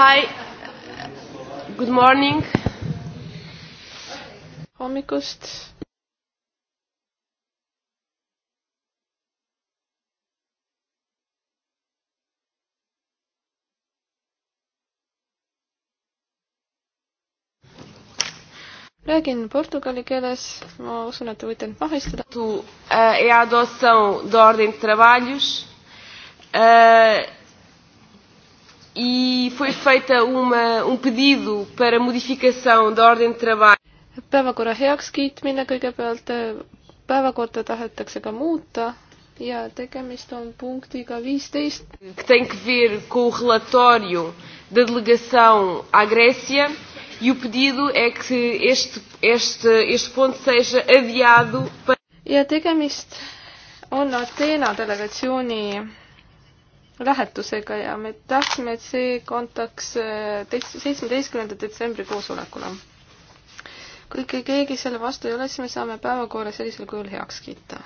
Hi. Good morning. hommikust. räägin portugali keeles, ma usun, et te võite nüüd vahistada. Tu, uh, é a adoção da ordem de trabalhos. Uh, e foi feita uma, um pedido para modificação da ordem de trabalho. päevakorra heakskiitmine kõigepealt, päevakorda tahetakse ka muuta ja tegemist on punktiga viisteist. Tem que ver com o relatório da delegação à Grécia e o pedido é que este, este, este ponto seja adiado para... ja tegemist on Ateena delegatsiooni lähetusega ja me tahtsime, et see kantaks äh, seitsmeteistkümnenda detsembri koosolekule. kui ikka keegi selle vastu ei ole, siis me saame päevakorra sellisel kujul heaks kiita.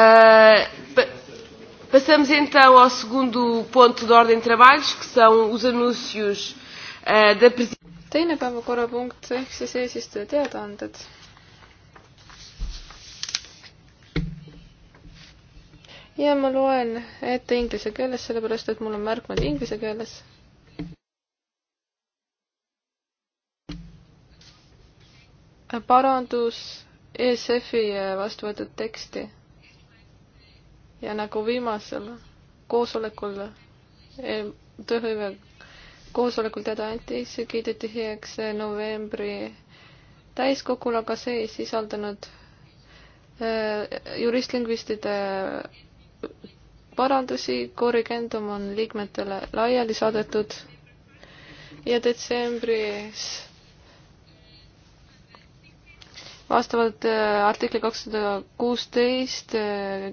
Äh, passamos então ao segundo ponto de ordem de trabalhos, que são os anúncios uh, da Presidência. Teine päevakorrapunkt ehk siis eesistuja teadaanded ja ma loen ette inglise keeles, sellepärast et mul on märkmed inglise keeles. parandus ESF-i vastu võetud teksti. ja nagu viimasel koosolekul, e, tööhõive koosolekul teda anti, see kiideti heaks novembri täiskogul, aga see ei sisaldanud e, juristlingvistide parandusi, korrigendum on liikmetele laiali saadetud ja detsembris vastavalt äh, artikli kakssada kuusteist äh,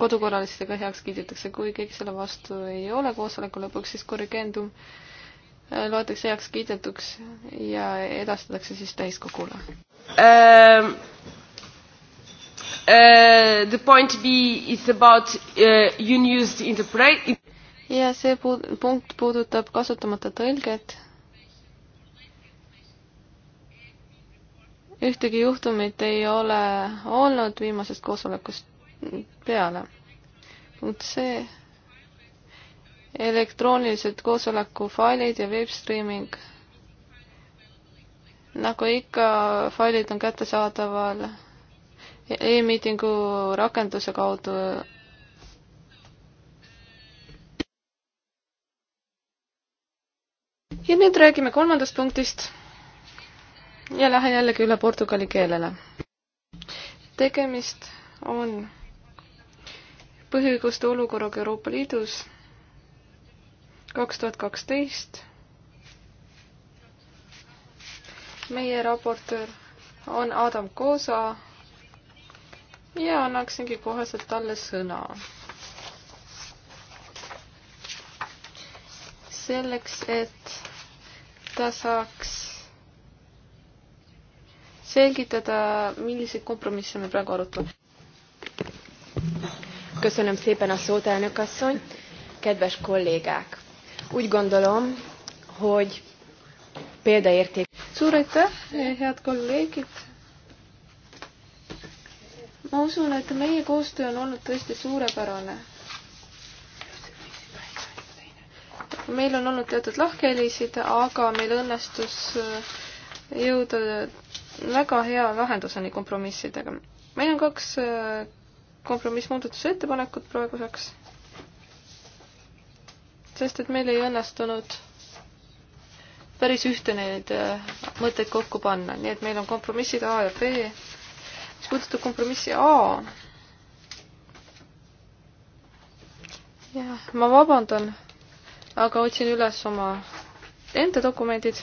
kodukorralistega heaks kiidetakse, kui keegi selle vastu ei ole koosoleku lõpuks, siis korrigendum äh, loetakse heaks kiidetuks ja edastatakse siis täiskogule ähm,. Uh, the point B is about uh, unused interpret- ja see puud-, punkt puudutab kasutamata tõlget. ühtegi juhtumit ei ole olnud viimasest koosolekust peale. punkt C. elektroonilised koosolekufailid ja webstreaming. nagu ikka, failid on kättesaadaval e-miitingu rakenduse kaudu ja nüüd räägime kolmandast punktist ja lähen jällegi üle portugali keelele. tegemist on põhiõiguste olukorraga Euroopa Liidus kaks tuhat kaksteist. meie raportöör on Adam Koosa ja annaksingi koheselt talle sõna. selleks, et ta saaks selgitada, milliseid kompromisse me praegu arutame. Köszönöm szépen a szót, elnök asszony! Kedves kollégák! Úgy gondolom, hogy példaérték... Suur aitäh, head kolleegid! ma usun, et meie koostöö on olnud tõesti suurepärane. meil on olnud teatud lahkhelisid, aga meil õnnestus jõuda väga hea lahenduseni kompromissidega. meil on kaks äh, kompromissmuudatuse ettepanekut praeguseks, sest et meil ei õnnestunud päris ühte neid äh, mõtteid kokku panna, nii et meil on kompromissid A ja B mis puudutab kompromissi A. jah, ma vabandan, aga otsin üles oma enda dokumendid.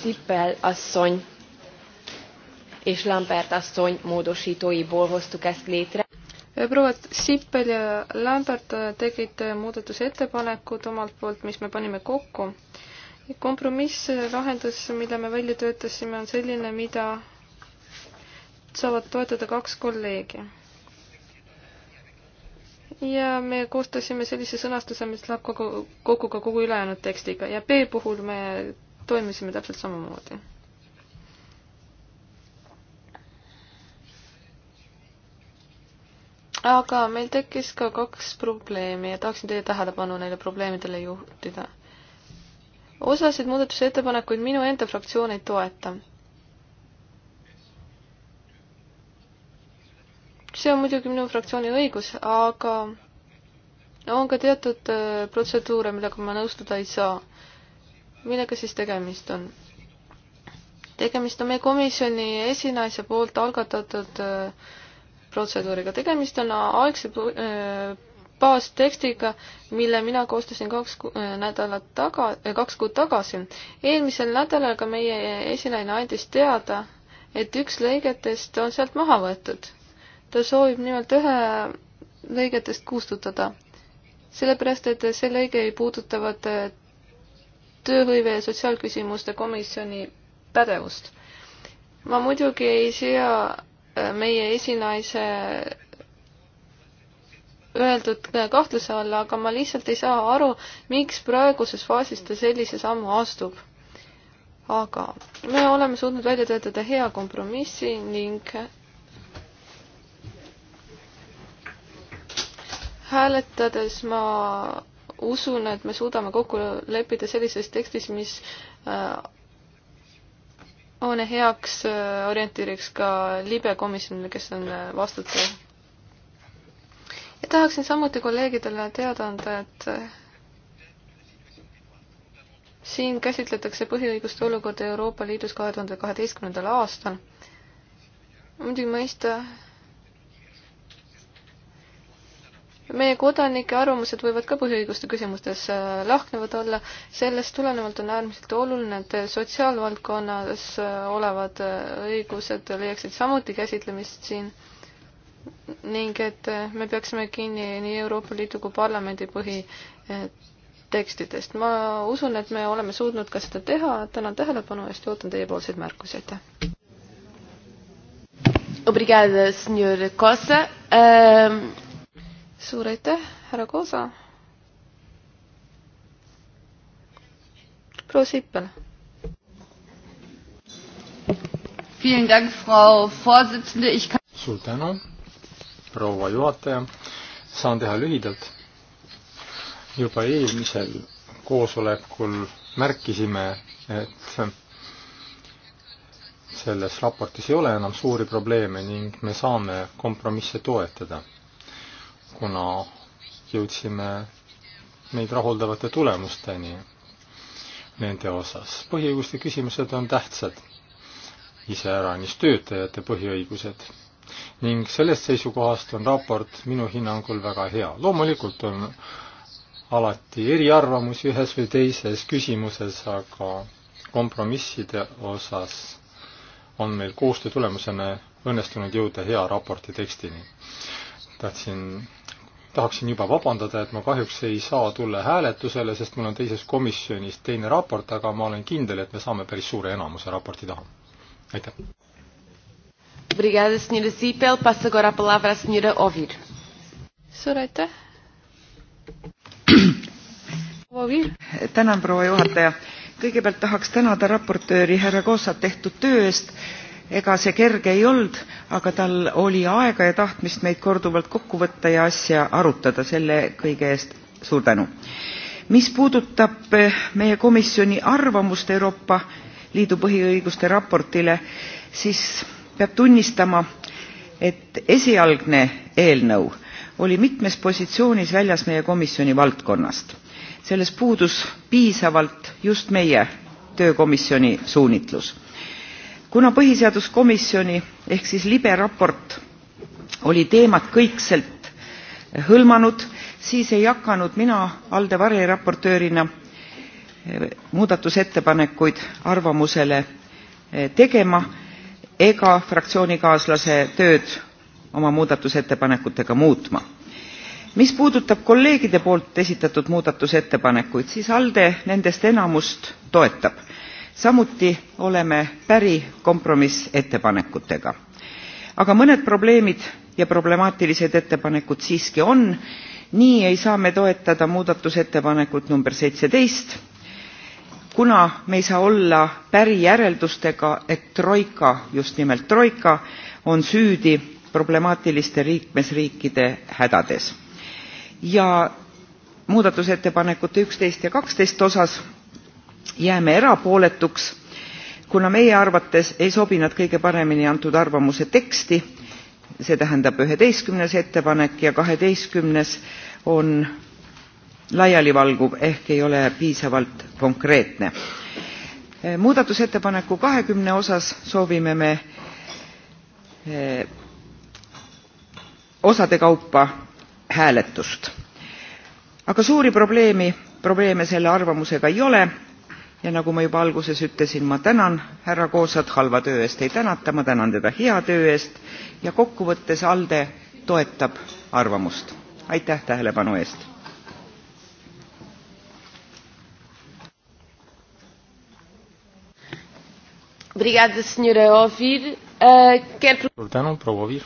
Zippel asszony és Lambert asszony módosítóiból hoztuk ezt létre. proua Sippel ja Lambert tegid muudatusettepanekud omalt poolt, mis me panime kokku kompromisslahendus, mille me välja töötasime, on selline, mida saavad toetada kaks kolleegi. ja me koostasime sellise sõnastuse, mis läheb kogu, kokku ka kogu ülejäänud tekstiga ja B puhul me toimisime täpselt samamoodi aga meil tekkis ka kaks probleemi ja tahaksin teie tähelepanu neile probleemidele juhtida osasid muudatusettepanekuid minu enda fraktsioon ei toeta. see on muidugi minu fraktsiooni õigus, aga on ka teatud äh, protseduure, millega ma nõustuda ei saa. millega siis tegemist on? tegemist on meie komisjoni esinaise poolt algatatud äh, protseduuriga, tegemist on algse äh, baastekstiga, mille mina koostasin kaks äh, nädalat taga, äh, kaks kuud tagasi. eelmisel nädalal ka meie esinaine andis teada, et üks lõigetest on sealt maha võetud. ta soovib nimelt ühe lõigetest kustutada. sellepärast, et see lõige ei puudutavat äh, tööhõive ja sotsiaalküsimuste komisjoni pädevust. ma muidugi ei sea meie esinaise öeldud kahtluse alla, aga ma lihtsalt ei saa aru, miks praeguses faasis ta sellise sammu astub. aga me oleme suutnud välja töötada hea kompromissi ning hääletades ma usun, et me suudame kokku leppida sellises tekstis, mis äh, on heaks äh, orienteeriks ka libe komisjonile, kes on äh, vastutav tahaksin samuti kolleegidele teada anda, et siin käsitletakse põhiõiguste olukorda Euroopa Liidus kahe tuhande kaheteistkümnendal aastal. muidugi mõista, meie kodanike arvamused võivad ka põhiõiguste küsimustes äh, lahknevad olla, sellest tulenevalt on äärmiselt oluline, et sotsiaalvaldkonnas äh, olevad äh, õigused leiaksid samuti käsitlemist siin ning et eh, me peaksime kinni nii Euroopa Liidu kui parlamendi põhitekstidest. ma usun, et me oleme suutnud ka seda teha, tänan tähelepanu eest ja ootan teiepoolseid märkusi, aitäh! Obrigada, senhor Costa. Um... Ehm, suur aitäh, härra Koosa. proua Sippel. suur tänu, proua juhataja. saan teha lühidalt. juba eelmisel koosolekul märkisime, et selles raportis ei ole enam suuri probleeme ning me saame kompromisse toetada, kuna jõudsime meid rahuldavate tulemusteni nende osas. põhiõiguste küsimused on tähtsad, iseäranis töötajate põhiõigused ning sellest seisukohast on raport minu hinnangul väga hea. loomulikult on alati eriarvamusi ühes või teises küsimuses, aga kompromisside osas on meil koostöö tulemusena õnnestunud jõuda hea raporti tekstini. tahtsin, tahaksin juba vabandada, et ma kahjuks ei saa tulla hääletusele, sest mul on teises komisjonis teine raport, aga ma olen kindel, et me saame päris suure enamuse raporti taha. aitäh! Obrigada, senhora Zipel. Passo agora a palavra à senhora Ovir. suur aitäh. Ovir. tänan, proua juhataja. kõigepealt tahaks tänada raportööri härra Koosat tehtud töö eest. ega see kerge ei olnud, aga tal oli aega ja tahtmist meid korduvalt kokku võtta ja asja arutada. selle kõige eest suur tänu. mis puudutab eh, meie komisjoni arvamust Euroopa Liidu põhiõiguste raportile, siis peab tunnistama et esialgne eelnõu oli mitmes positsioonis väljas meie komisjoni valdkonnast selles puudus piisavalt just meie töökomisjoni suunitlus. kuna põhiseaduskomisjoni ehk siis libe raport oli teemat kõikselt hõlmanud siis ei hakanud mina alde variraportöörina eh, muudatusettepanekuid arvamusele eh, tegema ega fraktsioonikaaslase tööd oma muudatusettepanekutega muutma. mis puudutab kolleegide poolt esitatud muudatusettepanekuid siis alde nendest enamust toetab samuti oleme päri kompromissettepanekutega aga mõned probleemid ja problemaatilised ettepanekud siiski on nii ei saa me toetada muudatusettepanekut nr 17 kuna me ei saa olla päri järeldustega et troika just nimelt troika on süüdi problemaatiliste liikmesriikide hädades ja muudatusettepanekute ja osas jääme erapooletuks kuna meie arvates ei sobi nad kõige paremini antud arvamuse teksti see tähendab 11. ettepanek ja 12. on laialivalguv ehk ei ole piisavalt konkreetne. Eh, muudatusettepaneku osas soovime me eh, osade kaupa hääletust aga suuri probleemi probleeme selle arvamusega ei ole ja nagu ma juba alguses ütlesin ma tänan härra kosat halva töö eest ei tänata ma tänan teda hea töö eest ja kokkuvõttes alde toetab arvamust aitäh tähelepanu eest! Obrigada, senhora Ovir. Uh, ah, quer... Suur tänu, proua Ovir.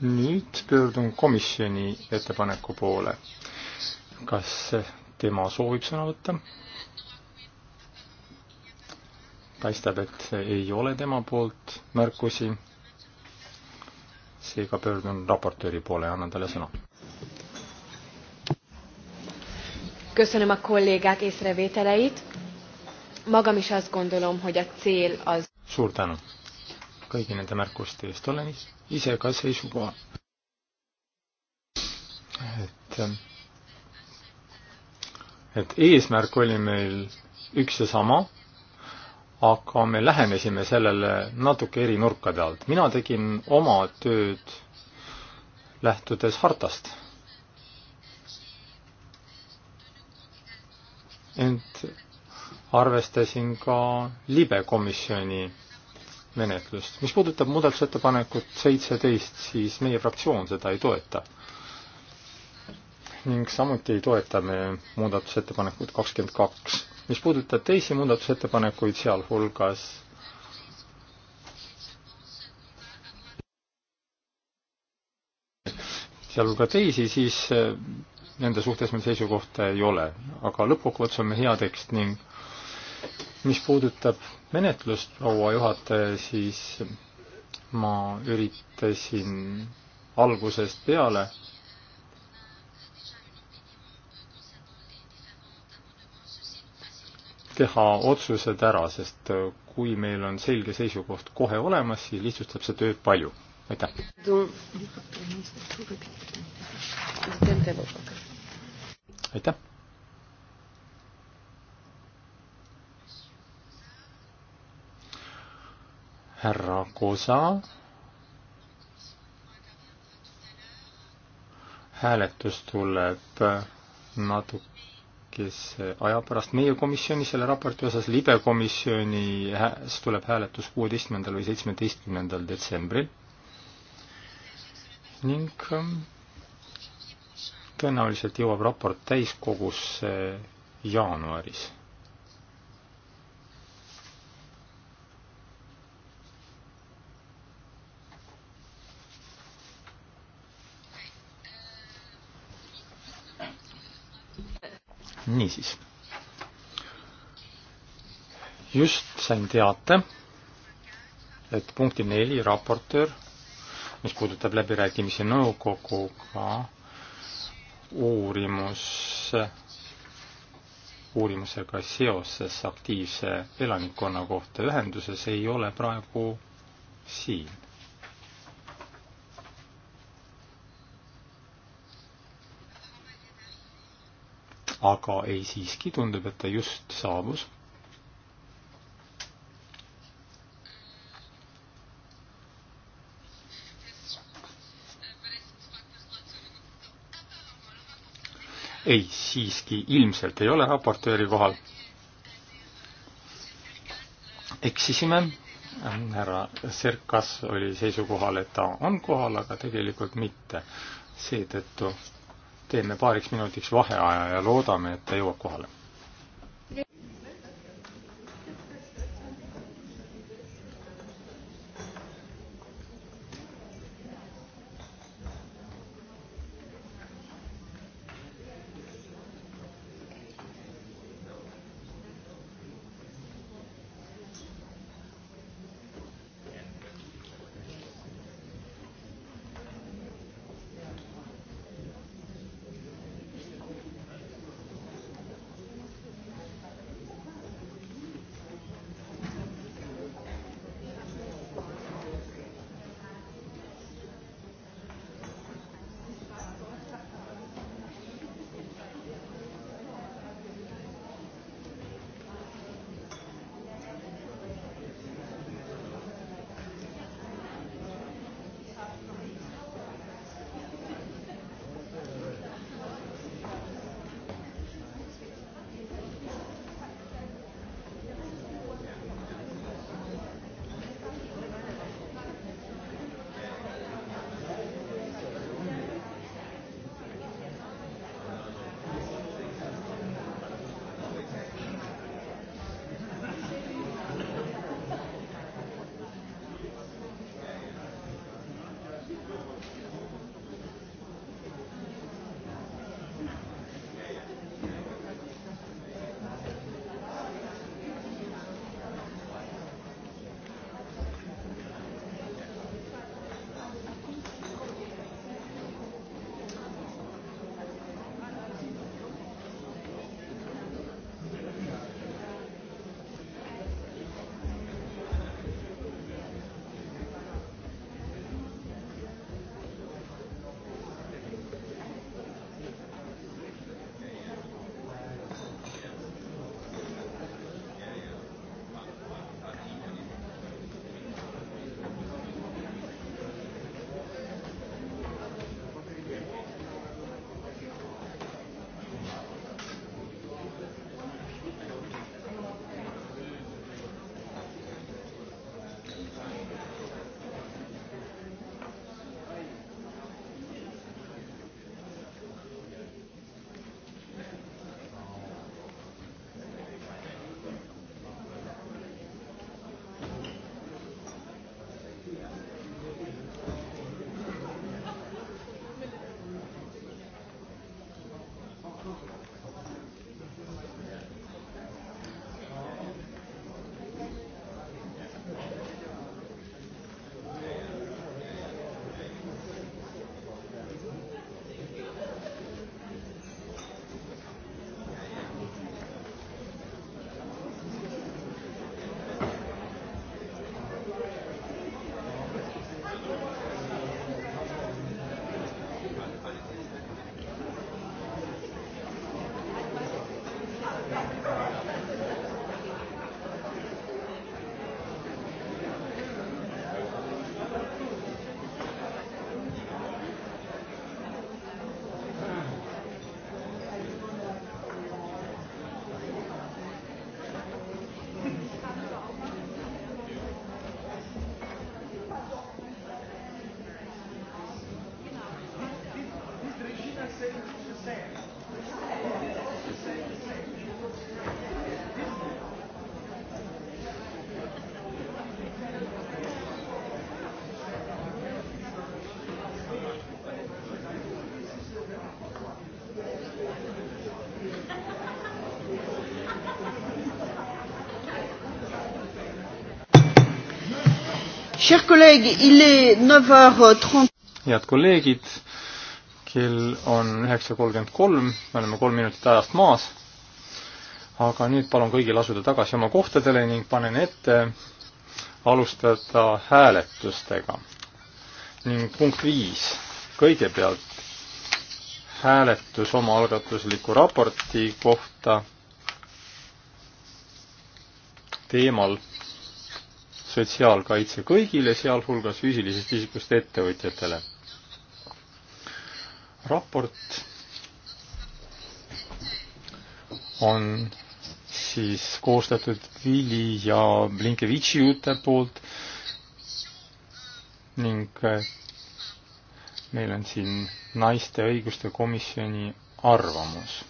nüüd pöördun komisjoni ettepaneku poole. kas tema soovib sõna võtta? paistab, et ei ole tema poolt märkusi. seega pöördun raportööri poole ja annan talle sõna. köszönöm a kollégák észrevételeit magam is azt gondolom, hogy a cél az... Suur tänu kõigi nende märkuste eest. Olen ise ka seisukoha. Et, et eesmärk oli meil üks ja sama, aga me lähenesime sellele natuke eri nurkade alt. Mina tegin oma tööd lähtudes hartast. Ent arvestasin ka libe komisjoni menetlust. mis puudutab muudatusettepanekut seitseteist, siis meie fraktsioon seda ei toeta. ning samuti ei toeta me muudatusettepanekut kakskümmend kaks. mis puudutab teisi muudatusettepanekuid, sealhulgas sealhulgas teisi, siis eh, nende suhtes meil seisukohta ei ole, aga lõppkokkuvõttes on meil hea tekst ning mis puudutab menetlust, proua juhataja, siis ma üritasin algusest peale teha otsused ära, sest kui meil on selge seisukoht kohe olemas, siis lihtsustab see tööd palju. aitäh. aitäh. härra Kosa. hääletus tuleb natukese aja pärast. meie komisjoni selle raporti osas, libe komisjoni hääs tuleb hääletus kuueteistkümnendal või seitsmeteistkümnendal detsembril. ning ähm, tõenäoliselt jõuab raport täiskogusse jaanuaris niisiis. just sain teate, et punkti neli raportöör, mis puudutab läbirääkimisi nõukoguga, uurimus, uurimusega seoses aktiivse elanikkonna kohta ühenduses ei ole praegu siin aga ei siiski, tundub, et ta just saabus. ei, siiski ilmselt ei ole raportööri kohal. eksisime, härra Serkas oli seisukohal, et ta on kohal, aga tegelikult mitte. seetõttu teeme paariks minutiks vaheaja ja loodame, et ta jõuab kohale head kolleegid, kell on üheksa kolmkümmend kolm, me oleme kolm minutit ajast maas. aga nüüd palun kõigil asuda tagasi oma kohtadele ning panen ette alustada hääletustega. ning punkt viis, kõigepealt hääletus omaalgatusliku raporti kohta teemal sotsiaalkaitse kõigile, sealhulgas füüsilisest isikust ettevõtjatele. raport on siis koostatud Vili ja Blinkevitši uute poolt ning eh, meil on siin naiste õiguste komisjoni arvamus.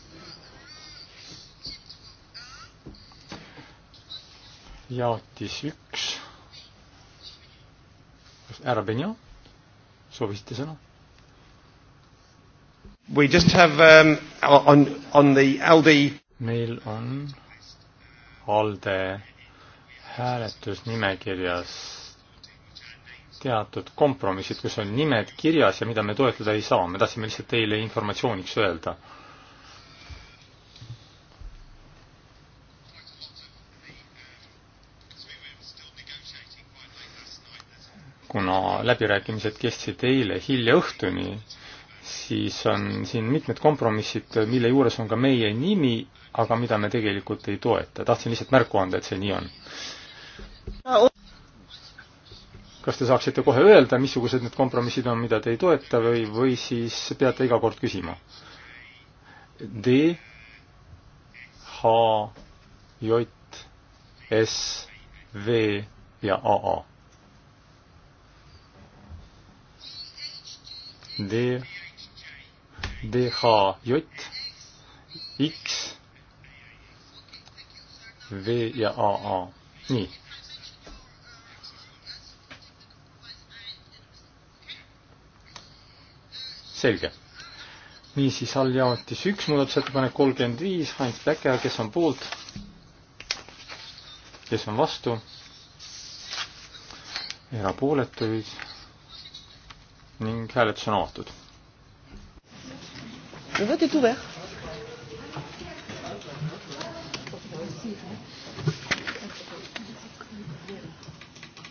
jaotis üks härra Benjon, soovisite sõna? We just have um, on, on the ALDE meil on ALDE hääletusnimekirjas teatud kompromissid, kus on nimed kirjas ja mida me toetada ei saa, me tahtsime lihtsalt teile informatsiooniks öelda kuna läbirääkimised kestsid eile hilja õhtuni, siis on siin mitmed kompromissid, mille juures on ka meie nimi, aga mida me tegelikult ei toeta. tahtsin lihtsalt märku anda, et see nii on. kas te saaksite kohe öelda, missugused need kompromissid on, mida te ei toeta või, või siis peate iga kord küsima? D, H, J, S, V ja A, A D, DHJ, X, V ja AA. nii. selge. niisiis alljaotis üks muudatusettepanek kolmkümmend viis, Heinz Becker, kes on poolt, kes on vastu, erapooletuid ning hääletus on avatud. Le vote est ouvert.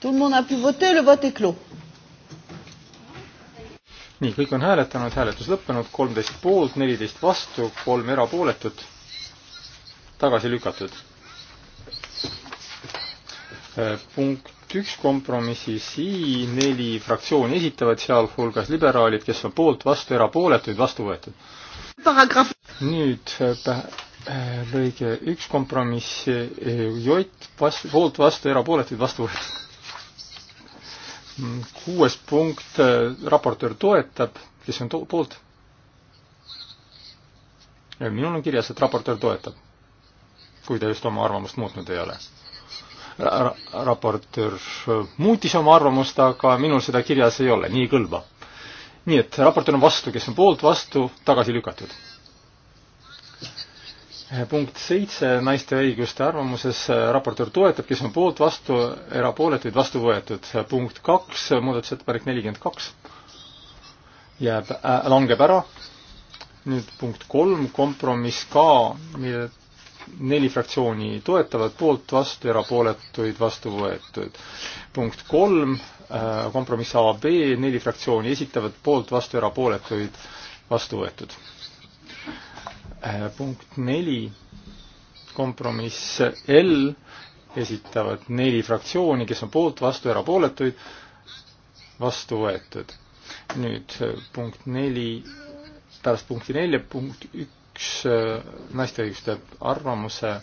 Tout le monde a pu voter, le vote est clos. nii, kõik on hääletanud, hääletus lõppenud, kolmteist poolt, neliteist vastu, kolm erapooletut, tagasi lükatud. punkt punkt üks kompromissis I neli fraktsiooni esitavad, sealhulgas liberaalid, kes on poolt, vastu, erapooletuid, vastu võetud. nüüd äh, äh, lõige üks kompromiss äh, J, vastu, poolt, vastu, erapooletuid, vastu võetud. kuues punkt, raportöör toetab, kes on to-, poolt? minul on kirjas, et raportöör toetab, kui ta just oma arvamust muutnud ei ole ra-, raportöör muutis oma arvamust, aga minul seda kirjas ei ole, nii ei kõlba. nii et raportöör on vastu, kes on poolt, vastu, tagasi lükatud. punkt seitse naiste õiguste arvamuses, raportöör toetab, kes on poolt, vastu, erapooletuid, vastu võetud. punkt kaks, muudatusettepanek nelikümmend kaks jääb äh,, langeb ära. nüüd punkt kolm, kompromiss ka, mille neli fraktsiooni toetavad, poolt, vastu, erapooletuid, vastu võetud. punkt kolm, äh, kompromiss A, B, neli fraktsiooni esitavad, poolt, vastu, erapooletuid, vastu võetud. Äh, punkt neli, kompromiss L, esitavad neli fraktsiooni, kes on poolt, vastu, erapooletuid, vastu võetud. nüüd äh, punkt neli, pärast punkti nelja, punkt üks, üks äh, naiste õiguste arvamuse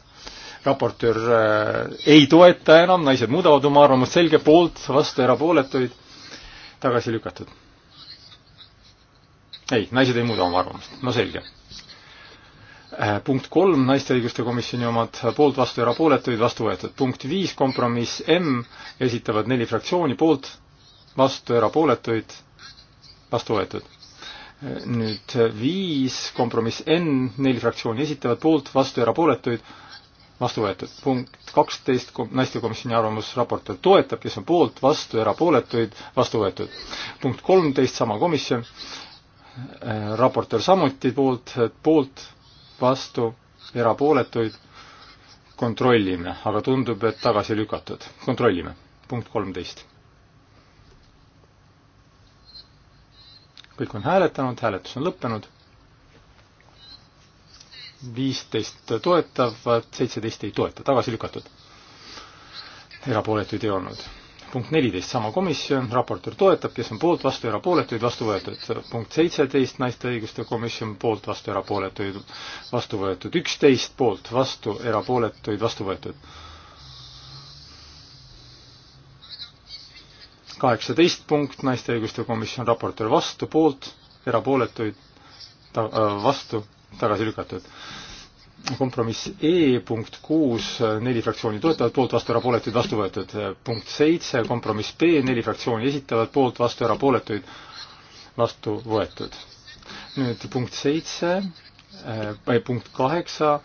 raportöör äh, ei toeta enam, naised muudavad oma arvamust selge poolt, vastu erapooletuid, tagasi lükatud. ei, naised ei muuda oma arvamust, no selge. Äh, punkt kolm, naiste õiguste komisjoni omad poolt, vastu erapooletuid, vastu võetud. punkt viis, kompromiss M, esitavad neli fraktsiooni poolt, vastu erapooletuid, vastu võetud nüüd viis, kompromiss N, neli fraktsiooni esitavad poolt, vastu erapooletuid, vastu võetud. punkt kaksteist, naistekomisjoni arvamus, raportöör toetab, kes on poolt, vastu erapooletuid, vastu võetud. punkt kolmteist, sama komisjon, äh, raportöör samuti poolt, poolt, vastu, erapooletuid, kontrollime, aga tundub, et tagasi lükatud. kontrollime, punkt kolmteist kõik on hääletanud, hääletus on lõppenud. viisteist toetavad, seitseteist ei toeta, tagasi lükatud. erapooletuid ei olnud. punkt neliteist, sama komisjon, raportöör toetab, kes on poolt, vastu, erapooletuid, vastu võetud. punkt seitseteist, naiste õiguste komisjon, poolt, vastu, erapooletuid, vastu võetud. üksteist, poolt, vastu, erapooletuid, vastu võetud kaheksateist punkt, naiste õiguste komisjon, raportöör vastu, poolt, erapooletuid ta, äh, vastu, tagasi lükatud. kompromiss E punkt kuus, neli fraktsiooni toetavad, poolt, vastu, erapooletuid, vastu võetud. punkt seitse, kompromiss B, neli fraktsiooni esitavad, poolt, vastu, erapooletuid, vastu võetud. nüüd punkt seitse või äh, punkt kaheksa,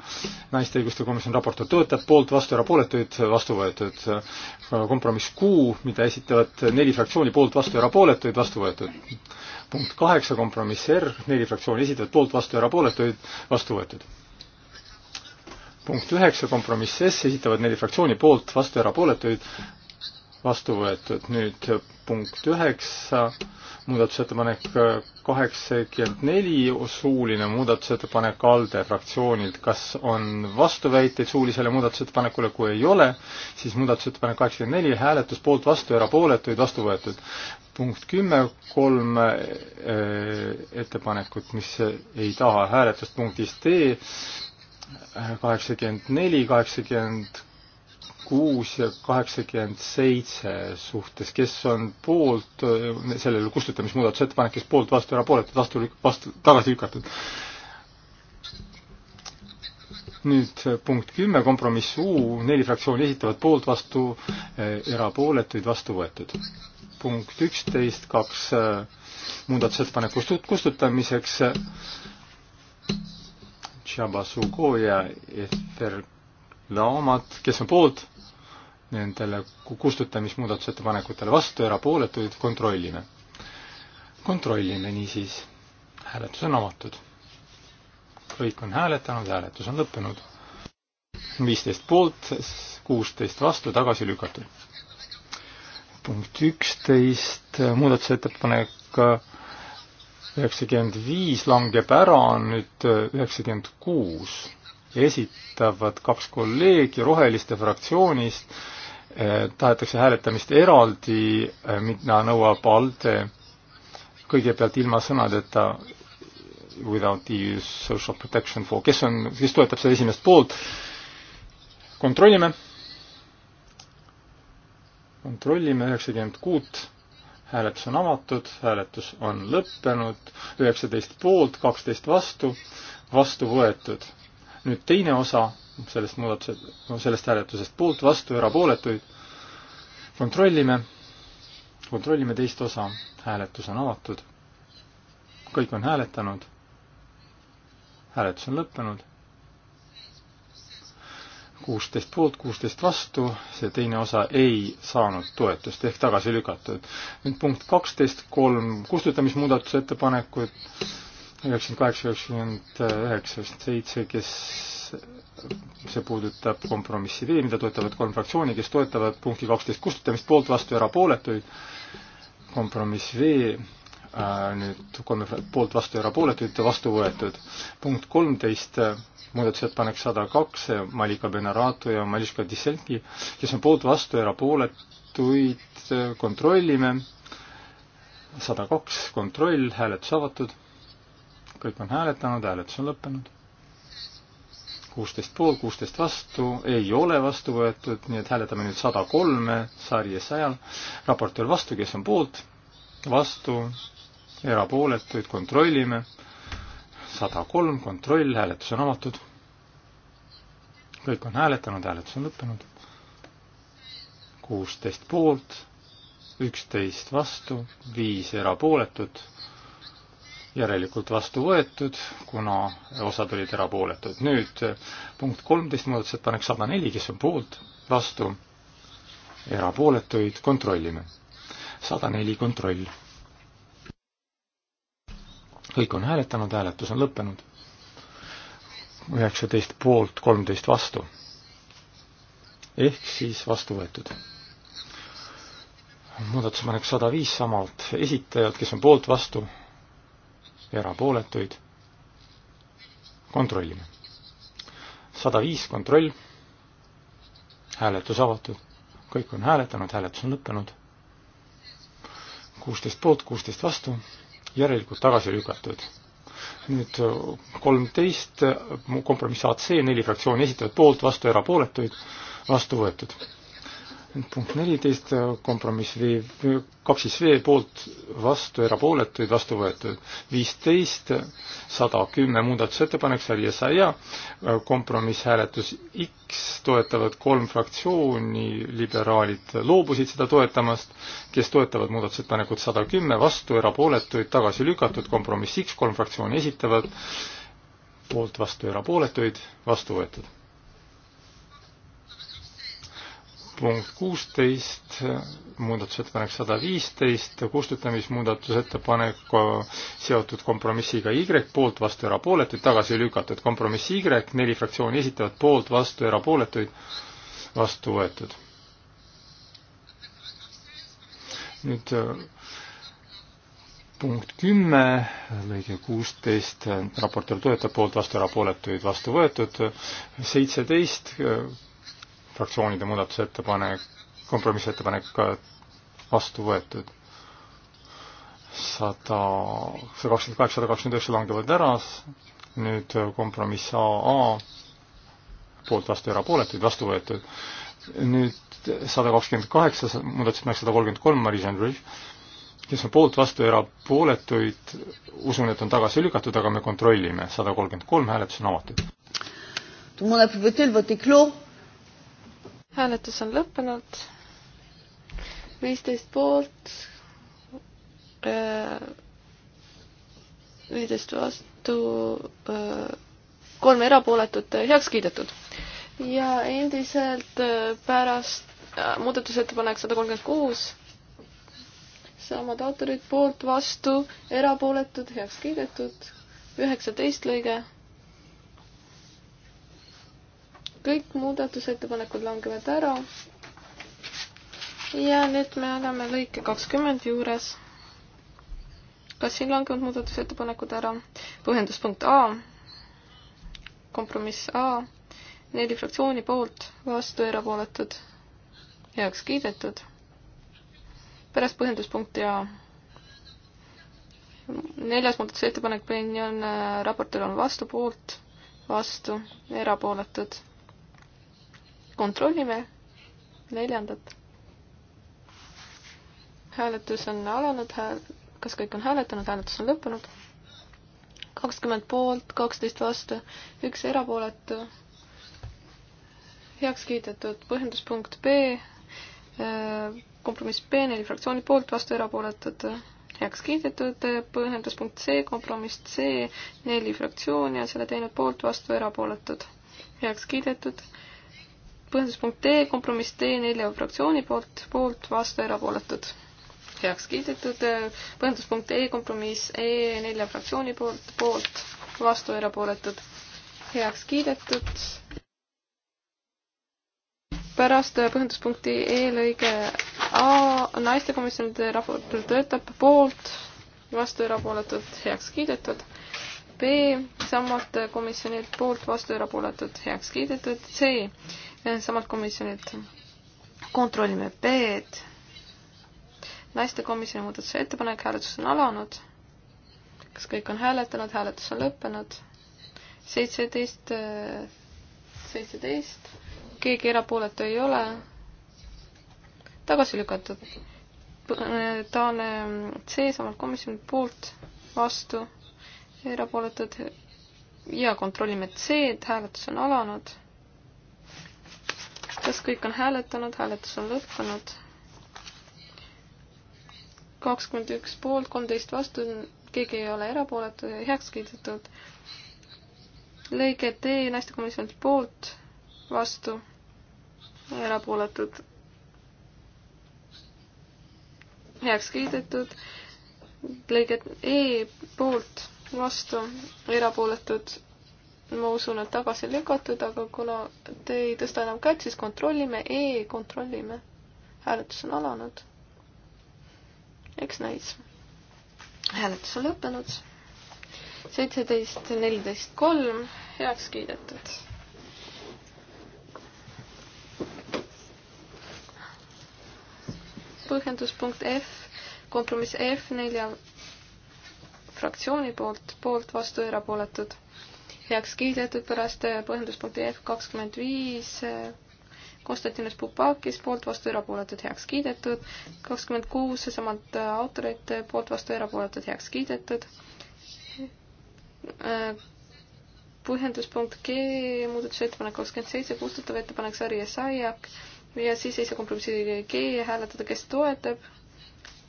naiste õiguste komisjoni raport on töötajad, poolt, vastu, erapooletuid, vastu võetud. Äh, kompromiss Q, mida esitavad neli fraktsiooni, poolt, vastu, erapooletuid, vastu võetud. punkt kaheksa, kompromiss R, neli fraktsiooni esitavad poolt, vastu, erapooletuid, vastu võetud. punkt üheksa, kompromiss S, esitavad neli fraktsiooni poolt, vastu, erapooletuid, vastu võetud. nüüd punkt üheksa 9 muudatusettepanek äh, kaheksakümmend neli, suuline muudatusettepanek ALDE fraktsioonilt. kas on vastuväiteid suulisele muudatusettepanekule, kui ei ole, siis muudatusettepanek kaheksakümmend neli, hääletus poolt, vastu, erapooletuid, vastu võetud. punkt kümme, kolm äh, ettepanekut, mis ei taha hääletust punktis D, kaheksakümmend neli, kaheksakümmend kuus ja kaheksakümmend seitse suhtes, kes on poolt äh, sellele kustutamismuudatusettepanek, kes poolt, vastu, erapooletud, vastu, vastu, tagasi lükatud. nüüd äh, punkt kümme, kompromiss U, neli fraktsiooni esitavad poolt, vastu, äh, erapooletuid, vastu võetud. punkt üksteist, kaks muudatusettepanek kustut-, kustutamiseks, Tšaba Sugo ja Ester Laomat, kes on poolt, nendele kustutamismuudatusettepanekutele vastu, erapooletuid kontrollime. kontrollime niisiis. hääletus on avatud. kõik on hääletanud, hääletus on lõppenud. viisteist poolt, kuusteist vastu, tagasi lükatud. punkt üksteist, muudatusettepanek üheksakümmend viis langeb ära, on nüüd üheksakümmend kuus. esitavad kaks kolleegi Roheliste fraktsioonist Eh, tahetakse hääletamist eraldi, eh, mida nõuab ALDE kõigepealt ilma sõnadeta without EU social protection for, kes on, kes toetab seda esimest poolt, kontrollime, kontrollime üheksakümmend kuut, hääletus on avatud, hääletus on lõppenud, üheksateist poolt, kaksteist vastu, vastu võetud nüüd teine osa sellest muudatuse, sellest hääletusest poolt, vastu, erapooletuid. kontrollime, kontrollime teist osa, hääletus on avatud. kõik on hääletanud. hääletus on lõppenud. kuusteist poolt, kuusteist vastu, see teine osa ei saanud toetust ehk tagasi lükatud. nüüd punkt kaksteist, kolm kustutamismuudatuse ettepanekut üheksakümmend kaheksa, üheksakümmend üheksast seitse, kes see puudutab kompromissi V, mida toetavad kolm fraktsiooni, kes toetavad punkti kaksteist kustutamist poolt, vastu, erapooletuid. kompromiss V äh, nüüd kolme poolt vastu, erapooletuid vastu võetud. punkt kolmteist, äh, muudatusettepanek sada kaks, äh, Malika Benarato ja Mariska Dissenki, kes on poolt vastu, erapooletuid kontrollime. sada kaks, kontroll, hääletus avatud kõik on hääletanud, hääletus on lõppenud. kuusteist poolt, kuusteist vastu, ei ole vastu võetud, nii et hääletame nüüd sada kolme sarja sajal. raportöör vastu, kes on poolt, vastu, erapooletuid kontrollime. sada kolm, kontroll, hääletus on avatud. kõik on hääletanud, hääletus on lõppenud. kuusteist poolt, üksteist vastu, viis erapooletut järelikult vastu võetud, kuna osad olid erapooletud. nüüd punkt kolmteist muudatusettepanek sada neli, kes on poolt, vastu, erapooletuid kontrollime. sada neli kontroll. kõik on hääletanud, hääletus on lõppenud. üheksateist poolt, kolmteist vastu. ehk siis vastu võetud muudatusepanek sada viis samalt esitajalt, kes on poolt, vastu, erapooletuid. kontrollime. sada viis kontroll. hääletus avatud. kõik on hääletanud, hääletus on lõppenud. kuusteist poolt, kuusteist vastu, järelikult tagasi lükatud nüüd kolmteist kompromiss AC, neli fraktsiooni esitavad poolt, vastu erapooletuid, vastu võetud punkt neliteist, kompromiss V, kaks siis V poolt, vastu, erapooletuid, vastu võetud. viisteist, sada kümme muudatusettepanek, Sari Esaia, kompromisshääletus X, toetavad kolm fraktsiooni, liberaalid loobusid seda toetamast, kes toetavad muudatusettepanekut sada kümme, vastu, erapooletuid, tagasi lükatud, kompromiss X, kolm fraktsiooni esitavad, poolt, vastu, erapooletuid, vastu võetud punkt kuusteist, muudatusettepanek sada viisteist, kustutamismuudatusettepaneku seotud kompromissiga Y, poolt, vastu, erapooletuid, tagasi lükatud. kompromiss Y, neli fraktsiooni esitavad poolt, vastu, erapooletuid, vastu võetud. nüüd punkt kümme, lõige kuusteist, raportöör toetab poolt, vastu, erapooletuid, vastu võetud. seitseteist fraktsioonide muudatusettepanek, kompromissettepanek vastu võetud. sada, sada kakskümmend kaheksa, sada kakskümmend üheksa langevad ära, nüüd kompromiss AA poolt vastu erapooletuid vastu võetud. nüüd sada kakskümmend kaheksa, muudatusettepanek sada kolmkümmend kolm, Maris Andrus, kes on poolt vastu erapooletuid, usun, et on tagasi lükatud, aga me kontrollime, sada kolmkümmend kolm hääletus on avatud hääletus on lõppenud. viisteist poolt, äh, viisteist vastu, äh, kolm erapooletut äh, heaks kiidetud. ja endiselt pärast muudatusettepanek sada kolmkümmend kuus, samad autorid poolt, vastu, erapooletud, heaks kiidetud, üheksateist lõige kõik muudatusettepanekud langevad ära. ja nüüd me oleme lõike kakskümmend juures. kas siin langevad muudatusettepanekud ära? põhjenduspunkt A, kompromiss A, neli fraktsiooni poolt, vastu erapooletud, heaks kiidetud. pärast põhjenduspunkti A neljas muudatusettepanek, Benjon, äh, raportöör on vastu, poolt, vastu, erapooletud kontrollime neljandat. hääletus on alanud, hääl-, kas kõik on hääletanud, hääletus on lõppenud. kakskümmend poolt, kaksteist vastu, üks erapooletu. heaks kiidetud põhjenduspunkt B äh, kompromiss B neli fraktsiooni poolt, vastu erapooletud, heaks kiidetud, põhjenduspunkt C, kompromiss C, neli fraktsiooni on selle teinud poolt, vastu erapooletud, heaks kiidetud, põhjenduspunkt D, kompromiss D nelja fraktsiooni poolt, poolt, vastu, erapooletud. heaks kiidetud. põhjenduspunkt E, kompromiss E nelja fraktsiooni poolt, poolt, vastu, erapooletud. heaks kiidetud. pärast põhjenduspunkti E lõige A, naistekomisjonide raportöör töötab poolt, vastu, erapooletud, heaks kiidetud B samalt komisjonilt poolt vastu erapooletud heaks kiidetud. C samalt komisjonilt. kontrollime B-d. naistekomisjoni muudatusettepanek, hääletus on alanud. kas kõik on hääletanud, hääletus on lõppenud? seitseteist, äh, seitseteist, keegi erapooletu ei ole. tagasi lükatud. Äh, Taane äh, C samalt komisjoni poolt, vastu, erapooletud ja kontrollime C-d, hääletus on alanud kas kõik on hääletanud, hääletus on lõppenud? kakskümmend üks poolt, kolmteist vastu, keegi ei ole erapooletu ja heaks kiidetud. lõige D naistekomisjonilt poolt, vastu, erapooletud, heaks kiidetud. lõige E poolt, vastu, erapooletud ma usun, et tagasi lükatud, aga kuna te ei tõsta enam kätt, siis kontrollime e, kontrollime. hääletus on alanud. eks näis. hääletus on lõppenud. seitseteist, neliteist, kolm, heaks kiidetud. põhjenduspunkt F, kompromiss F nelja fraktsiooni poolt, poolt, vastu, erapooletud heaks kiidetud pärast äh, põhjenduspunkti F kakskümmend viis äh, Konstantinos Pupakis poolt vastu erapooletud heaks kiidetud, kakskümmend kuus samalt äh, autorilt poolt vastu erapooletud heaks kiidetud. põhjenduspunkt G muudatusettepanek kakskümmend seitse kustutav ettepanek sari ja saiak ja siis ei saa kompromissi G hääletada, kes toetab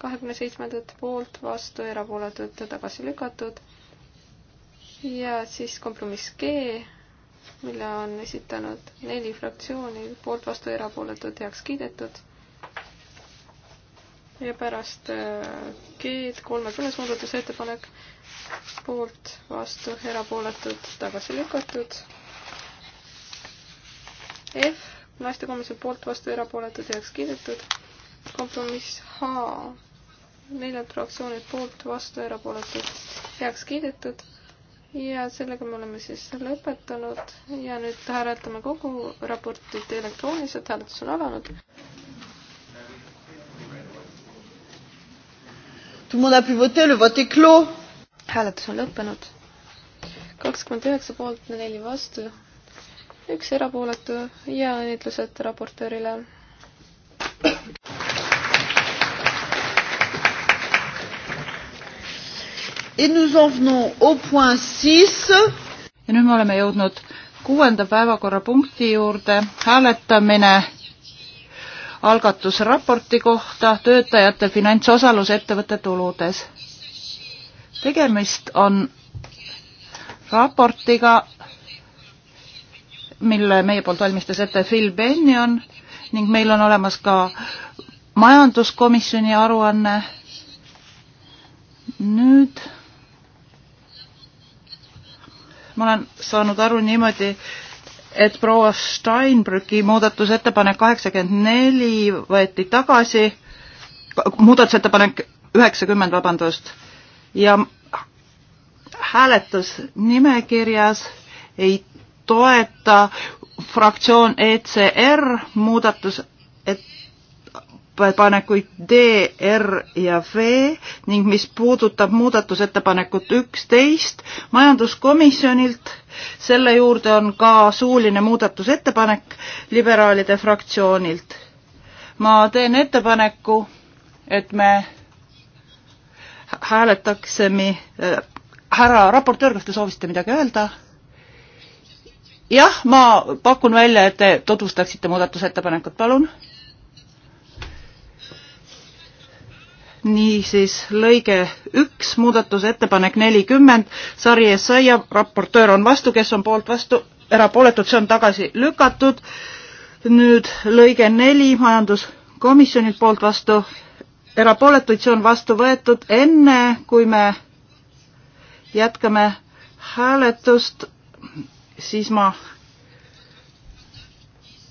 kahekümne seitsmendat poolt vastu erapooletud tagasi lükatud ja siis kompromiss G, mille on esitanud neli fraktsiooni, poolt, vastu, erapooletud, heaks kiidetud. ja pärast äh, G-d kolmekümnes muudatusettepanek, poolt, vastu, erapooletud, tagasi lükatud. F, naistekomisjon poolt, vastu, erapooletud, heaks kiidetud. kompromiss H, neljad fraktsioonid poolt, vastu, erapooletud, heaks kiidetud ja sellega me oleme siis lõpetanud ja nüüd hääletame kogu raportit elektrooniliselt, hääletus on alanud. hääletus on lõppenud. kakskümmend üheksa poolt, neli vastu, üks erapooletu ja õnnitlused raportöörile Et nous en venons au point 6. ja nüüd me oleme jõudnud kuuenda päevakorrapunkti juurde, hääletamine algatusraporti kohta töötajate finantsosalus ettevõtte tuludes. tegemist on raportiga, mille meie poolt valmistas ette Phil Bennion ning meil on olemas ka majanduskomisjoni aruanne. nüüd ma olen saanud aru niimoodi, et proua Steinbrücki muudatusettepanek kaheksakümmend neli võeti tagasi, muudatusettepanek üheksakümmend, vabandust, ja hääletusnimekirjas ei toeta fraktsioon ECR muudatus, et muudatusettepanekuid D, R ja V ning mis puudutab muudatusettepanekut üksteist majanduskomisjonilt, selle juurde on ka suuline muudatusettepanek liberaalide fraktsioonilt. ma teen ettepaneku, et me hääletaksime, äh, härra raportöör, kas te soovisite midagi öelda? jah, ma pakun välja, et te tutvustaksite muudatusettepanekut, palun niisiis lõige üks, muudatusettepanek nelikümmend, Sari Essaia, raportöör on vastu, kes on poolt vastu, erapooletud, see on tagasi lükatud. nüüd lõige neli, majanduskomisjonilt poolt vastu, erapooletuid, see on vastu võetud, enne kui me jätkame hääletust, siis ma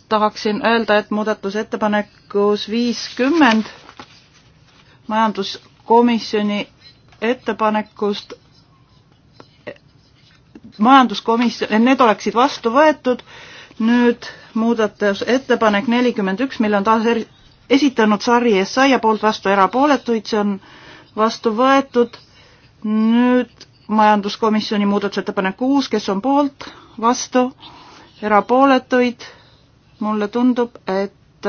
tahaksin öelda, et muudatusettepanekus viiskümmend 50 majanduskomisjoni ettepanekust majanduskomisjon, et need oleksid vastu võetud. nüüd muudatusettepanek nelikümmend üks, mille on taas esitanud Sari Essaia poolt vastu erapooletuid, see on vastu võetud. nüüd majanduskomisjoni muudatusettepanek kuus, kes on poolt, vastu, erapooletuid. mulle tundub, et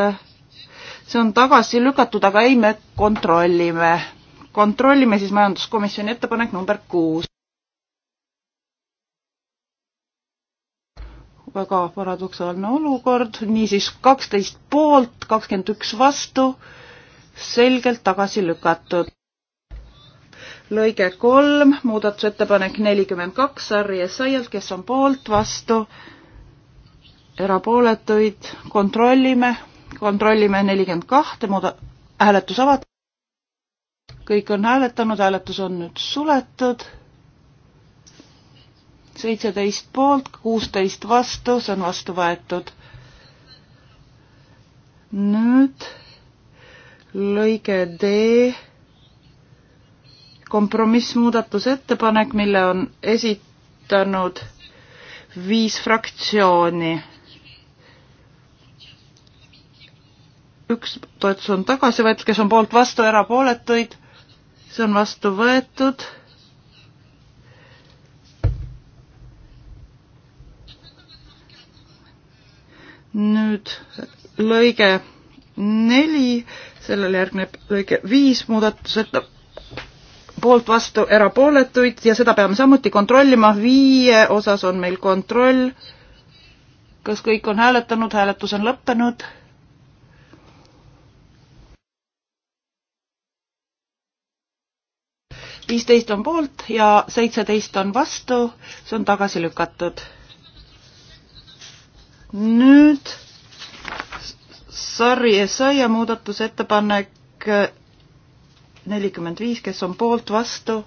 see on tagasi lükatud, aga ei, me kontrollime. kontrollime siis majanduskomisjoni ettepanek number kuus. väga paradoksaalne olukord, niisiis kaksteist poolt, kakskümmend üks vastu, selgelt tagasi lükatud. lõige kolm, muudatusettepanek nelikümmend kaks, Harri Essayalt, kes on poolt, vastu, erapooletuid, kontrollime kontrollime nelikümmend kahte, muuda-, hääletus avatud. kõik on hääletanud, hääletus on nüüd suletud. seitseteist poolt, kuusteist vastu, see on vastu võetud. nüüd lõige D, kompromissmuudatusettepanek, mille on esitanud viis fraktsiooni üks toetus on tagasi võetud, kes on poolt vastu, erapooletuid, see on vastu võetud. nüüd lõige neli, sellele järgneb lõige viis muudatuseta poolt vastu erapooletuid ja seda peame samuti kontrollima, viie osas on meil kontroll. kas kõik on hääletanud, hääletus on lõppenud viisteist on poolt ja seitseteist on vastu, see on tagasi lükatud. nüüd Sarri Essaia muudatusettepanek nelikümmend viis, kes on poolt, vastu.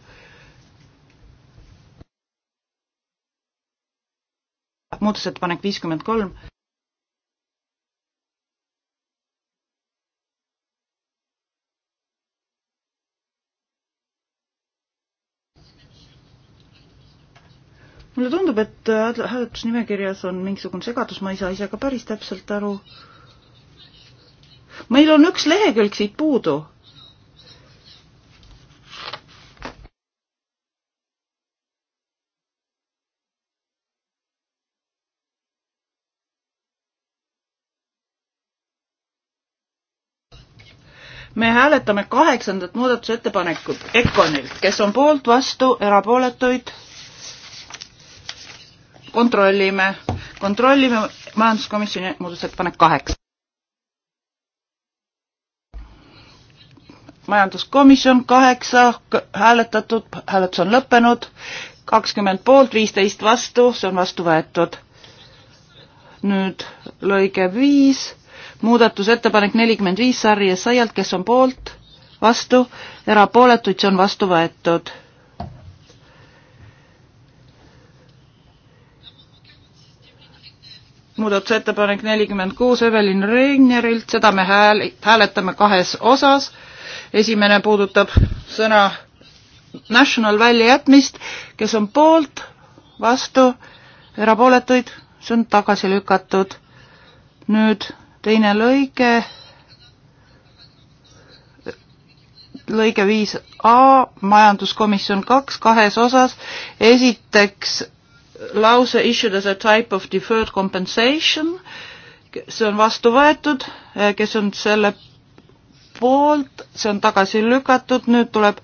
muudatusettepanek viiskümmend kolm. mulle tundub, et hääletusnimekirjas on mingisugune segadus, ma ei saa ise ka päris täpselt aru. meil on üks lehekülg siit puudu. me hääletame kaheksandat muudatusettepanekut Econilt, kes on poolt, vastu, erapooletuid kontrollime, kontrollime majanduskomisjoni muudatusettepanek kaheksa. majanduskomisjon kaheksa hääletatud, hääletus on lõppenud, kakskümmend poolt, viisteist vastu, see on vastu võetud. nüüd lõige viis, muudatusettepanek nelikümmend viis sarja saialt, kes on poolt, vastu, erapooletuid, see on vastu võetud muudatusettepanek nelikümmend kuus Evelyn Reinerilt, seda me hääl-, hääletame kahes osas. esimene puudutab sõna national väljajätmist, kes on poolt, vastu, erapooletuid, see on tagasi lükatud. nüüd teine lõige, lõige viis A, majanduskomisjon kaks, kahes osas, esiteks lause issued as a type of deferred compensation, see on vastu võetud, eh, kes on selle poolt, see on tagasi lükatud, nüüd tuleb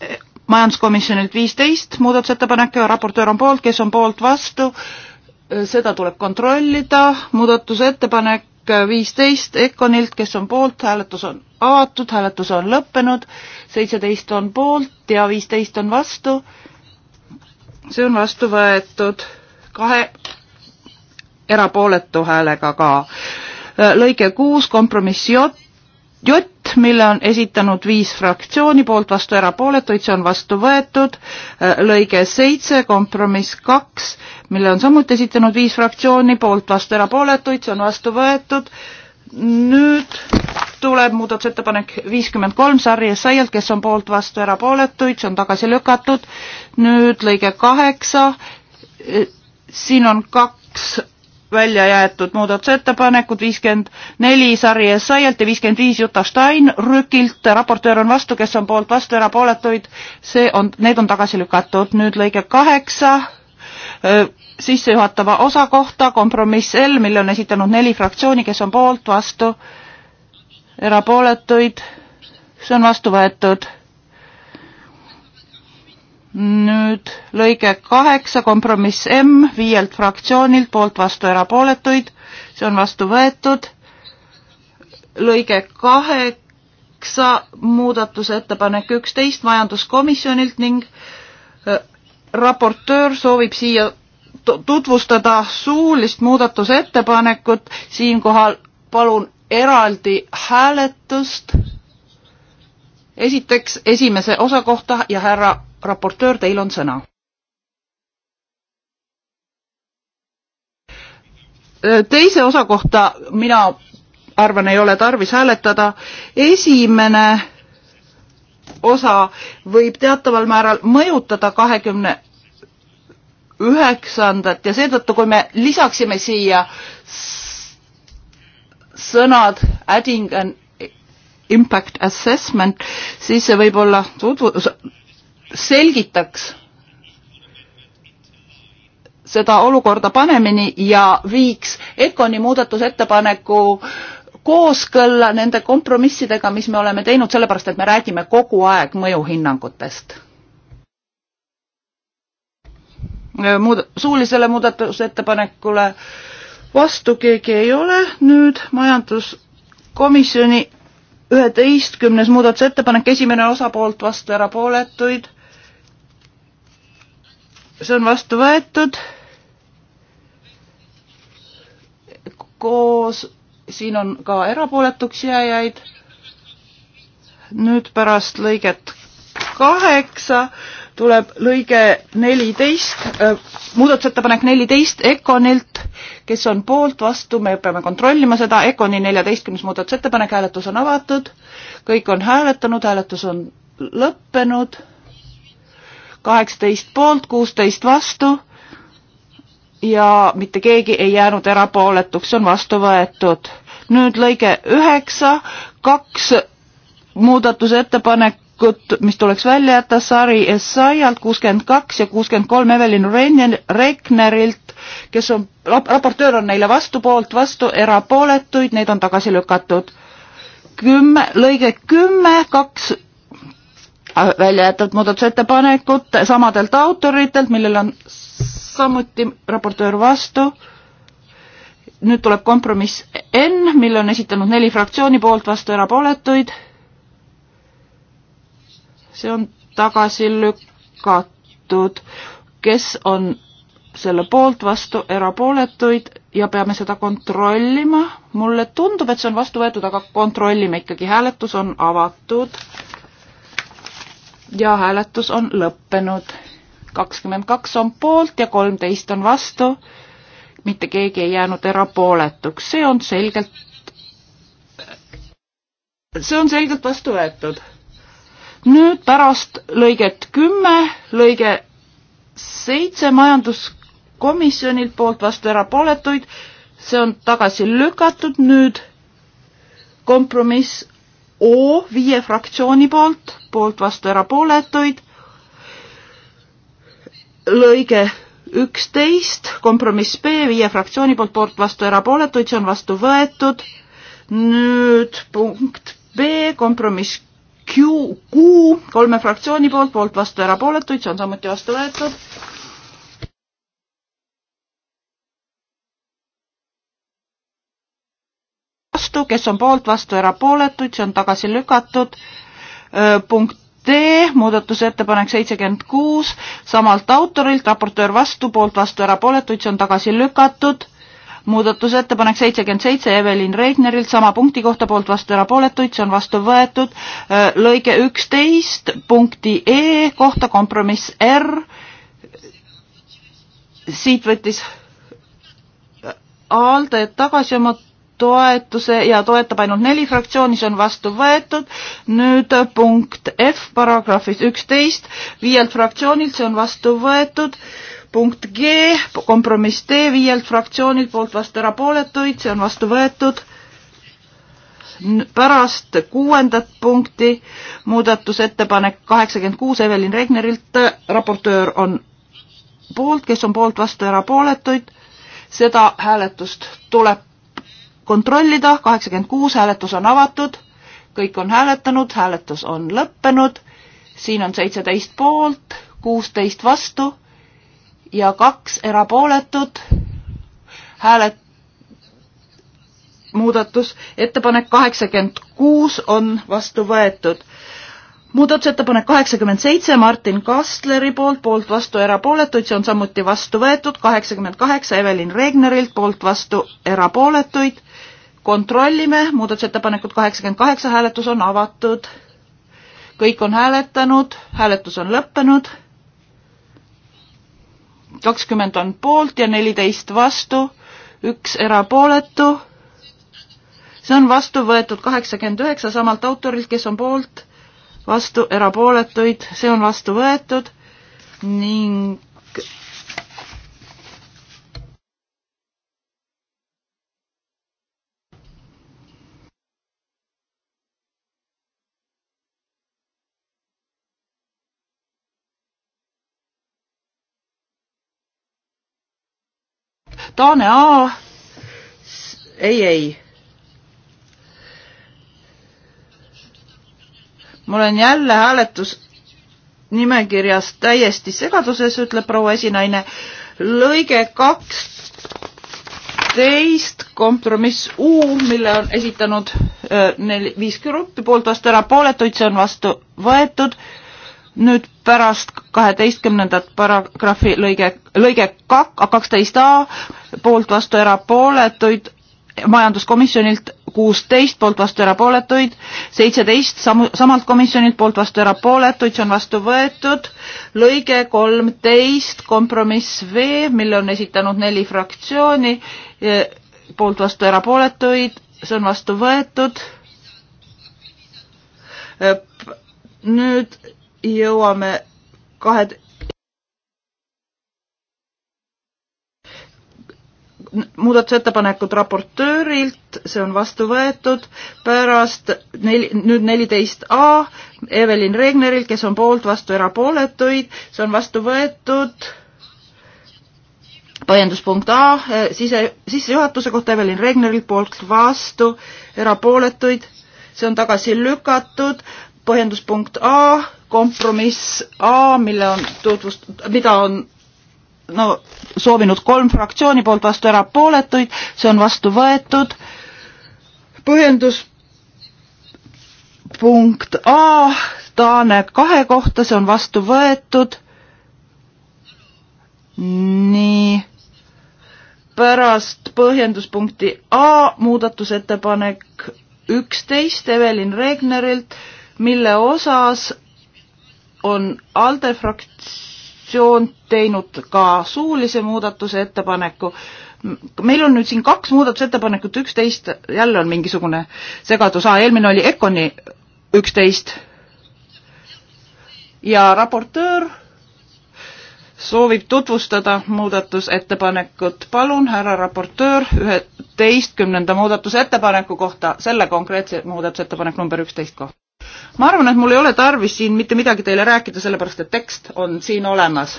eh, majanduskomisjonilt viisteist muudatusettepanek ja raportöör on poolt, kes on poolt vastu, eh, seda tuleb kontrollida, muudatusettepanek viisteist Econilt, kes on poolt, hääletus on avatud, hääletus on lõppenud, seitseteist on poolt ja viisteist on vastu see on vastu võetud kahe erapooletu häälega ka. lõige kuus, kompromiss J, J, mille on esitanud viis fraktsiooni poolt vastu erapooletuid, see on vastu võetud. lõige seitse, kompromiss kaks, mille on samuti esitanud viis fraktsiooni poolt vastu erapooletuid, see on vastu võetud. nüüd tuleb muudatusettepanek viiskümmend kolm Sarri Essayalt, kes on poolt, vastu, erapooletuid, see on tagasi lükatud. nüüd lõige kaheksa, siin on kaks välja jäetud muudatusettepanekud, viiskümmend neli Sarri Essayalt ja viiskümmend viis Juta Steinrükilt, raportöör on vastu, kes on poolt, vastu, erapooletuid, see on, need on tagasi lükatud. nüüd lõige kaheksa sissejuhatava osa kohta kompromiss L, mille on esitanud neli fraktsiooni, kes on poolt, vastu, erapooletuid, see on vastu võetud. nüüd lõige kaheksa, kompromiss M viielt fraktsioonilt, poolt vastu erapooletuid, see on vastu võetud. lõige kaheksa, muudatusettepanek üksteist majanduskomisjonilt ning äh, raportöör soovib siia tutvustada suulist muudatusettepanekut, siinkohal palun eraldi hääletust esiteks esimese osa kohta ja härra raportöör, teil on sõna. teise osa kohta mina arvan, ei ole tarvis hääletada. esimene osa võib teataval määral mõjutada kahekümne üheksandat ja seetõttu, kui me lisaksime siia sõnad adding an impact assessment, siis see võib-olla selgitaks seda olukorda panemini ja viiks EKONi muudatusettepaneku kooskõlla nende kompromissidega, mis me oleme teinud, sellepärast et me räägime kogu aeg mõjuhinnangutest muud-, suulisele muudatusettepanekule vastu keegi ei ole, nüüd majanduskomisjoni üheteistkümnes muudatusettepanek, esimene osapoolt vastu erapooletuid. see on vastu võetud. koos, siin on ka erapooletuks jääjaid. nüüd pärast lõiget kaheksa tuleb lõige neliteist, äh, muudatusettepanek neliteist Econilt, kes on poolt, vastu, me peame kontrollima seda, Econi neljateistkümnes muudatusettepanek, hääletus on avatud, kõik on hääletanud, hääletus on lõppenud, kaheksateist poolt, kuusteist vastu ja mitte keegi ei jäänud erapooletuks, see on vastu võetud. nüüd lõige üheksa, kaks muudatusettepanek lõikud, mis tuleks välja jätta Sari Essayalt kuuskümmend kaks ja kuuskümmend kolm Evelyn Regnerilt, kes on, raportöör on neile vastu, poolt vastu, erapooletuid, need on tagasi lükatud. kümme, lõige kümme, kaks äh, välja jäetud muudatusettepanekut samadelt autoritelt, millel on samuti raportöör vastu nüüd tuleb kompromiss N, mille on esitanud neli fraktsiooni poolt vastu erapooletuid see on tagasi lükatud. kes on selle poolt, vastu, erapooletuid ja peame seda kontrollima. mulle tundub, et see on vastu võetud, aga kontrollime ikkagi, hääletus on avatud. ja hääletus on lõppenud. kakskümmend kaks on poolt ja kolmteist on vastu. mitte keegi ei jäänud erapooletuks, see on selgelt, see on selgelt vastu võetud nüüd pärast lõiget kümme, lõige seitse majanduskomisjonilt poolt vastu erapooletuid, see on tagasi lükatud, nüüd kompromiss O viie fraktsiooni poolt, poolt vastu erapooletuid, lõige üksteist, kompromiss B viie fraktsiooni poolt, poolt vastu erapooletuid, see on vastu võetud, nüüd punkt B, kompromiss Q, Q kolme fraktsiooni poolt, poolt vastu erapooletuid, see on samuti vastu võetud. vastu, kes on poolt, vastu erapooletuid, see on tagasi lükatud. punkt D, muudatusettepanek seitsekümmend kuus, samalt autorilt, raportöör vastu, poolt vastu erapooletuid, see on tagasi lükatud muudatusettepanek seitsekümmend seitse Evelin Reitnerilt sama punkti kohta poolt vastu erapooletuid, see on vastu võetud. Äh, lõige üksteist punkti E kohta kompromiss R. siit võttis Aalde tagasi oma toetuse ja toetab ainult neli fraktsiooni, see on vastu võetud. nüüd punkt F paragrahvis üksteist, viielt fraktsioonilt, see on vastu võetud punkt G, kompromiss D viielt fraktsioonilt poolt vastu erapooletuid, see on vastu võetud. pärast kuuendat punkti muudatusettepanek kaheksakümmend kuus Evelin Regnerilt, raportöör on poolt, kes on poolt vastu erapooletuid, seda hääletust tuleb kontrollida, kaheksakümmend kuus hääletus on avatud, kõik on hääletanud, hääletus on lõppenud, siin on seitseteist poolt, kuusteist vastu ja kaks erapooletut häälet-, muudatus, ettepanek kaheksakümmend kuus on vastu võetud. muudatusettepanek kaheksakümmend seitse Martin Kastleri poolt, poolt vastu erapooletuid, see on samuti vastu võetud, kaheksakümmend kaheksa Evelin Regnerilt poolt vastu erapooletuid. kontrollime, muudatusettepanekud kaheksakümmend kaheksa, hääletus on avatud. kõik on hääletanud, hääletus on lõppenud kakskümmend on poolt ja neliteist vastu, üks erapooletu. see on vastu võetud kaheksakümmend üheksa samalt autorilt, kes on poolt, vastu erapooletuid, see on vastu võetud ning Taane A. ei, ei. ma olen jälle hääletusnimekirjas täiesti segaduses, ütleb proua esinaine. lõige kaksteist, kompromiss U, mille on esitanud äh, neli, viis gruppi, poolt vastu erapooletuid, see on vastu võetud nüüd pärast kaheteistkümnendat paragrahvi lõige, lõige kak-, kaksteist A poolt vastu erapooletuid, majanduskomisjonilt kuusteist poolt vastu erapooletuid, seitseteist samu, samalt komisjonilt poolt vastu erapooletuid, see on vastu võetud. lõige kolmteist, kompromiss V, mille on esitanud neli fraktsiooni, e, poolt vastu erapooletuid, see on vastu võetud. E, nüüd jõuame kahe muudatusettepanekud raportöörilt, see on vastu võetud, pärast neli, nüüd neliteist A Evelin Regnerilt, kes on poolt, vastu, erapooletuid, see on vastu võetud, põhjenduspunkt A, eh, sise, sissejuhatuse kohta Evelin Regnerilt poolt, vastu, erapooletuid, see on tagasi lükatud, põhjenduspunkt A, kompromiss A, mille on tutvust-, mida on no soovinud kolm fraktsiooni poolt vastu erapooletuid, see on vastu võetud. põhjendus punkt A, Taane kahe kohta, see on vastu võetud. nii, pärast põhjenduspunkti A muudatusettepanek üksteist Evelin Regnerilt, mille osas on ALDE fraktsioon fraktsioon teinud ka suulise muudatuse ettepaneku. meil on nüüd siin kaks muudatusettepanekut, üksteist, jälle on mingisugune segadus, aa, eelmine oli Econi üksteist ja raportöör soovib tutvustada muudatusettepanekut. palun, härra raportöör, üheteistkümnenda muudatusettepaneku kohta, selle konkreetse muudatusettepaneku number üksteist kohta ma arvan, et mul ei ole tarvis siin mitte midagi teile rääkida, sellepärast et tekst on siin olemas.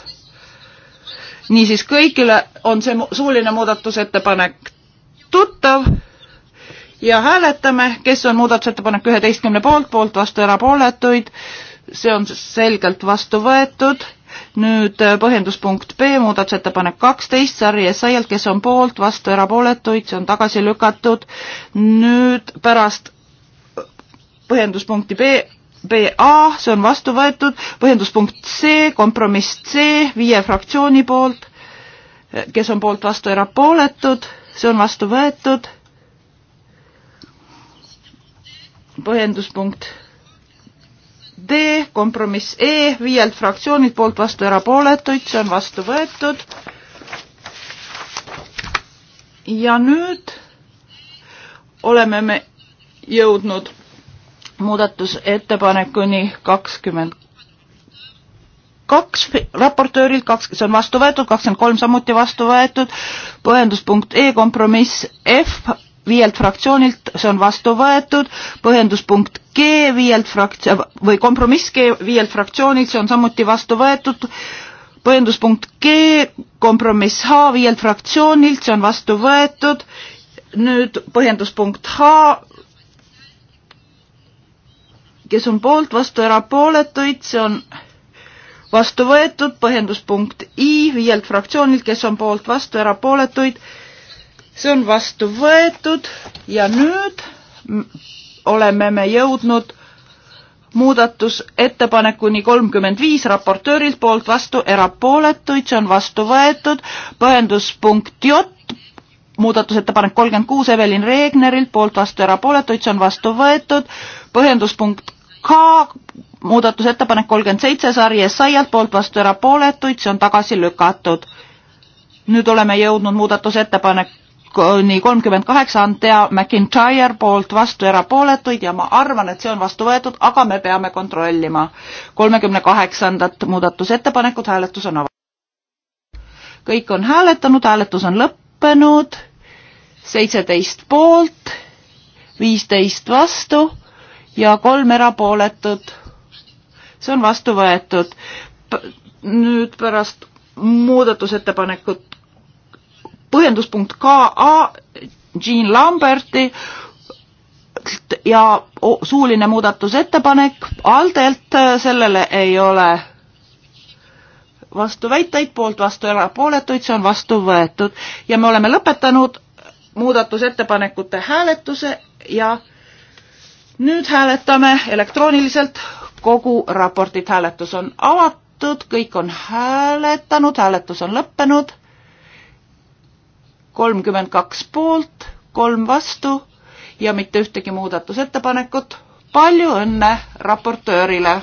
niisiis, kõigile on see suuline muudatusettepanek tuttav ja hääletame, kes on muudatusettepanek üheteistkümne poolt, poolt vastu erapooletuid, see on selgelt vastu võetud nüüd äh, põhjenduspunkt B, muudatusettepanek kaksteist, Sarri Essayalt, kes on poolt, vastu erapooletuid, see on tagasi lükatud. nüüd pärast põhjenduspunkti B, BA, see on vastu võetud, põhjenduspunkt C, kompromiss C viie fraktsiooni poolt, kes on poolt vastu erapooletud, see on vastu võetud. põhjenduspunkt D, kompromiss E viielt fraktsioonilt poolt vastu erapooletuid, see on vastu võetud. ja nüüd oleme me jõudnud muudatusettepanekuni kakskümmend kaks raportöörilt, kaks, see on vastu võetud, kakskümmend kolm samuti vastu võetud, põhjenduspunkt E kompromiss F viielt fraktsioonilt, see on vastu võetud, põhjenduspunkt G viielt frakts- või kompromiss G viielt fraktsioonilt, see on samuti vastu võetud, põhjenduspunkt G kompromiss H viielt fraktsioonilt, see on vastu võetud, nüüd põhjenduspunkt H kes on poolt, vastu, erapooletuid, see on vastu võetud, põhjenduspunkt I viielt fraktsioonilt, kes on poolt, vastu, erapooletuid, see on vastu võetud ja nüüd oleme me jõudnud muudatusettepanekuni kolmkümmend viis raportöörilt poolt vastu erapooletuid, see on vastu võetud, põhjenduspunkt J, muudatusettepanek kolmkümmend kuus Evelin Reegnerilt poolt vastu erapooletuid, see on vastu võetud, põhjenduspunkt ka muudatusettepanek kolmkümmend seitse sarjas saialt poolt vastu erapooletuid, see on tagasi lükatud. nüüd oleme jõudnud muudatusettepanekuni kolmkümmend kaheksa Antea McIntyre poolt vastu erapooletuid ja ma arvan, et see on vastu võetud, aga me peame kontrollima. kolmekümne kaheksandat muudatusettepanekut, hääletus on avatud. kõik on hääletanud, hääletus on lõppenud, seitseteist poolt, viisteist vastu ja kolm erapooletut. see on vastu võetud. nüüd pärast muudatusettepanekut põhjenduspunkt KA Jean Lamberti ja suuline muudatusettepanek Aldelt, sellele ei ole vastuväiteid, poolt vastu erapooletuid, see on vastu võetud ja me oleme lõpetanud muudatusettepanekute hääletuse ja nüüd hääletame elektrooniliselt, kogu raportit, hääletus on avatud, kõik on hääletanud, hääletus on lõppenud. kolmkümmend kaks poolt, kolm vastu ja mitte ühtegi muudatusettepanekut. palju õnne raportöörile.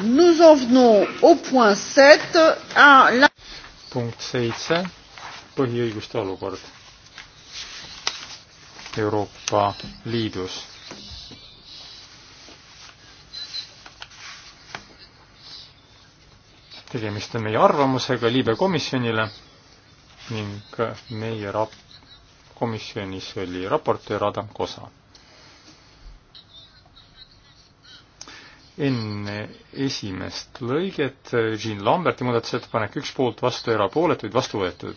Nous en venons au point sept ah, à la punkt seitse põhiõiguste olukord Euroopa Liidus. tegemist on meie arvamusega Liibe komisjonile ning meie rap-, komisjonis oli raportöör Adam Kosa enne esimest lõiget Jean Lamberti muudatusettepanek üks poolt vastu erapooletuid vastu võetud.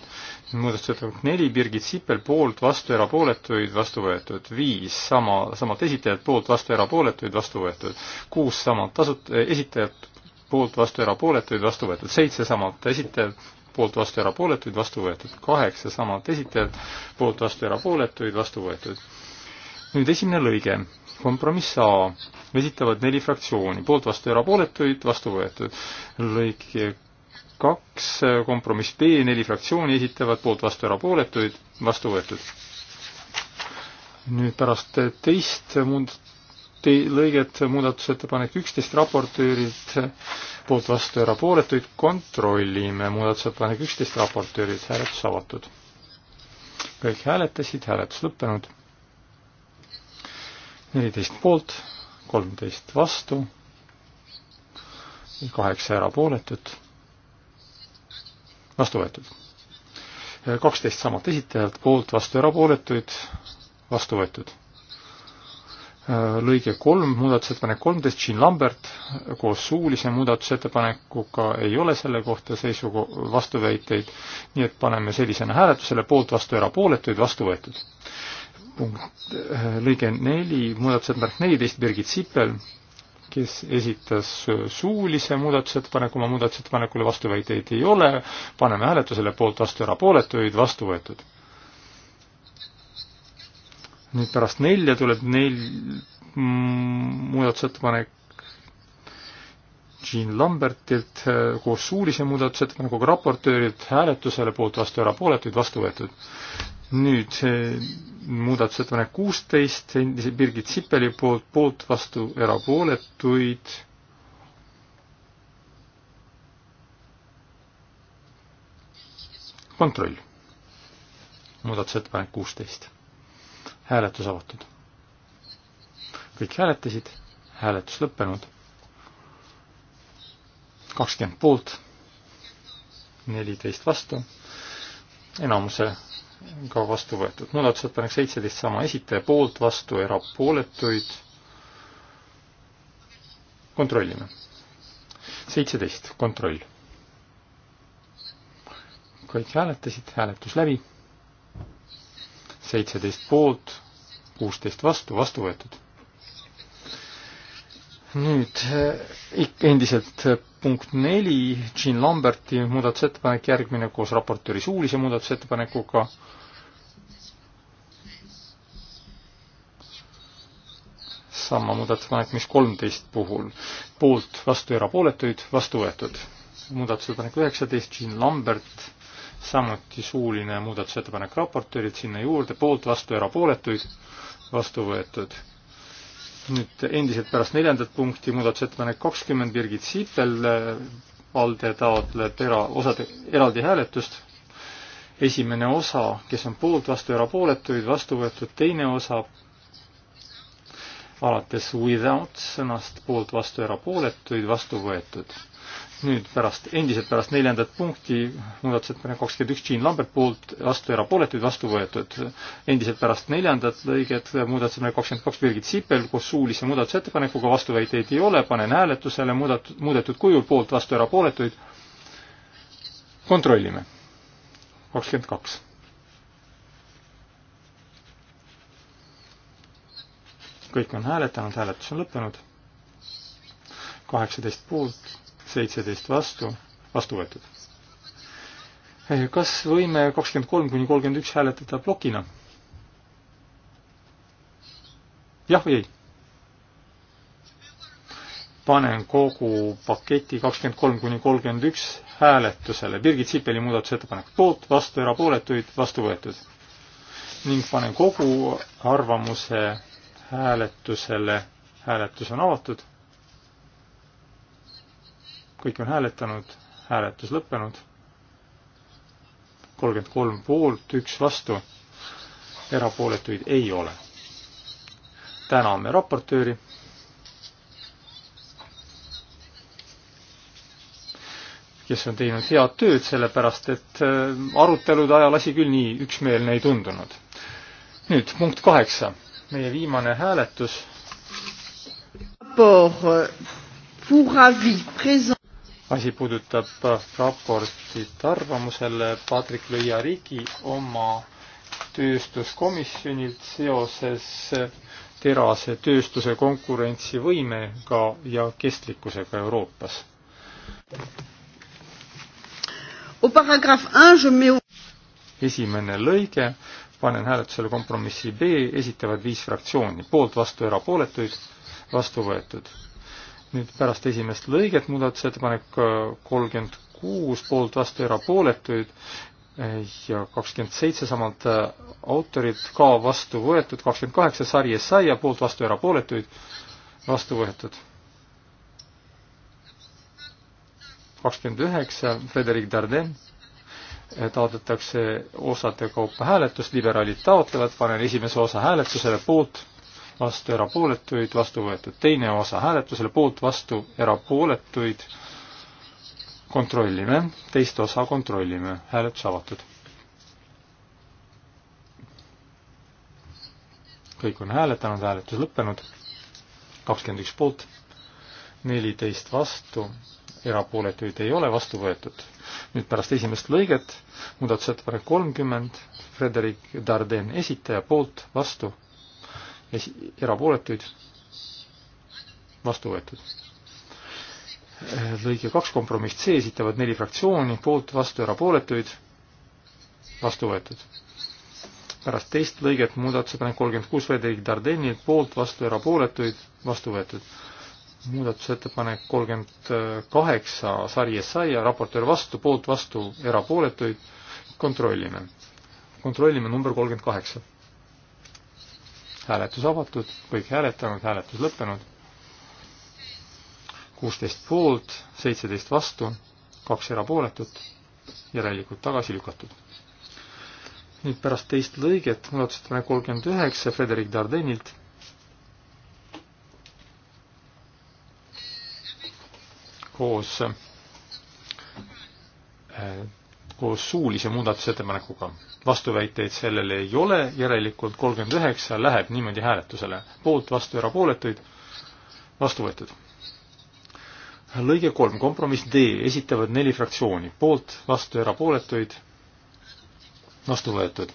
muudatusettepanek neli Birgit Sipel poolt vastu erapooletuid vastu võetud. viis sama, samalt esitajalt poolt vastu erapooletuid vastu võetud. kuus samalt tasut-, eh, esitajalt poolt vastu erapooletuid vastu võetud. seitse samalt esitajalt poolt vastu erapooletuid vastu võetud. kaheksa samalt esitajalt poolt vastu erapooletuid vastu võetud. nüüd esimene lõige kompromiss A, esitavad neli fraktsiooni, poolt, vastu, erapooletuid, vastu võetud. lõike kaks, kompromiss B, neli fraktsiooni esitavad poolt, vastu, erapooletuid, vastu võetud. nüüd pärast teist muud- te-, lõiget muudatusettepanek üksteist raportöörilt poolt vastu erapooletuid kontrollime muudatusettepanek üksteist raportöörilt hääletus avatud. kõik hääletasid, hääletus lõppenud neliteist poolt, kolmteist vastu, kaheksa erapooletut, vastu võetud. kaksteist samat esitajalt, poolt, vastu, erapooletuid, vastu võetud. lõige kolm, muudatusettepanek kolmteist, Jean Lambert koos suulise muudatusettepanekuga ei ole selle kohta seisuko-, vastuväiteid, nii et paneme sellisena hääletusele, poolt, vastu, erapooletuid, vastu võetud punkt, eh, lõige neli, muudatusettepanek neliteist, Birgit Sipel, kes esitas suulise muudatusettepaneku, oma muudatusettepanekule vastuväiteid ei ole, paneme hääletusele poolt vastu erapooletuid, vastu võetud. nüüd pärast nelja tuleb neil mm, muudatusettepanek Jean Lambertilt eh, koos suulise muudatusettepanekuga raportöörilt hääletusele poolt vastu erapooletuid vastu võetud nüüd muudatusettepanek kuusteist, endise Birgit Sipeli poolt, poolt vastu erapooletuid. kontroll. muudatusettepanek kuusteist. hääletus avatud. kõik hääletasid, hääletus lõppenud. kakskümmend poolt, neliteist vastu, enamuse ka vastu võetud. muudatusettepanek seitseteist sama esitaja poolt, vastu erapooletuid. kontrollime. seitseteist, kontroll. kõik hääletasid, hääletus läbi. seitseteist poolt, kuusteist vastu, vastu võetud. nüüd eh, endiselt punkt neli, Jean Lamberti muudatusettepanek, järgmine koos raportööri suulise muudatusettepanekuga. sama muudatusettepanek, mis kolmteist puhul. poolt, vastu, erapooletuid, vastu võetud. muudatusettepanek üheksateist, Jean Lambert, samuti suuline muudatusettepanek raportöörilt sinna juurde, poolt, vastu, erapooletuid, vastu võetud nüüd endiselt pärast neljandat punkti muudatusettepanek kakskümmend, Birgit Siipel, äh, ALDE taotleb era, osade, eraldi hääletust. esimene osa, kes on poolt, vastu, erapooletuid, vastu võetud, teine osa alates without sõnast poolt, vastu, erapooletuid, vastu võetud nüüd pärast, endiselt pärast neljandat punkti, muudatusettepanek kakskümmend üks, Jean Lambert poolt, vastu erapooletuid, vastu võetud. endiselt pärast neljandat lõiget, muudatusettepanek kakskümmend kaks, Birgit Sipel koos suulise muudatusettepanekuga, vastuväiteid ei ole, panen hääletusele, muudatud, muudetud kujul poolt, vastu erapooletuid. kontrollime. kakskümmend kaks. kõik on hääletanud, hääletus on lõppenud. kaheksateist poolt seitseteist vastu, vastu võetud. Eh, kas võime kakskümmend kolm kuni kolmkümmend üks hääletada plokina? jah või ei? panen kogu paketi kakskümmend kolm kuni kolmkümmend üks hääletusele. Birgit Sipeli muudatusettepanek poolt, vastu erapooletuid, vastu võetud. ning panen kogu arvamuse hääletusele. hääletus on avatud kõik on hääletanud, hääletus lõppenud. kolmkümmend kolm poolt, üks vastu, erapooletuid ei ole. täname raportööri. kes on teinud head tööd, sellepärast et äh, arutelude ajal asi küll nii üksmeelne ei tundunud. nüüd punkt kaheksa, meie viimane hääletus. Euh, asi puudutab äh, raportit arvamusele Patrick Lõia-Rigi oma tööstuskomisjonilt seoses äh, terase tööstuse konkurentsivõimega ja kestlikkusega Euroopas. esimene lõige, panen hääletusele kompromissi B, esitavad viis fraktsiooni, poolt, vastu, erapooletuid, vastu võetud nüüd pärast esimest lõiget muudatusettepanek äh, kolmkümmend kuus poolt vastu erapooletuid äh, ja kakskümmend seitse samalt äh, autorid ka vastu võetud, kakskümmend kaheksa sari Essaia poolt vastu erapooletuid vastu võetud. kakskümmend üheksa Frederic Darden taotletakse osade kaupa hääletust, liberaalid taotlevad, panen esimese osa hääletusele poolt vastu, erapooletuid, vastu võetud. teine osa hääletusele, poolt, vastu, erapooletuid, kontrollime, teist osa kontrollime, hääletus avatud. kõik on hääletanud, hääletus lõppenud, kakskümmend üks poolt, neliteist vastu, erapooletuid ei ole vastu võetud. nüüd pärast esimest lõiget muudatusettepanek kolmkümmend, Frederik Darden esitaja poolt, vastu erapooletuid, vastu võetud. lõige kaks kompromiss C esitavad neli fraktsiooni, poolt, vastu, erapooletuid, vastu võetud. pärast teist lõiget muudatusettepanek kolmkümmend kuus Frederik Dardennilt poolt, vastu, erapooletuid, vastu võetud. muudatusettepanek kolmkümmend kaheksa Sari Essaia, raportöör vastu, poolt, vastu, erapooletuid, kontrollime. kontrollime number kolmkümmend kaheksa hääletus avatud, kõik hääletanud, hääletus lõppenud. kuusteist poolt, seitseteist vastu, kaks erapooletut, järelikult tagasi lükatud. nüüd pärast teist lõiget muudatusettepanek kolmkümmend üheksa Frederik Dardenilt. koos äh, koos suulise muudatusettepanekuga. vastuväiteid sellele ei ole, järelikult kolmkümmend üheksa läheb niimoodi hääletusele. poolt, vastu, erapooletuid, vastu võetud. lõige kolm, kompromiss D, esitavad neli fraktsiooni, poolt, vastu, erapooletuid, vastu võetud.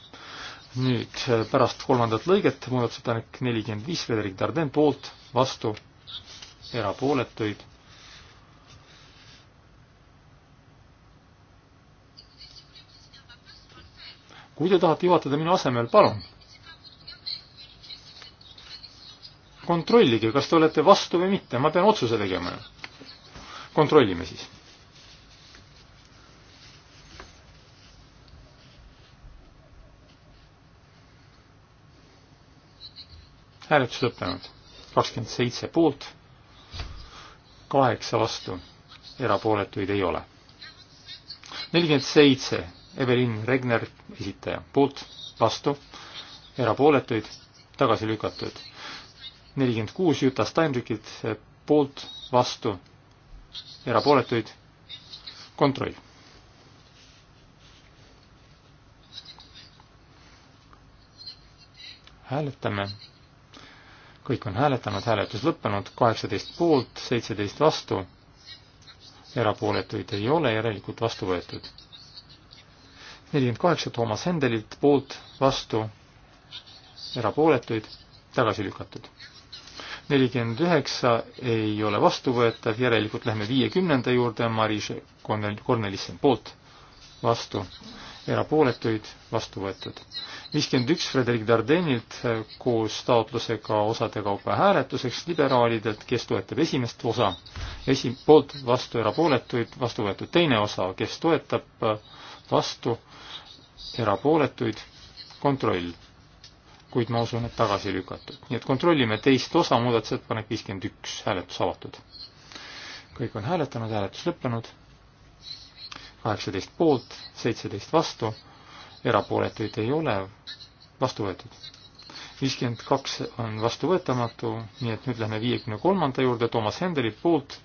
nüüd pärast kolmandat lõiget muudatusettepanek nelikümmend viis, Frederik Darden poolt, vastu, erapooletuid, kui te tahate juhatada minu asemel, palun. kontrollige, kas te olete vastu või mitte, ma pean otsuse tegema ju. kontrollime siis. hääletus lõppenud, kakskümmend seitse poolt, kaheksa vastu, erapooletuid ei ole. nelikümmend seitse Evelin Regner, esitaja, poolt, vastu, erapooletuid, tagasi lükatud. nelikümmend kuus Utah Steinrückilt, poolt, vastu, erapooletuid, kontroll. hääletame. kõik on hääletanud, hääletus lõppenud, kaheksateist poolt, seitseteist vastu, erapooletuid ei ole, järelikult vastu võetud nelikümmend kaheksa Toomas Hendelilt poolt, vastu, erapooletuid, tagasi lükatud. nelikümmend üheksa ei ole vastuvõetav, järelikult lähme viiekümnenda juurde, Maris Kornelissen poolt, vastu, erapooletuid, vastu võetud. viiskümmend üks Frederik Dardenilt koos taotlusega osade kaupa hääletuseks liberaalidelt, kes toetab esimest osa, esi-, poolt, vastu, erapooletuid, vastu võetud teine osa, kes toetab vastu erapooletuid, kontroll. kuid ma usun, et tagasi lükatud. nii et kontrollime teist osa, muudatusettepanek viiskümmend üks, hääletus avatud. kõik on hääletanud, hääletus lõppenud, kaheksateist poolt, seitseteist vastu, erapooletuid ei ole, vastu võetud. viiskümmend kaks on vastuvõetamatu, nii et nüüd lähme viiekümne kolmanda juurde, Toomas Hendrik poolt,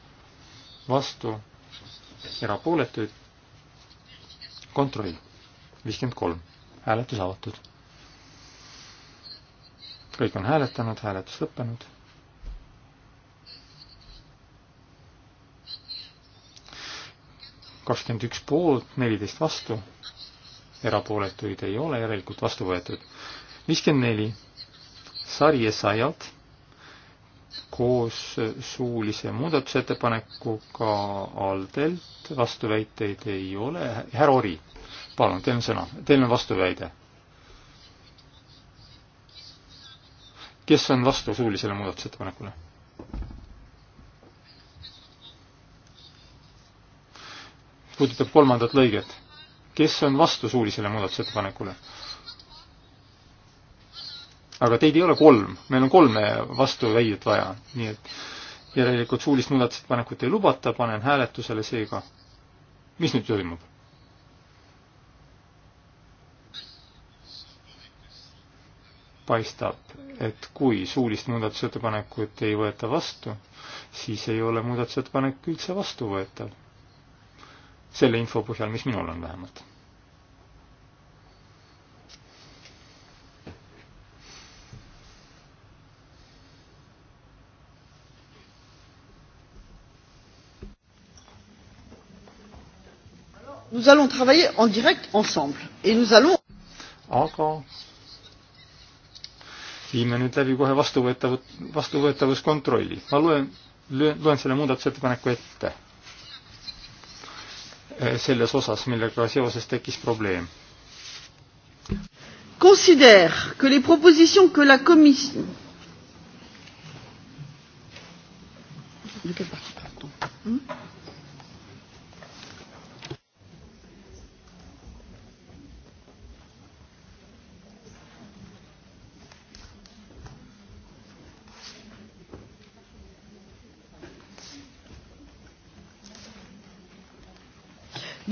vastu, erapooletuid, kontroll viiskümmend kolm. hääletus avatud. kõik on hääletanud, hääletus lõppenud. kakskümmend üks poolt, neliteist vastu, erapooletuid ei ole, järelikult vastu võetud. viiskümmend neli, sari Esaialt koos suulise muudatusettepanekuga Aldelt, vastuväiteid ei ole, härra Ori, palun, teil on sõna, teil on vastuväide. kes on vastu suulisele muudatusettepanekule? puudutab kolmandat lõiget. kes on vastu suulisele muudatusettepanekule? aga teid ei ole kolm, meil on kolme vastuväidet vaja, nii et järelikult suulist muudatusettepanekut ei lubata, panen hääletusele seega. mis nüüd toimub? paistab, et kui suulist muudatusettepanekut ei võeta vastu, siis ei ole muudatusettepanek üldse vastuvõetav. selle info põhjal, mis minul on vähemalt. Nous allons travailler en direct ensemble et nous allons aga viime nüüd läbi kohe vastuvõetav, vastuvõetavuskontrolli. ma loen, loen selle muudatusettepaneku ette äh, selles osas, millega seoses tekkis probleem. Considère que les propositions que la commission De quelle partie parle-t-on hmm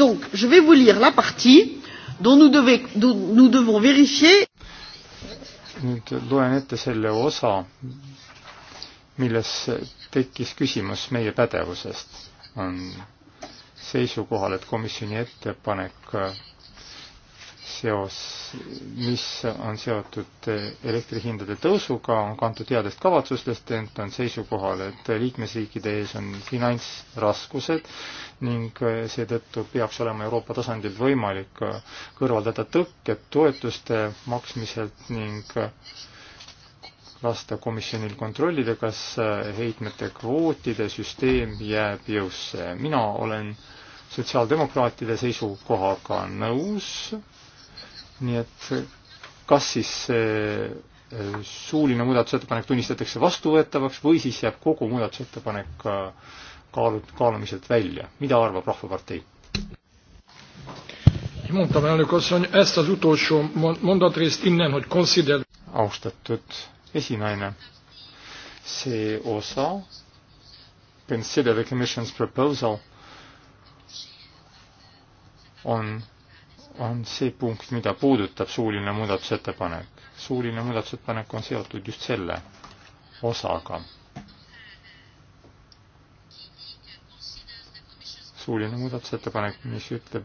donc je vais vous lire la partie dont nous, deve, dont nous devons vérifier nüüd loen ette selle osa, milles tekkis küsimus meie pädevusest. on seisukohal, et komisjoni ettepanek seos, mis on seotud elektrihindade tõusuga, on kantud headest kavatsustest, ent on seisukohal, et liikmesriikide ees on finantsraskused ning seetõttu peaks olema Euroopa tasandil võimalik kõrvaldada tõkked toetuste maksmiselt ning lasta komisjonil kontrollida, kas heitmete kvootide süsteem jääb jõusse. mina olen sotsiaaldemokraatide seisukohaga nõus nii et kas siis see eh, suuline muudatusettepanek tunnistatakse vastuvõetavaks või siis jääb kogu muudatusettepanek äh, kaalu-, kaalumiselt välja, mida arvab Rahvapartei? austatud esinaine, see osa, consider the commission's proposal, on on see punkt, mida puudutab suuline muudatusettepanek. suuline muudatusettepanek on seotud just selle osaga. suuline muudatusettepanek, mis ütleb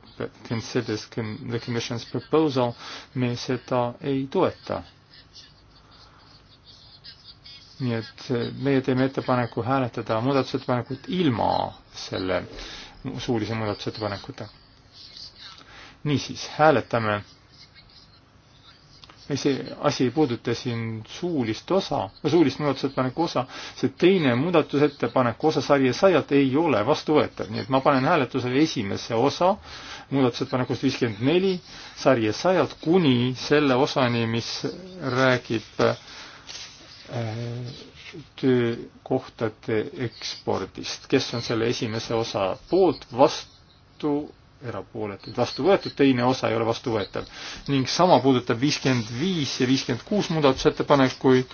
considers the commission's proposal, me seda ei toeta. nii et meie teeme ettepaneku hääletada muudatusettepanekut ilma selle suulise muudatusettepanekuta niisiis, hääletame. see asi ei puuduta siin suulist osa, suulist muudatusettepaneku osa, see teine muudatusettepaneku osa sarja saialt ei ole vastuvõetav, nii et ma panen hääletusele esimese osa muudatusettepanekust viiskümmend neli sarja saialt kuni selle osani, mis räägib äh, töökohtade ekspordist, kes on selle esimese osa poolt, vastu, erapooletud vastu võetud, teine osa ei ole vastuvõetav. ning sama puudutab viiskümmend viis ja viiskümmend kuus muudatusettepanekuid.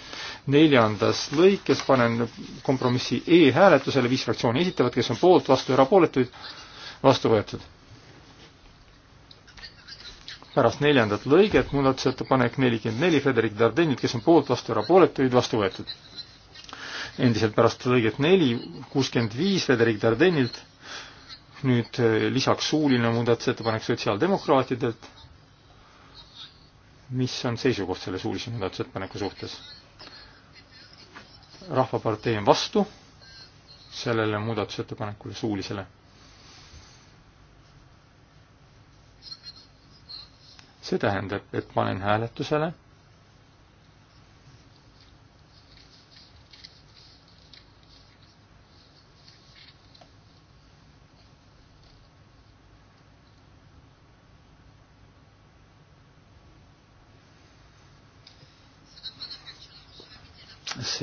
neljandas lõikes panen kompromissi E hääletusele, viis fraktsiooni esitavad, kes on poolt, vastu, erapooletuid, vastu võetud. pärast neljandat lõiget muudatusettepanek nelikümmend neli Frederik Dardenilt, kes on poolt, vastu, erapooletuid, vastu võetud. endiselt pärast lõiget neli, kuuskümmend viis Frederik Dardenilt nüüd eh, lisaks suuline muudatusettepanek sotsiaaldemokraatidelt. mis on seisukoht selle suulise muudatusettepaneku suhtes? rahvapartei on vastu sellele muudatusettepanekule, suulisele. see tähendab, et panen hääletusele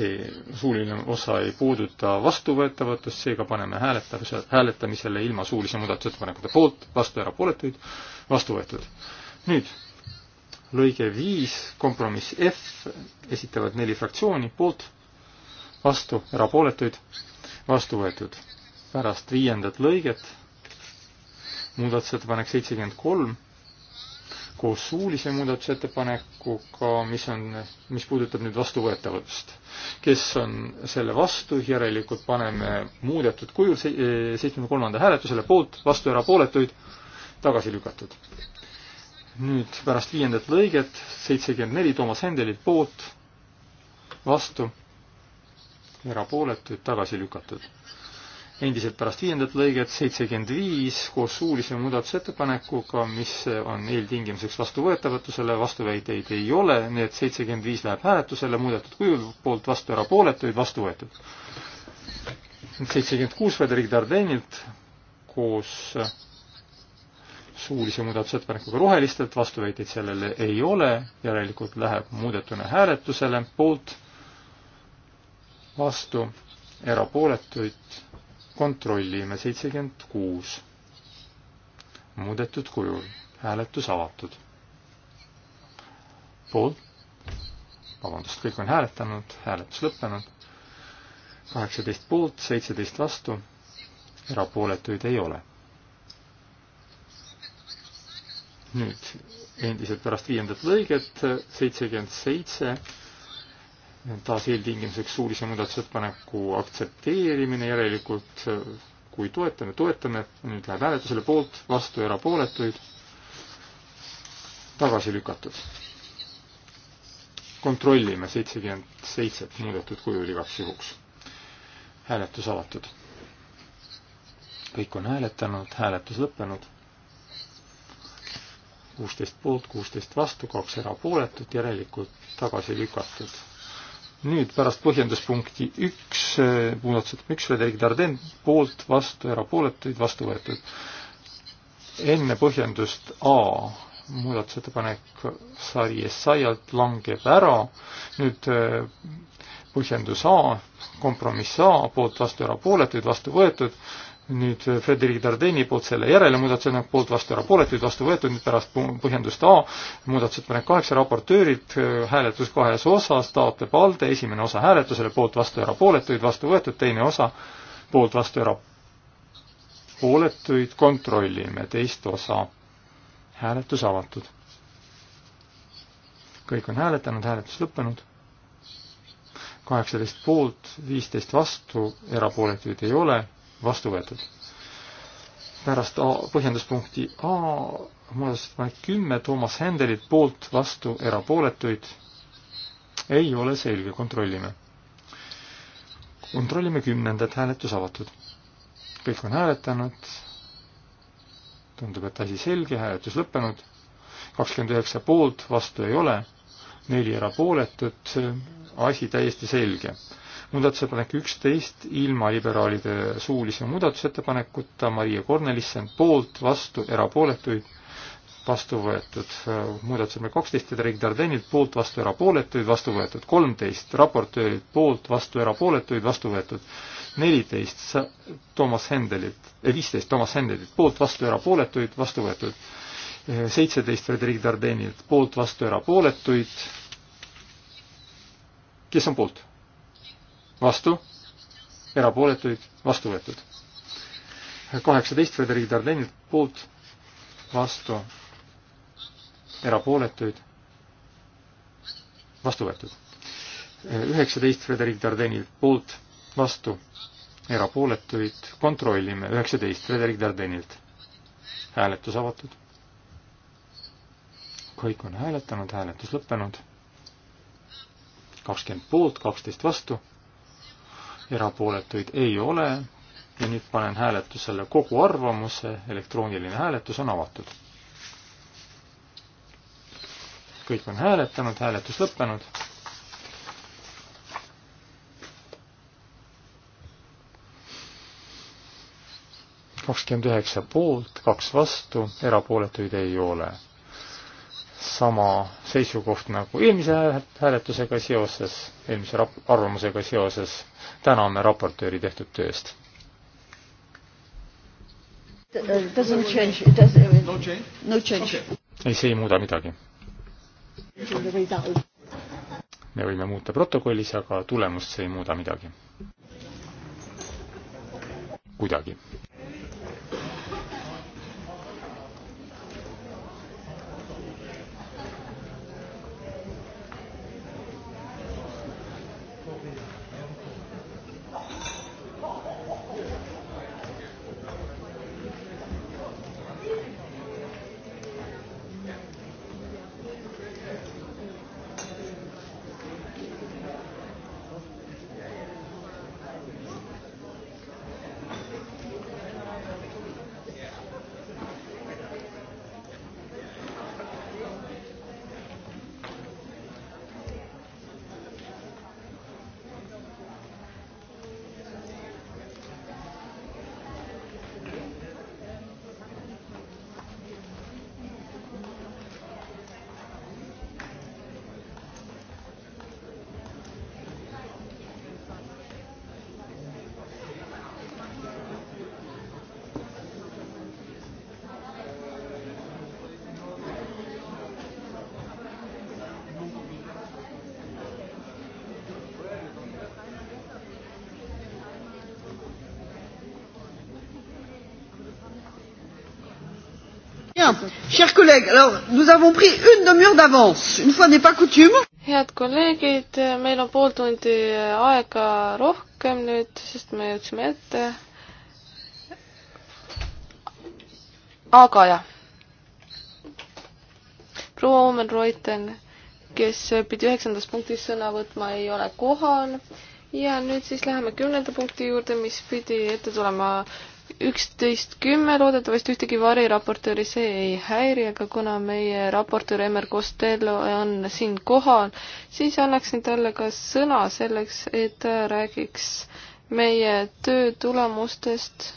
see suuline osa ei puuduta vastuvõetavatust, seega paneme hääletamise, hääletamisele ilma suulise muudatusettepanekute poolt, vastu erapooletuid, vastu võetud. nüüd lõige viis, kompromiss F, esitavad neli fraktsiooni, poolt, vastu, erapooletuid, vastu võetud. pärast viiendat lõiget muudatusettepanek seitsekümmend kolm koos suulise muudatusettepanekuga, mis on, mis puudutab nüüd vastuvõetavust. kes on selle vastu, järelikult paneme muudetud kujul eh, seitsmekümne kolmanda hääletusele poolt, vastu erapooletuid, tagasi lükatud. nüüd pärast viiendat lõiget seitsekümmend neli Toomas Hendelilt poolt, vastu, erapooletuid, tagasi lükatud endiselt pärast viiendat lõiget seitsekümmend viis koos suulise muudatusettepanekuga, mis on eeltingimuseks vastuvõetavatusele, vastuväiteid ei ole, nii et seitsekümmend viis läheb hääletusele muudetud kujul, poolt vastu erapooletuid, vastu võetud. seitsekümmend kuus Frederik Dardenilt koos suulise muudatusettepanekuga rohelistelt, vastuväiteid sellele ei ole, järelikult läheb muudetuna hääletusele, poolt, vastu, erapooletuid kontrollime, seitsekümmend kuus. muudetud kujul, hääletus avatud. poolt, vabandust, kõik on hääletanud, hääletus lõppenud. kaheksateist poolt, seitseteist vastu, erapooletuid ei ole. nüüd endiselt pärast viiendat lõiget, seitsekümmend seitse taas eeltingimuseks suulise muudatusettepaneku aktsepteerimine, järelikult kui toetame, toetame, nüüd läheb hääletusele poolt, vastu erapooletuid, tagasi lükatud. kontrollime seitsekümmend seitset muudetud kujul igaks juhuks. hääletus avatud. kõik on hääletanud, hääletus lõppenud. kuusteist poolt, kuusteist vastu, kaks erapooletut, järelikult tagasi lükatud nüüd pärast põhjenduspunkti üks, muudatusettepanek üks, Frederik Darden poolt, vastu, erapooletuid, vastu võetud. enne põhjendust A muudatusettepanek sari Essayalt langeb ära, nüüd äh, põhjendus A, kompromiss A, poolt, vastu, erapooletuid, vastu võetud nüüd äh, Frederik Dardeni poolt selle järele muudatusettepanek poolt vastu erapooletuid vastu võetud, nüüd pärast põhjendust A muudatusettepanek kaheksa raportöörilt äh, hääletus kahes osas, taotleb ALDE, esimene osa hääletusele, poolt vastu erapooletuid vastu võetud, teine osa poolt vastu erapooletuid, kontrollime teist osa. hääletus avatud. kõik on hääletanud, hääletus lõppenud kaheksateist poolt, viisteist vastu, erapooletuid ei ole, vastu võetud. pärast A, põhjenduspunkti A muudatusettepanek kümme Toomas Händelit poolt, vastu, erapooletuid ei ole selge, kontrollime. kontrollime kümnendat, hääletus avatud. kõik on hääletanud. tundub, et asi selge, hääletus lõppenud. kakskümmend üheksa poolt, vastu ei ole, neli erapooletut, asi täiesti selge muudatusettepanek üksteist ilma liberaalide suulise muudatusettepanekuta, Maria Kornelissen poolt, vastu, erapooletuid, vastu võetud. muudatusettepanek kaksteist, Frederik Dardenilt poolt, vastu, erapooletuid, vastu võetud. kolmteist, raportöörilt poolt, vastu, erapooletuid, vastu võetud. neliteist, Toomas Hendelilt, eh, viisteist Toomas Hendelilt poolt, vastu, erapooletuid, vastu võetud. seitseteist Frederik Dardenilt poolt, vastu, erapooletuid. kes on poolt? vastu, erapooletuid, vastu võetud. kaheksateist Frederik Dardenilt poolt, vastu, erapooletuid, vastu võetud. üheksateist Frederik Dardenilt poolt, vastu, erapooletuid, kontrollime, üheksateist Frederik Dardenilt. hääletus avatud. kõik on hääletanud, hääletus lõppenud. kakskümmend poolt, kaksteist vastu erapooletuid ei ole ja nüüd panen hääletusele kogu arvamuse, elektrooniline hääletus on avatud. kõik on hääletanud, hääletus lõppenud. kakskümmend üheksa poolt, kaks vastu, erapooletuid ei ole sama seisukoht nagu eelmise hääletusega seoses, eelmise rap-, arvamusega seoses. täname raportööri tehtud tööst. ei, see ei muuda midagi. me võime muuta protokollis, aga tulemust see ei muuda midagi. kuidagi. Bien, chers collègues, alors nous avons pris une demi-heure d'avance, une fois n'est pas coutume. head kolleegid, meil on pool tundi äh, aega rohkem nüüd, sest me jõudsime ette. aga jah, proua Omen Reuten, kes pidi üheksandas punktis sõna võtma, ei ole kohal ja nüüd siis läheme kümnenda punkti juurde, mis pidi ette tulema üksteist kümme, loodetavasti ühtegi variraportööri see ei häiri, aga kuna meie raportöör Emmer Costello on siin kohal, siis annaksin talle ka sõna selleks, et ta räägiks meie töö tulemustest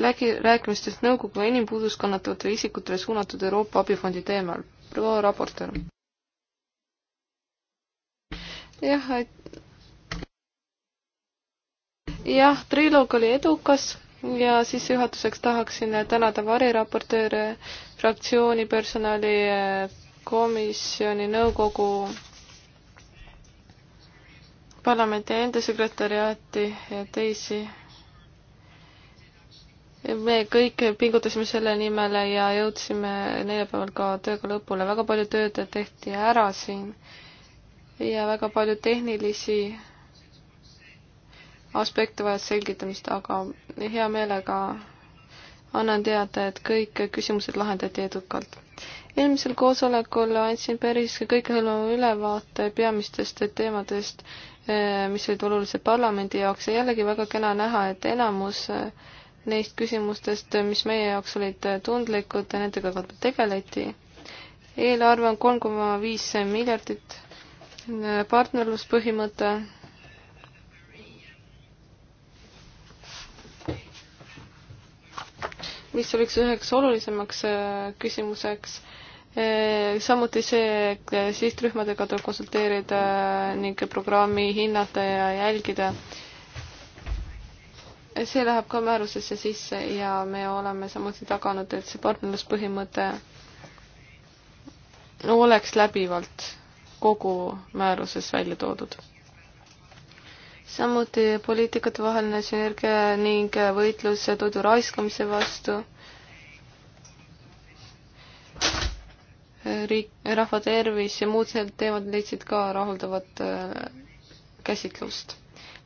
lägi-, rääkimistest nõukogu enim puudust kannatavatele isikutele suunatud Euroopa abifondi teemal. proua raportöör. jah, et jah, triloog oli edukas ja sissejuhatuseks tahaksin tänada variraportööre, fraktsiooni, personali, komisjoni, nõukogu, parlamendi enda sekretäriaati ja teisi me kõik pingutasime selle nimel ja jõudsime neljapäeval ka tööga lõpule, väga palju tööd tehti ära siin ja väga palju tehnilisi aspekte vajas selgitamist, aga hea meelega annan teada, et kõik küsimused lahendati edukalt. eelmisel koosolekul andsin päris kõikehõlmava ülevaate peamistest teemadest, eh, mis olid olulised parlamendi jaoks ja jällegi väga kena näha, et enamus äh, neist küsimustest, mis meie jaoks olid tundlikud, nendega ka tegeleti. eelarve on kolm koma viis miljardit, partnerluspõhimõte, mis oleks üheks olulisemaks äh, küsimuseks, äh, samuti see, et sihtrühmadega tuleb konsulteerida äh, ning programmi hinnata ja jälgida see läheb ka määrusesse sisse ja me oleme samuti taganud, et see partnerluspõhimõte oleks läbivalt kogu määruses välja toodud. samuti poliitikate vaheline sünergia ning võitlus toidu raiskamise vastu. riik, rahva tervis ja muud sellised teemad leidsid ka rahuldavat äh, käsitlust.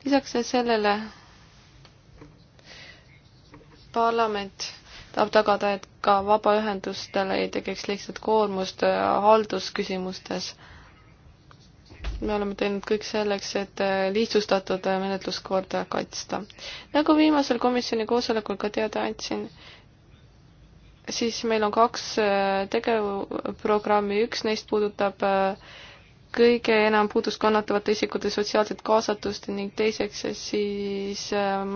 lisaks sellele parlament tahab tagada, et ka vabaühendustele ei tekiks lihtsalt koormust äh, haldusküsimustes. me oleme teinud kõik selleks, et äh, lihtsustatud äh, menetluskorda kaitsta. nagu viimasel komisjoni koosolekul ka teada andsin, siis meil on kaks tegevprogrammi, üks neist puudutab kõige enam puudust kannatavate isikute sotsiaalset kaasatust ning teiseks siis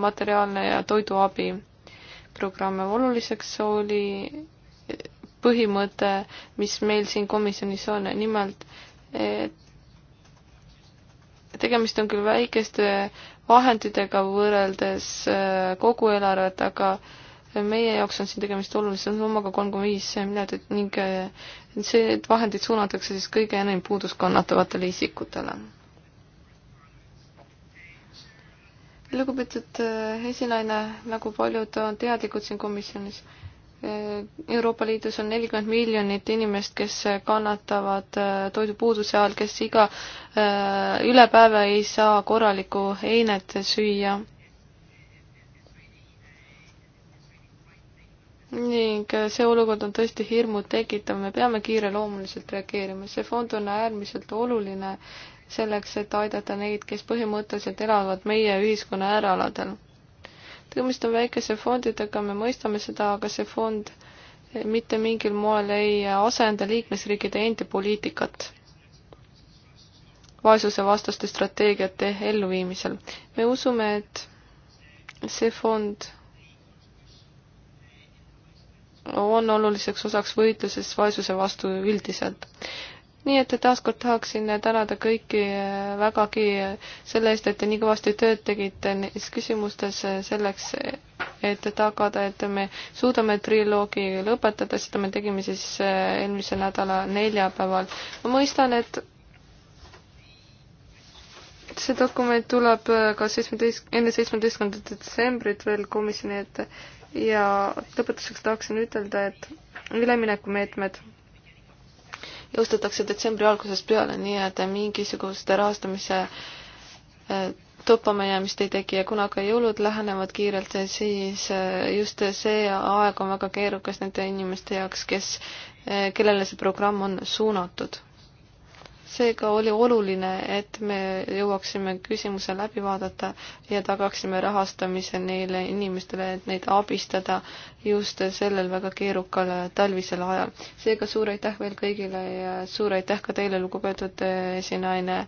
materiaalne ja toiduabi programme. oluliseks oli põhimõte, mis meil siin komisjonis on, nimelt tegemist on küll väikeste vahenditega võrreldes äh, kogu eelarvet, aga meie jaoks on siin tegemist olulise summaga kolm koma viis miljardit ning äh, see, et vahendid suunatakse siis kõige enam puudust kannatavatele isikutele lugupeetud äh, esinaine, nagu paljud on teadlikud siin komisjonis, äh, Euroopa Liidus on nelikümmend miljonit inimest, kes äh, kannatavad toidupuuduse all, kes iga üle päeva ei saa korralikku heinet süüa. ning see olukord on tõesti hirmu tekitav, me peame kiireloomuliselt reageerima, see fond on äärmiselt oluline selleks, et aidata neid, kes põhimõtteliselt elavad meie ühiskonna äärealadel. tegemist on väikese fondidega, me mõistame seda, aga see fond mitte mingil moel ei asenda liikmesriikide endi poliitikat vaesusevastaste strateegiate elluviimisel. me usume, et see fond on oluliseks osaks võitluses vaesuse vastu üldiselt nii et taaskord tahaksin tänada kõiki vägagi selle eest, et te nii kõvasti tööd tegite neis küsimustes selleks, et tagada, et me suudame triloogi lõpetada, seda me tegime siis eelmise nädala neljapäeval. ma mõistan, et see dokument tuleb ka seitsmeteist, enne seitsmeteistkümnendat detsembrit veel komisjoni ette ja lõpetuseks tahaksin ütelda, et üleminekumeetmed jõustatakse detsembri algusest peale, nii et mingisuguste rahastamise e, toppama jäämist ei teki ja kuna ka jõulud lähenevad kiirelt, siis e, just see aeg on väga keerukas nende inimeste jaoks, kes, e, kellele see programm on suunatud seega oli oluline, et me jõuaksime küsimuse läbi vaadata ja tagaksime rahastamise neile inimestele, et neid abistada just sellel väga keerukal talvisel ajal. seega suur aitäh veel kõigile ja suur aitäh ka teile, lugupeetud äh, esinaine,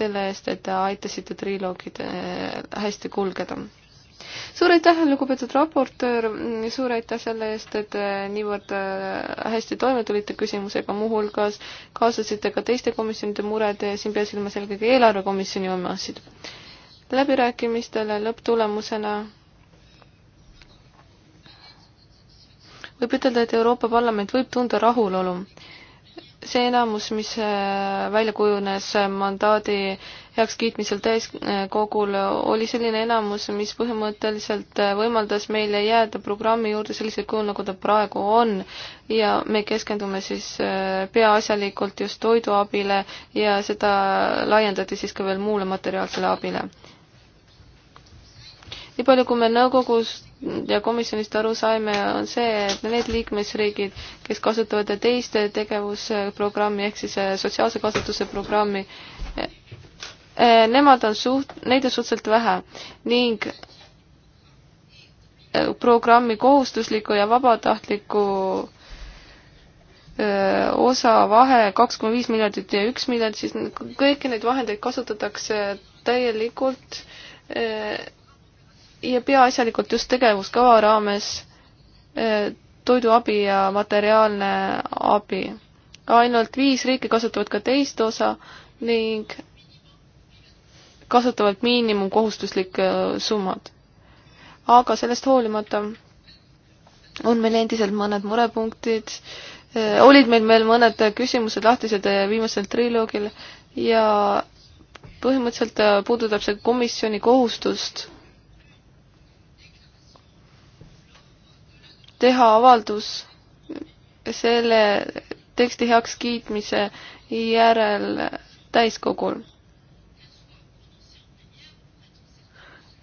selle eest, et te aitasite triloogid äh, hästi kulgeda suur aitäh, lugupeetud raportöör, suur aitäh selle eest, et niivõrd äh, hästi toime tulite küsimusega, muuhulgas kaasasite ka teiste komisjonide mured, siin pean silmas eelkõige eelarvekomisjoni omasid. läbirääkimistele lõpptulemusena võib ütelda, et Euroopa Parlament võib tunda rahulolu see enamus, mis äh, välja kujunes äh, mandaadi heakskiitmisel täiskogul, äh, oli selline enamus, mis põhimõtteliselt võimaldas meile jääda programmi juurde sellisel kujul, nagu ta praegu on ja me keskendume siis peaasjalikult just toiduabile ja seda laiendati siis ka veel muule materiaalsele abile. nii palju, kui me nõukogust ja komisjonist aru saime, on see, et need liikmesriigid, kes kasutavad teist tegevusprogrammi ehk siis eh, sotsiaalse kasutuse programmi, eh, eh, nemad on suht-, neid on suhteliselt vähe ning programmi kohustusliku ja vabatahtliku osa vahe kaks koma viis miljardit ja üks miljard, siis kõiki neid vahendeid kasutatakse täielikult ja peaasjalikult just tegevuskava raames eh, toiduabi ja materiaalne abi. ainult viis riiki kasutavad ka teist osa ning kasutavad miinimumkohustuslikke eh, summad. aga sellest hoolimata on meil endiselt mõned murepunktid, eh, olid meil veel mõned küsimused lahtised viimasel triloogil ja põhimõtteliselt puudutab see komisjoni kohustust teha avaldus selle teksti heakskiitmise järel täiskogul.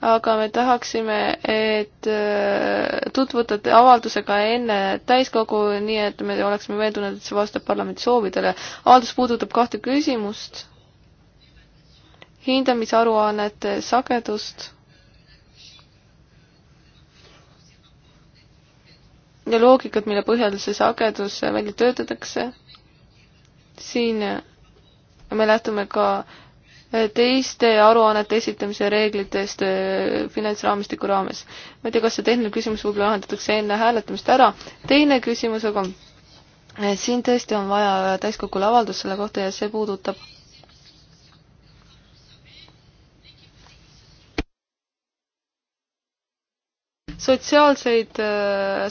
aga me tahaksime, et äh, tutvuda avaldusega enne täiskogu, nii et me oleksime veendunud, et see vastab parlamendi soovidele. avaldus puudutab kahte küsimust. hindamisaruannete sagedust loogikat, mille põhjal see sagedus välja töötatakse. siin me lähtume ka teiste aruannete esitamise reeglitest äh, finantsraamistiku raames. ma ei tea, kas see tehniline küsimus võib-olla lahendatakse enne hääletamist ära. teine küsimus aga, äh, siin tõesti on vaja täiskogule avaldust selle kohta ja see puudutab sotsiaalseid,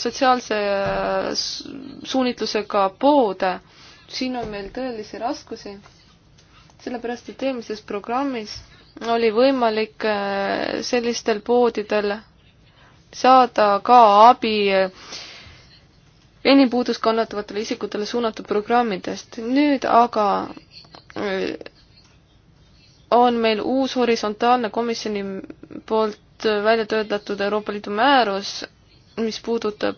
sotsiaalse äh, suunitlusega poode. siin on meil tõelisi raskusi, sellepärast et eelmises programmis oli võimalik äh, sellistel poodidel saada ka abi äh, enim puudust kannatavatele isikutele suunatud programmidest. nüüd aga on meil uus horisontaalne komisjoni poolt poolt välja töötatud Euroopa Liidu määrus, mis puudutab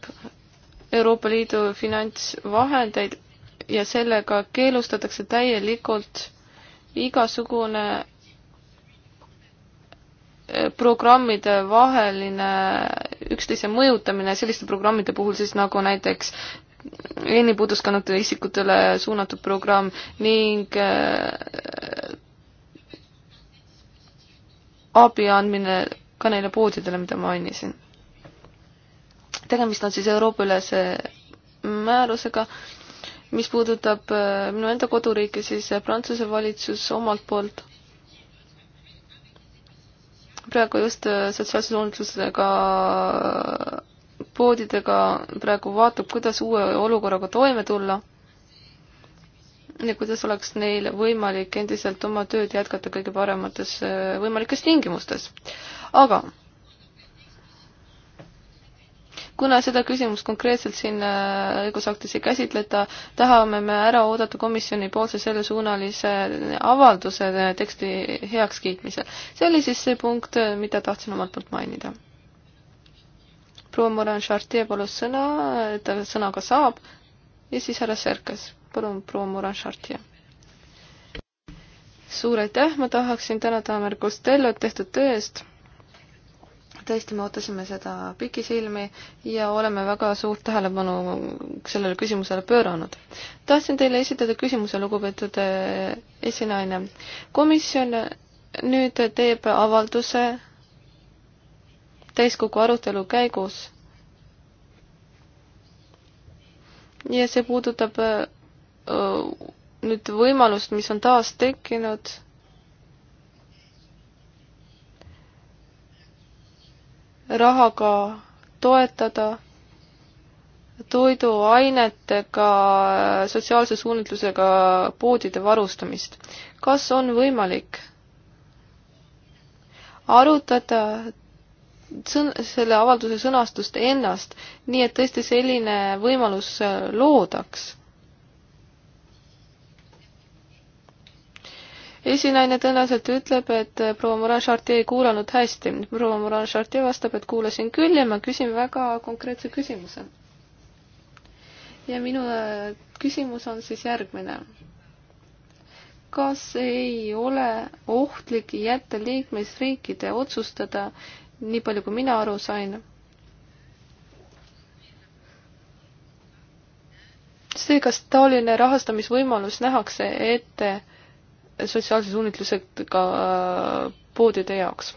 Euroopa Liidu finantsvahendeid ja sellega keelustatakse täielikult igasugune eh, programmide vaheline üksteise mõjutamine selliste programmide puhul siis nagu näiteks geenipuuduskannatele isikutele suunatud programm ning eh, abi andmine ka neile poodidele, mida mainisin. tegemist on siis Euroopa-ülese määrusega, mis puudutab äh, minu enda koduriiki, siis äh, Prantsuse valitsus omalt poolt praegu just äh, sotsiaalse suunitlusega poodidega praegu vaatab, kuidas uue olukorraga toime tulla ja kuidas oleks neil võimalik endiselt oma tööd jätkata kõige paremates võimalikes tingimustes aga kuna seda küsimust konkreetselt siin äh, õigusaktis ei käsitleta, tahame me ära oodata komisjoni poolse sellesuunalise avalduse äh, teksti heakskiitmisel. see oli siis see punkt, äh, mida tahtsin omalt poolt mainida. proua Moran Chartier palus sõna, ta sõna ka saab ja siis härra Serkas, palun proua Moran Chartier suur aitäh, ma tahaksin tänada Amer Costellot tehtud töö eest tõesti, me ootasime seda pikisilmi ja oleme väga suurt tähelepanu sellele küsimusele pööranud. tahtsin teile esitada küsimuse, lugupeetud eh, esinaine. komisjon nüüd teeb avalduse täiskogu arutelu käigus. ja see puudutab eh, nüüd võimalust, mis on taas tekkinud rahaga toetada toiduainetega, sotsiaalse suunitlusega poodide varustamist. kas on võimalik arutada sõn-, selle avalduse sõnastust ennast, nii et tõesti selline võimalus loodaks? esinaine tõenäoliselt ütleb, et proua Moran Chartier ei kuulanud hästi. proua Moran Chartier vastab, et kuulasin küll ja ma küsin väga konkreetse küsimuse. ja minu äh, küsimus on siis järgmine. kas ei ole ohtlik jätta liikmesriikide otsustada, nii palju kui mina aru sain, see, kas taoline rahastamisvõimalus nähakse ette sotsiaalse suunitlusega äh, poodide jaoks.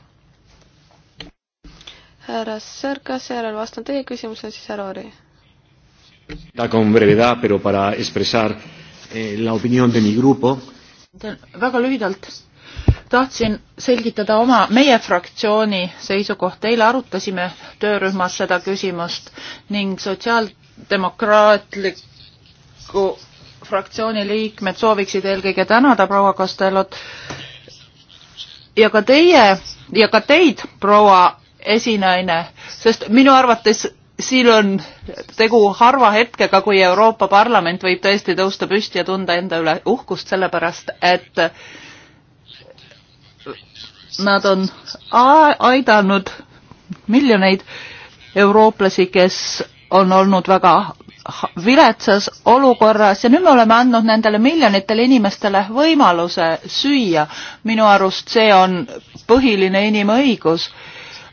härra Sõrgas, seejärel vastan teie küsimusele, siis härra Ori. Con brevedad, pero para expresar eh, la opinión de mi grupo. Väga lühidalt tahtsin selgitada oma, meie fraktsiooni seisukohta. eile arutasime töörühmas seda küsimust ning sotsiaaldemokraatliku fraktsiooni liikmed sooviksid eelkõige tänada proua Castellot ja ka teie ja ka teid, proua esinaine, sest minu arvates siin on tegu harva hetkega, kui Euroopa Parlament võib tõesti tõusta püsti ja tunda enda üle uhkust, sellepärast et nad on aidanud miljoneid eurooplasi, kes on olnud väga viletsas olukorras ja nüüd me oleme andnud nendele miljonitele inimestele võimaluse süüa. minu arust see on põhiline inimõigus.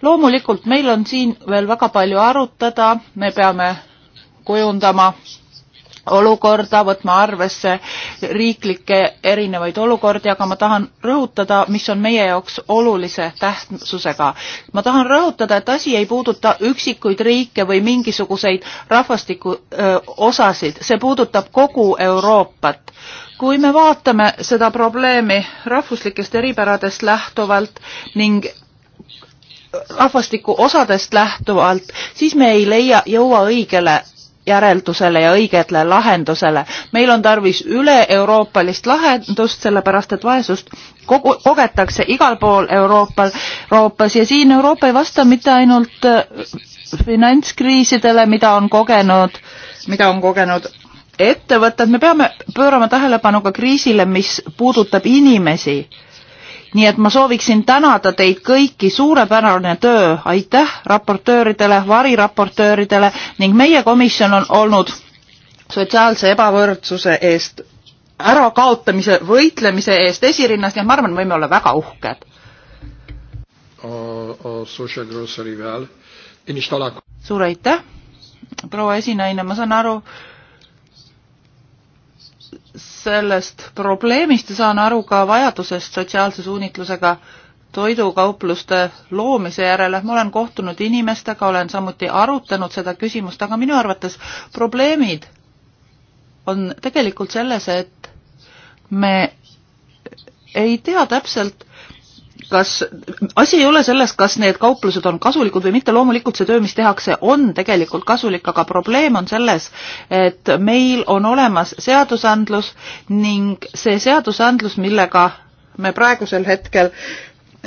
loomulikult meil on siin veel väga palju arutada, me peame kujundama olukorda, võtma arvesse riiklikke erinevaid olukordi, aga ma tahan rõhutada, mis on meie jaoks olulise tähtsusega. ma tahan rõhutada, et asi ei puuduta üksikuid riike või mingisuguseid rahvastiku öö, osasid, see puudutab kogu Euroopat. kui me vaatame seda probleemi rahvuslikest eripäradest lähtuvalt ning rahvastiku osadest lähtuvalt, siis me ei leia, jõua õigele järeldusele ja õigele lahendusele. meil on tarvis üle-euroopalist lahendust, sellepärast et vaesust kogu, kogetakse igal pool Euroopal, Euroopas ja siin Euroopa ei vasta mitte ainult äh, finantskriisidele, mida on kogenud, mida on kogenud ettevõtted, me peame pöörama tähelepanu ka kriisile, mis puudutab inimesi nii et ma sooviksin tänada teid kõiki, suurepärane töö, aitäh raportööridele, variraportööridele ning meie komisjon on olnud sotsiaalse ebavõrdsuse eest, ärakaotamise, võitlemise eest esirinnas, nii et ma arvan, võime olla väga uhked. suur aitäh, proua esinaine, ma saan aru, sellest probleemist ja saan aru ka vajadusest sotsiaalse suunitlusega toidukaupluste loomise järele. ma olen kohtunud inimestega, olen samuti arutanud seda küsimust, aga minu arvates probleemid on tegelikult selles, et me ei tea täpselt, kas, asi ei ole selles, kas need kauplused on kasulikud või mitte, loomulikult see töö, mis tehakse, on tegelikult kasulik, aga probleem on selles, et meil on olemas seadusandlus ning see seadusandlus, millega me praegusel hetkel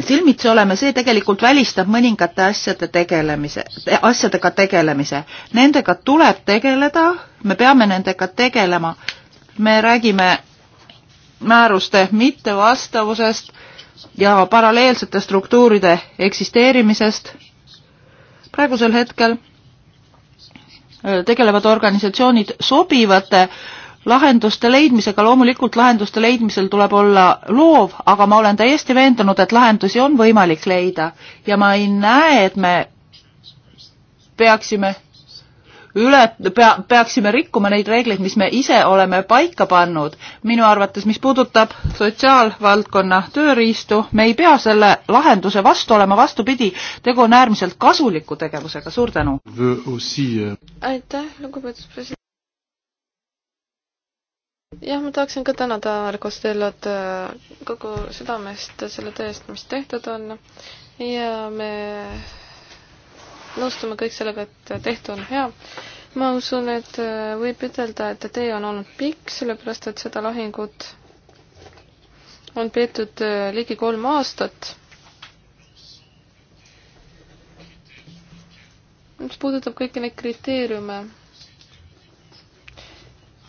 silmitsi oleme, see tegelikult välistab mõningate asjade tegelemise, asjadega tegelemise. Nendega tuleb tegeleda, me peame nendega tegelema. me räägime määruste mittevastavusest ja paralleelsete struktuuride eksisteerimisest. praegusel hetkel äh, tegelevad organisatsioonid sobivate lahenduste leidmisega, loomulikult lahenduste leidmisel tuleb olla loov, aga ma olen täiesti veendunud, et lahendusi on võimalik leida ja ma ei näe, et me peaksime üle, pea, peaksime rikkuma neid reegleid, mis me ise oleme paika pannud. minu arvates, mis puudutab sotsiaalvaldkonna tööriistu, me ei pea selle lahenduse vastu olema, vastupidi, tegu on äärmiselt kasuliku tegevusega, suur tänu! Euh, aitäh, lugupeetud president! jah, ma tahaksin ka tänada Argostellot äh, kogu südamest selle töö eest, mis tehtud on ja me nõustume kõik sellega, et tehtu on hea. ma usun, et äh, võib ütelda, et tee on olnud pikk, sellepärast et seda lahingut on peetud äh, ligi kolm aastat. mis puudutab kõiki neid kriteeriume,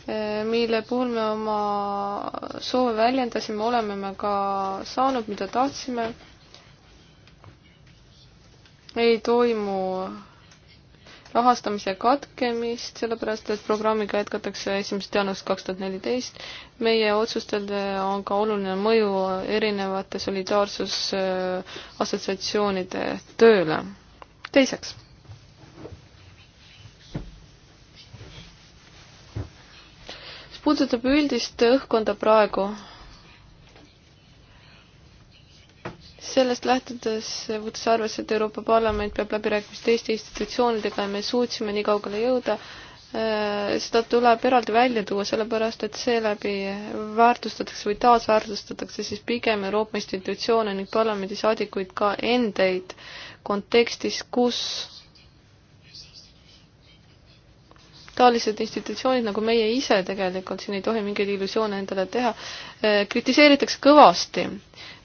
äh, mille puhul me oma soove väljendasime, oleme me ka saanud, mida tahtsime ei toimu rahastamise katkemist, sellepärast et programmiga jätkatakse esimesest jaanuarist kaks tuhat neliteist. meie otsustel on ka oluline mõju erinevate solidaarsusassotsiatsioonide tööle. teiseks. mis puudutab üldist õhkkonda praegu sellest lähtudes, võttes arvesse, et Euroopa Parlament peab läbirääkimisi teiste institutsioonidega ja me suutsime nii kaugele jõuda, äh, seda tuleb eraldi välja tuua, sellepärast et seeläbi väärtustatakse või taasväärtustatakse siis pigem Euroopa institutsioone ning parlamendisaadikuid ka endeid kontekstis, kus taolised institutsioonid nagu meie ise tegelikult, siin ei tohi mingeid illusioone endale teha, eh, kritiseeritakse kõvasti.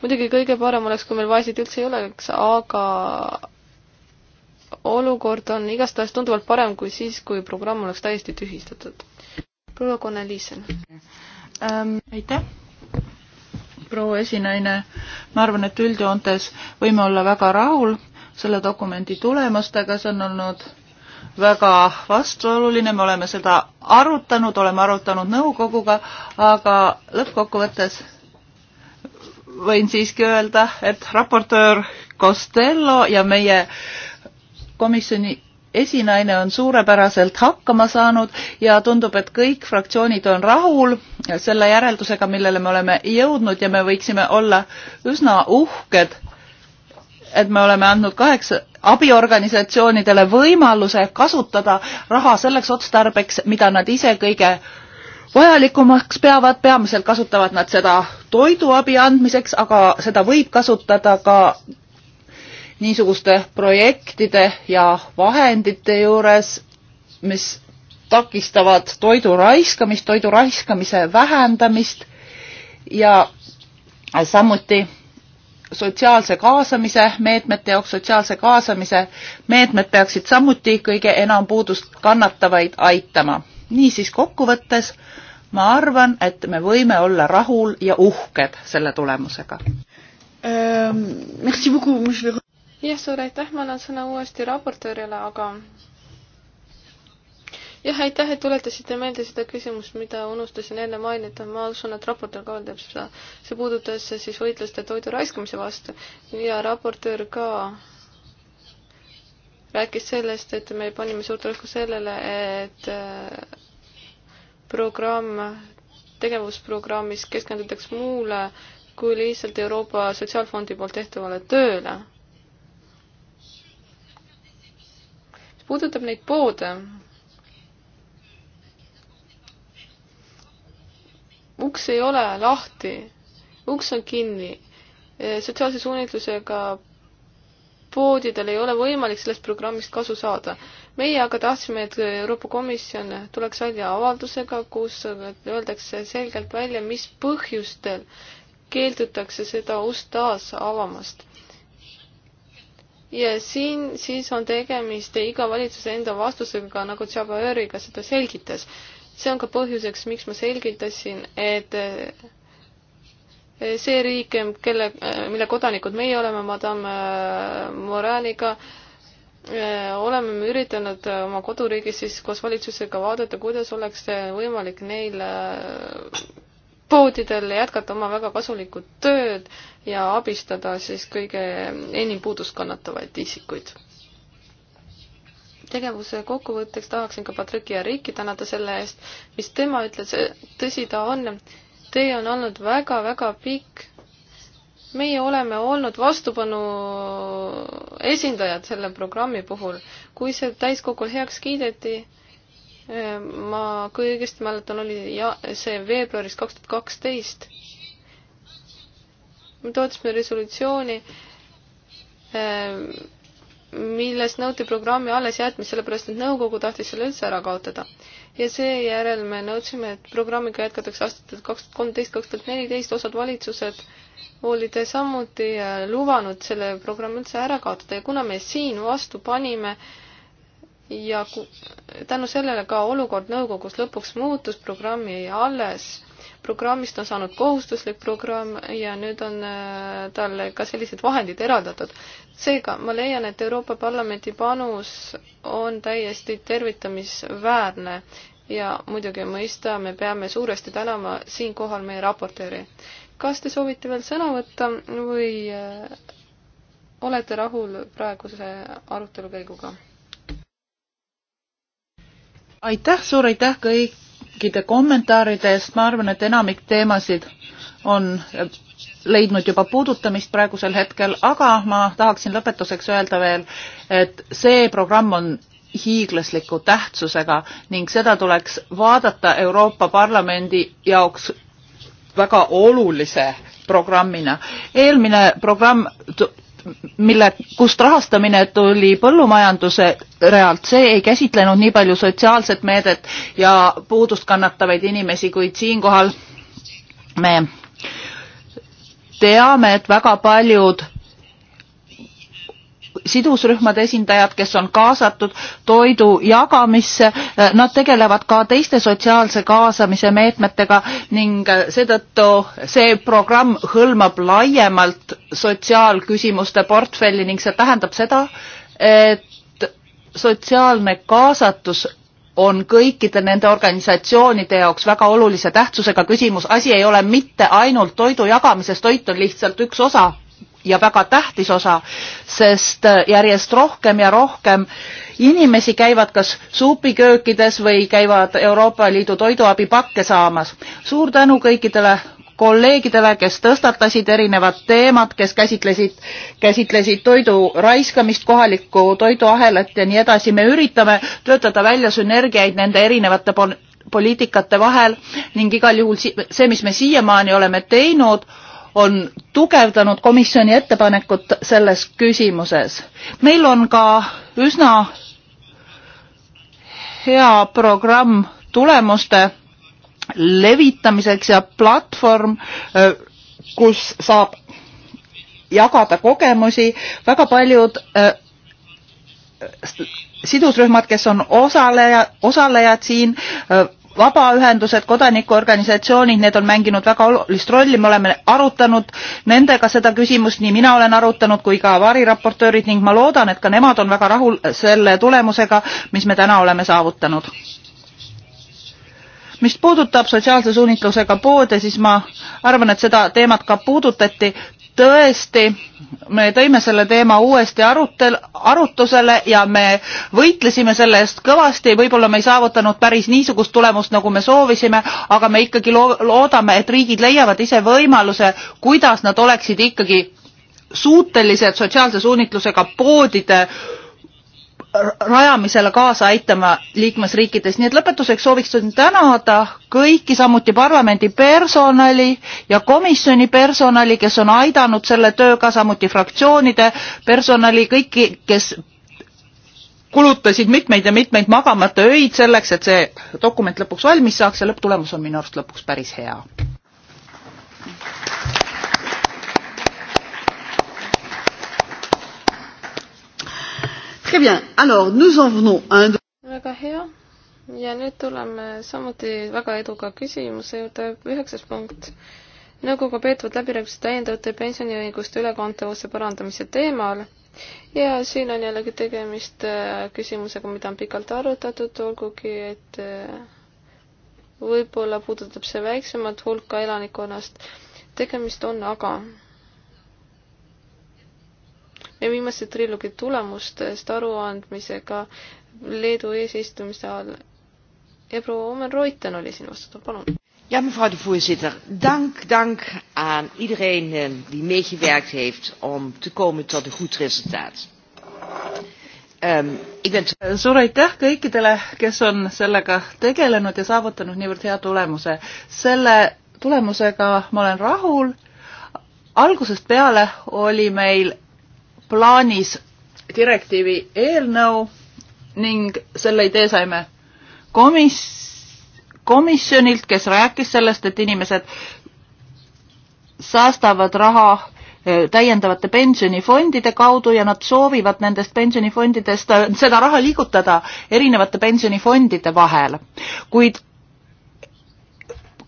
muidugi kõige parem oleks, kui meil vaeseid üldse ei oleks, aga olukord on igastahes tunduvalt parem kui siis, kui programm oleks täiesti tühistatud. proua Kone-Liisen ähm,. aitäh, proua esinaine. ma arvan, et üldjoontes võime olla väga rahul selle dokumendi tulemustega, see on olnud väga vastuoluline, me oleme seda arutanud, oleme arutanud nõukoguga, aga lõppkokkuvõttes võin siiski öelda, et raportöör Costello ja meie komisjoni esinaine on suurepäraselt hakkama saanud ja tundub, et kõik fraktsioonid on rahul selle järeldusega, millele me oleme jõudnud ja me võiksime olla üsna uhked, et me oleme andnud kaheksa, abiorganisatsioonidele võimaluse kasutada raha selleks otstarbeks, mida nad ise kõige vajalikumaks peavad, peamiselt kasutavad nad seda toiduabi andmiseks, aga seda võib kasutada ka niisuguste projektide ja vahendite juures, mis takistavad toidu raiskamist, toidu raiskamise vähendamist ja samuti sotsiaalse kaasamise meetmete jaoks, sotsiaalse kaasamise meetmed peaksid samuti kõige enam puudust kannatavaid aitama. niisiis kokkuvõttes ma arvan, et me võime olla rahul ja uhked selle tulemusega. Ähm, jah, suur aitäh, ma annan sõna uuesti raportöörile, aga jah, aitäh, et tuletasite meelde seda küsimust, mida unustasin enne mainida, ma usun, et raportöör ka teab seda. see puudutas siis võitlust toidu raiskamise vastu ja raportöör ka rääkis sellest, et me panime suurt rõhku sellele, et äh, programm, tegevusprogrammis keskendutakse muule kui lihtsalt Euroopa Sotsiaalfondi poolt tehtavale tööle. mis puudutab neid poode, uks ei ole lahti, uks on kinni. Eh, sotsiaalse suunitlusega poodidel ei ole võimalik sellest programmist kasu saada. meie aga tahtsime, et Euroopa Komisjon tuleks välja avaldusega, kus öeldakse selgelt välja, mis põhjustel keeldutakse seda ust taas avamast. ja siin siis on tegemist iga valitsuse enda vastusega, nagu Tšabaööriga seda selgitas see on ka põhjuseks, miks ma selgitasin, et eh, see riik, kelle, eh, mille kodanikud meie oleme, madame eh, Moraniga, oleme me üritanud oma koduriigis siis koos valitsusega vaadata, kuidas oleks võimalik neil poodidel jätkata oma väga kasulikku tööd ja abistada siis kõige enim puudust kannatavaid isikuid tegevuse kokkuvõtteks tahaksin ka Patriki ja Riiki tänada selle eest, mis tema ütles, tõsi ta on, tee on olnud väga-väga pikk. meie oleme olnud vastupanu esindajad selle programmi puhul. kui see täiskogul heaks kiideti, eh, ma, kui õigesti mäletan, oli ja see veebruaris kaks tuhat kaksteist. me toetasime resolutsiooni eh, millest nõuti programmi allesjätmist, sellepärast et nõukogu tahtis selle üldse ära kaotada. ja seejärel me nõudsime, et programmiga jätkatakse aastatel kaks tuhat kolmteist, kaks tuhat neliteist, osad valitsused olid samuti äh, lubanud selle programmi üldse ära kaotada ja kuna me siin vastu panime ja tänu sellele ka olukord nõukogus lõpuks muutus, programm jäi alles programmist on saanud kohustuslik programm ja nüüd on äh, talle ka sellised vahendid eraldatud. seega ma leian, et Euroopa Parlamendi panus on täiesti tervitamisväärne ja muidugi mõista, me peame suuresti tänama siinkohal meie raportööri. kas te soovite veel sõna võtta või äh, olete rahul praeguse arutelu käiguga? aitäh, suur aitäh kõik kolleegide kommentaaride eest, ma arvan, et enamik teemasid on leidnud juba puudutamist praegusel hetkel, aga ma tahaksin lõpetuseks öelda veel, et see programm on hiiglasliku tähtsusega ning seda tuleks vaadata Euroopa Parlamendi jaoks väga olulise programmina. eelmine programm mille, kust rahastamine tuli põllumajanduse realt, see ei käsitlenud nii palju sotsiaalset meedet ja puudust kannatavaid inimesi, kuid siinkohal me teame, et väga paljud sidusrühmade esindajad, kes on kaasatud toidu jagamisse, eh, nad tegelevad ka teiste sotsiaalse kaasamise meetmetega ning eh, seetõttu see programm hõlmab laiemalt sotsiaalküsimuste portfelli ning see tähendab seda, et sotsiaalne kaasatus on kõikide nende organisatsioonide jaoks väga olulise tähtsusega küsimus. asi ei ole mitte ainult toidu jagamises, toit on lihtsalt üks osa ja väga tähtis osa, sest äh, järjest rohkem ja rohkem inimesi käivad kas supiköökides või käivad Euroopa Liidu toiduabipakke saamas. suur tänu kõikidele kolleegidele, kes tõstatasid erinevad teemad, kes käsitlesid, käsitlesid toidu raiskamist, kohalikku toiduahelat ja nii edasi. me üritame töötada välja sünergiaid nende erinevate poliitikate vahel ning igal juhul see, mis me siiamaani oleme teinud, on tugevdanud komisjoni ettepanekut selles küsimuses. meil on ka üsna hea programm tulemuste levitamiseks ja platvorm, äh, kus saab jagada kogemusi, väga paljud äh, sidusrühmad, kes on osaleja, osalejad siin, äh, vabaühendused, kodanikuorganisatsioonid, need on mänginud väga olulist rolli, me oleme arutanud nendega seda küsimust, nii mina olen arutanud kui ka variraportöörid ning ma loodan, et ka nemad on väga rahul selle tulemusega, mis me täna oleme saavutanud. mis puudutab sotsiaalse suunitlusega poode, siis ma arvan, et seda teemat ka puudutati, tõesti, me tõime selle teema uuesti arutel, arutusele ja me võitlesime selle eest kõvasti, võib-olla me ei saavutanud päris niisugust tulemust, nagu me soovisime, aga me ikkagi loodame, et riigid leiavad ise võimaluse, kuidas nad oleksid ikkagi suutelised sotsiaalse suunitlusega poodide rajamisele kaasa aitama liikmesriikides. nii et lõpetuseks sooviksin tänada kõiki, samuti parlamendi personali ja komisjoni personali, kes on aidanud selle tööga, samuti fraktsioonide personali, kõiki, kes kulutasid mitmeid ja mitmeid magamata öid selleks, et see dokument lõpuks valmis saaks ja lõpptulemus on minu arust lõpuks päris hea. Très bien. Alors, nous en venons à un... väga hea. ja nüüd tuleme samuti väga eduka küsimuse juurde, üheksas punkt. nõukogu peetavad läbirääkimised täiendavate pensioniõiguste ülekantavuse parandamise teemal ja siin on jällegi tegemist äh, küsimusega, mida on pikalt arutatud, olgugi et äh, võib-olla puudutab see väiksemat hulka elanikkonnast. tegemist on aga viimase triloogi tulemustest aruandmisega Leedu eesistumise all. ja proua Omen Reuten oli siin vastutav, palun. Ja, mevrouw de voorzitter, dank, dank aan iedereen eh, die meegewerkt heeft om te komen tot een goed resultaat. Um, ik ben... suur aitäh kõikidele, kes on sellega tegelenud ja saavutanud niivõrd hea tulemuse. selle tulemusega ma olen rahul. algusest peale oli meil plaanis direktiivi eelnõu ning selle idee saime komis-, komisjonilt, kes rääkis sellest, et inimesed säästavad raha eh, täiendavate pensionifondide kaudu ja nad soovivad nendest pensionifondidest eh, seda raha liigutada erinevate pensionifondide vahel. kuid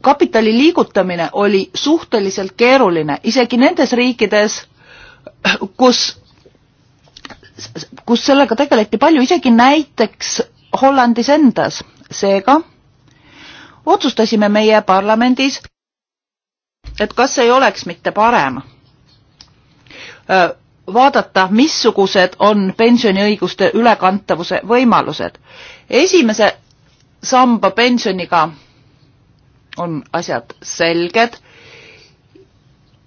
kapitali liigutamine oli suhteliselt keeruline, isegi nendes riikides, kus kus sellega tegeleti palju, isegi näiteks Hollandis endas. seega otsustasime meie parlamendis, et kas ei oleks mitte parem äh, vaadata, missugused on pensioniõiguste ülekantavuse võimalused. esimese samba pensioniga on asjad selged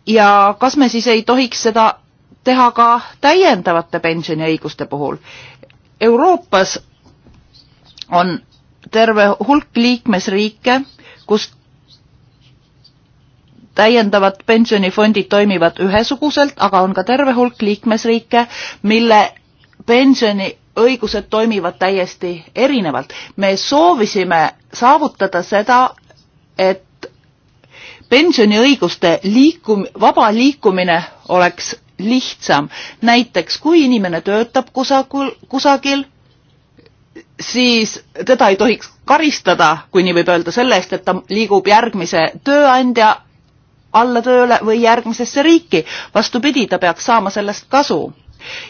ja kas me siis ei tohiks seda teha ka täiendavate pensioniõiguste puhul. Euroopas on terve hulk liikmesriike, kus täiendavad pensionifondid toimivad ühesuguselt, aga on ka terve hulk liikmesriike, mille pensioniõigused toimivad täiesti erinevalt. me soovisime saavutada seda, et pensioniõiguste liikum-, vaba liikumine oleks lihtsam. näiteks kui inimene töötab kusagil, kusagil, siis teda ei tohiks karistada, kui nii võib öelda, selle eest, et ta liigub järgmise tööandja alla tööle või järgmisesse riiki. vastupidi, ta peaks saama sellest kasu.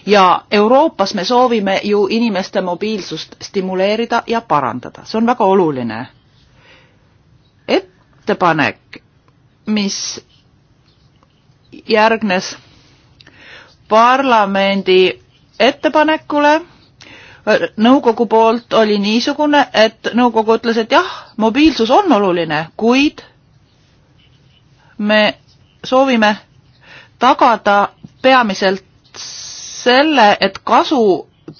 ja Euroopas me soovime ju inimeste mobiilsust stimuleerida ja parandada, see on väga oluline ettepanek, mis järgnes parlamendi ettepanekule nõukogu poolt oli niisugune, et nõukogu ütles, et jah, mobiilsus on oluline, kuid me soovime tagada peamiselt selle, et kasu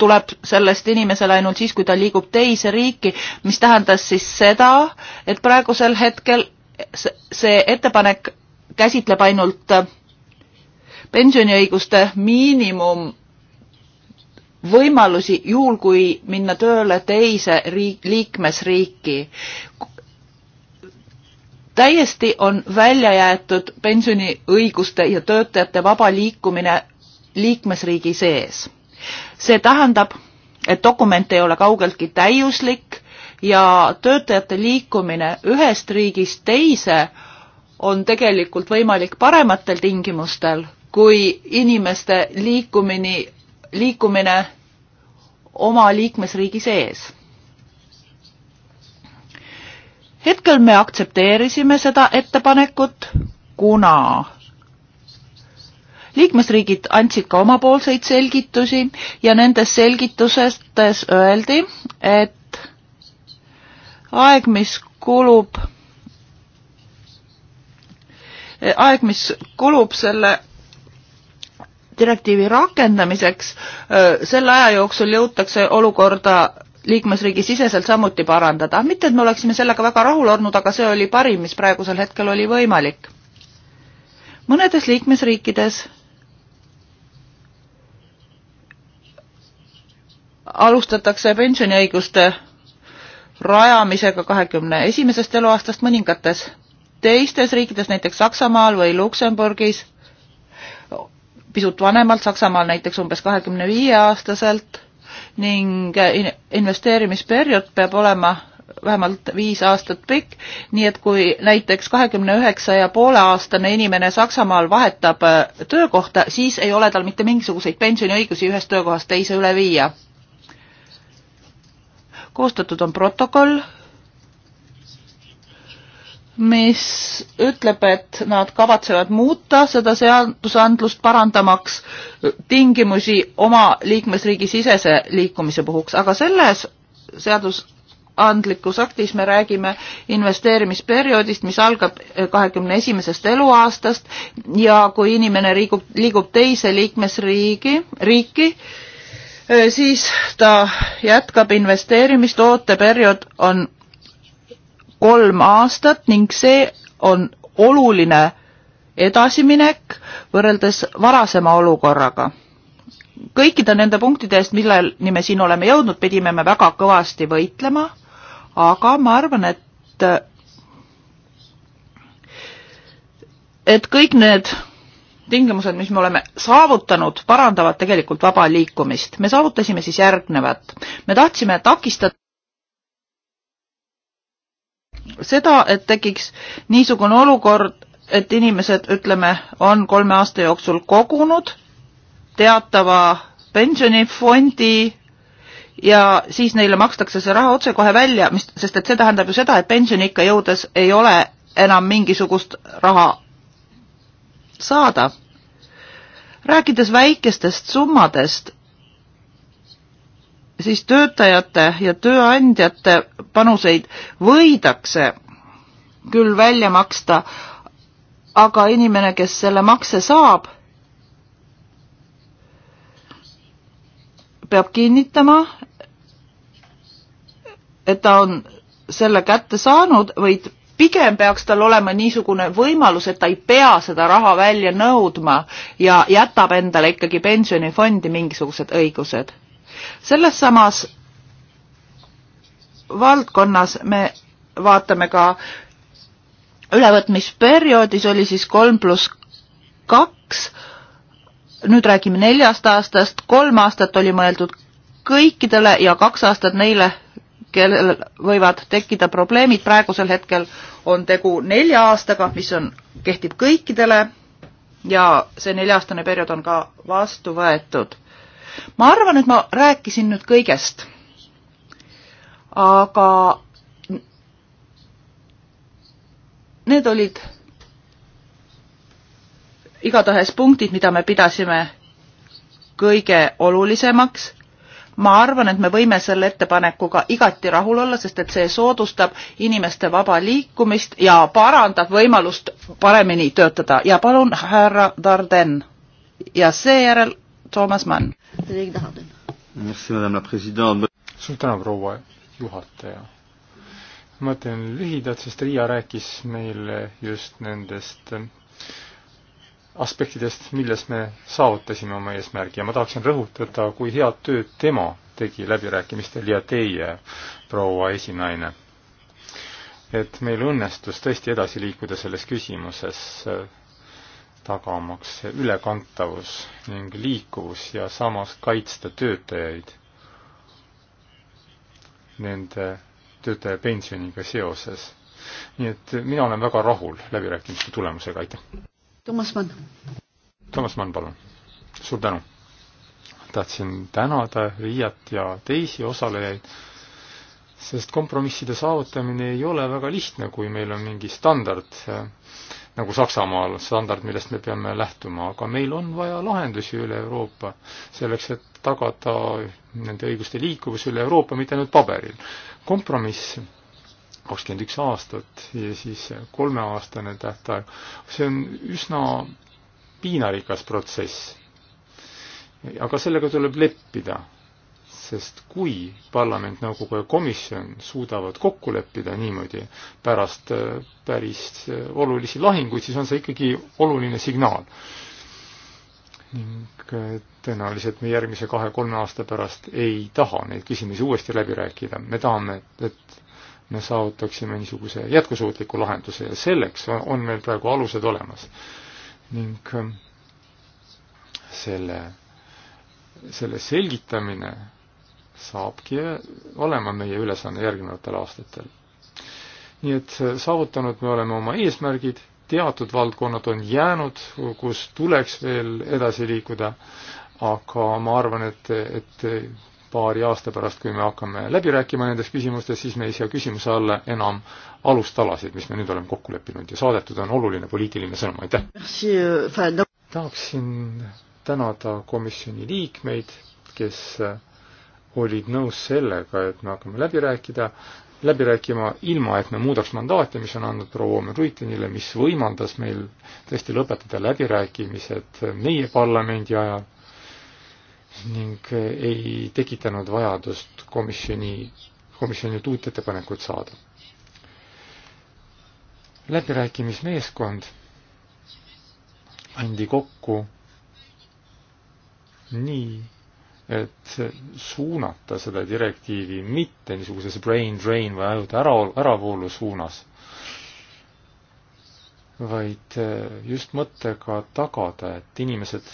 tuleb sellest inimesele ainult siis, kui ta liigub teise riiki, mis tähendas siis seda, et praegusel hetkel see ettepanek käsitleb ainult pensioniõiguste miinimum võimalusi juhul, kui minna tööle teise riik, liikmesriiki. täiesti on välja jäetud pensioniõiguste ja töötajate vaba liikumine liikmesriigi sees. see tähendab, et dokument ei ole kaugeltki täiuslik ja töötajate liikumine ühest riigist teise on tegelikult võimalik parematel tingimustel kui inimeste liikumine, liikumine oma liikmesriigi sees. hetkel me aktsepteerisime seda ettepanekut, kuna liikmesriigid andsid ka omapoolseid selgitusi ja nendes selgitustes öeldi, et aeg, mis kulub, aeg, mis kulub selle direktiivi rakendamiseks selle aja jooksul jõutakse olukorda liikmesriigi siseselt samuti parandada. mitte, et me oleksime sellega väga rahul olnud, aga see oli parim, mis praegusel hetkel oli võimalik. mõnedes liikmesriikides alustatakse pensioniõiguste rajamisega kahekümne esimesest eluaastast mõningates teistes riikides, näiteks Saksamaal või Luksemburgis pisut vanemalt, Saksamaal näiteks umbes kahekümne viie aastaselt ning investeerimisperiood peab olema vähemalt viis aastat pikk, nii et kui näiteks kahekümne üheksa ja poole aastane inimene Saksamaal vahetab äh, töökohta, siis ei ole tal mitte mingisuguseid pensioniõigusi ühest töökohast teise üle viia. koostatud on protokoll mis ütleb, et nad kavatsevad muuta seda seadusandlust parandamaks tingimusi oma liikmesriigi sisese liikumise puhuks, aga selles seadusandlikus aktis me räägime investeerimisperioodist, mis algab kahekümne esimesest eluaastast ja kui inimene liigub, liigub teise liikmesriigi, riiki, siis ta jätkab investeerimist, ooteperiood on kolm aastat ning see on oluline edasiminek võrreldes varasema olukorraga. kõikide nende punktide eest, milleni me siin oleme jõudnud, pidime me väga kõvasti võitlema, aga ma arvan, et et kõik need tingimused, mis me oleme saavutanud, parandavad tegelikult vaba liikumist. me saavutasime siis järgnevat. me tahtsime takistada seda, et tekiks niisugune olukord, et inimesed, ütleme, on kolme aasta jooksul kogunud teatava pensionifondi ja siis neile makstakse see raha otsekohe välja, mis, sest et see tähendab ju seda, et pensioniikka jõudes ei ole enam mingisugust raha saada. rääkides väikestest summadest, siis töötajate ja tööandjate panuseid võidakse küll välja maksta, aga inimene, kes selle makse saab, peab kinnitama, et ta on selle kätte saanud, vaid pigem peaks tal olema niisugune võimalus, et ta ei pea seda raha välja nõudma ja jätab endale ikkagi pensionifondi mingisugused õigused selles samas valdkonnas me vaatame ka ülevõtmisperioodis oli siis kolm pluss kaks, nüüd räägime neljast aastast, kolm aastat oli mõeldud kõikidele ja kaks aastat neile, kellel võivad tekkida probleemid, praegusel hetkel on tegu nelja aastaga, mis on, kehtib kõikidele ja see nelja-aastane periood on ka vastu võetud ma arvan, et ma rääkisin nüüd kõigest. aga need olid igatahes punktid, mida me pidasime kõige olulisemaks. ma arvan, et me võime selle ettepanekuga igati rahul olla, sest et see soodustab inimeste vaba liikumist ja parandab võimalust paremini töötada ja palun, härra Darden ja seejärel Toomas Mann. Erik Darden. suur tänu, proua juhataja. ma teen lühidalt, sest Riia rääkis meile just nendest aspektidest, milles me saavutasime oma eesmärgi ja ma tahaksin rõhutada, kui head tööd tema tegi läbirääkimistel ja teie, proua esinaine. et meil õnnestus tõesti edasi liikuda selles küsimuses tagamaks ülekantavus ning liikuvus ja samas kaitsta töötajaid nende töötaja pensioniga seoses. nii et mina olen väga rahul läbirääkimiste tulemusega, aitäh! Toomas Mann. Toomas Mann, palun! suur tänu! tahtsin tänada Riiat ja teisi osalejaid, sest kompromisside saavutamine ei ole väga lihtne, kui meil on mingi standard nagu Saksamaal standard, millest me peame lähtuma, aga meil on vaja lahendusi üle Euroopa selleks, et tagada nende õiguste liikuvus üle Euroopa, mitte ainult paberil. kompromiss kakskümmend üks aastat ja siis kolmeaastane tähtaeg, see on üsna piinarikas protsess. aga sellega tuleb leppida sest kui parlament, nõukogu ja komisjon suudavad kokku leppida niimoodi pärast äh, päris äh, olulisi lahinguid, siis on see ikkagi oluline signaal. ning äh, tõenäoliselt me järgmise kahe-kolme aasta pärast ei taha neid küsimusi uuesti läbi rääkida, me tahame, et me saavutaksime niisuguse jätkusuutliku lahenduse ja selleks on, on meil praegu alused olemas. ning selle selle selgitamine saabki olema meie ülesanne järgnevatel aastatel. nii et eh, saavutanud me oleme oma eesmärgid, teatud valdkonnad on jäänud, kus tuleks veel edasi liikuda, aga ma arvan, et, et paari aasta pärast, kui me hakkame läbi rääkima nendes küsimustes, siis me ei sea küsimuse alla enam alustalasid, mis me nüüd oleme kokku leppinud ja saadetud on oluline poliitiline sõnum, aitäh! Euh, tahaksin tänada komisjoni liikmeid, kes olid nõus sellega, et me hakkame läbi rääkida, läbi rääkima, ilma et me muudaks mandaati, mis on andnud proua Omer-Ruitenile, mis võimaldas meil tõesti lõpetada läbirääkimised meie parlamendi ajal ning ei tekitanud vajadust komisjoni, komisjonilt uut ettepanekut saada. läbirääkimismeeskond pandi kokku nii et suunata seda direktiivi mitte niisuguses brain drain või ajude ära, äravoolu suunas, vaid eh, just mõttega tagada, et inimesed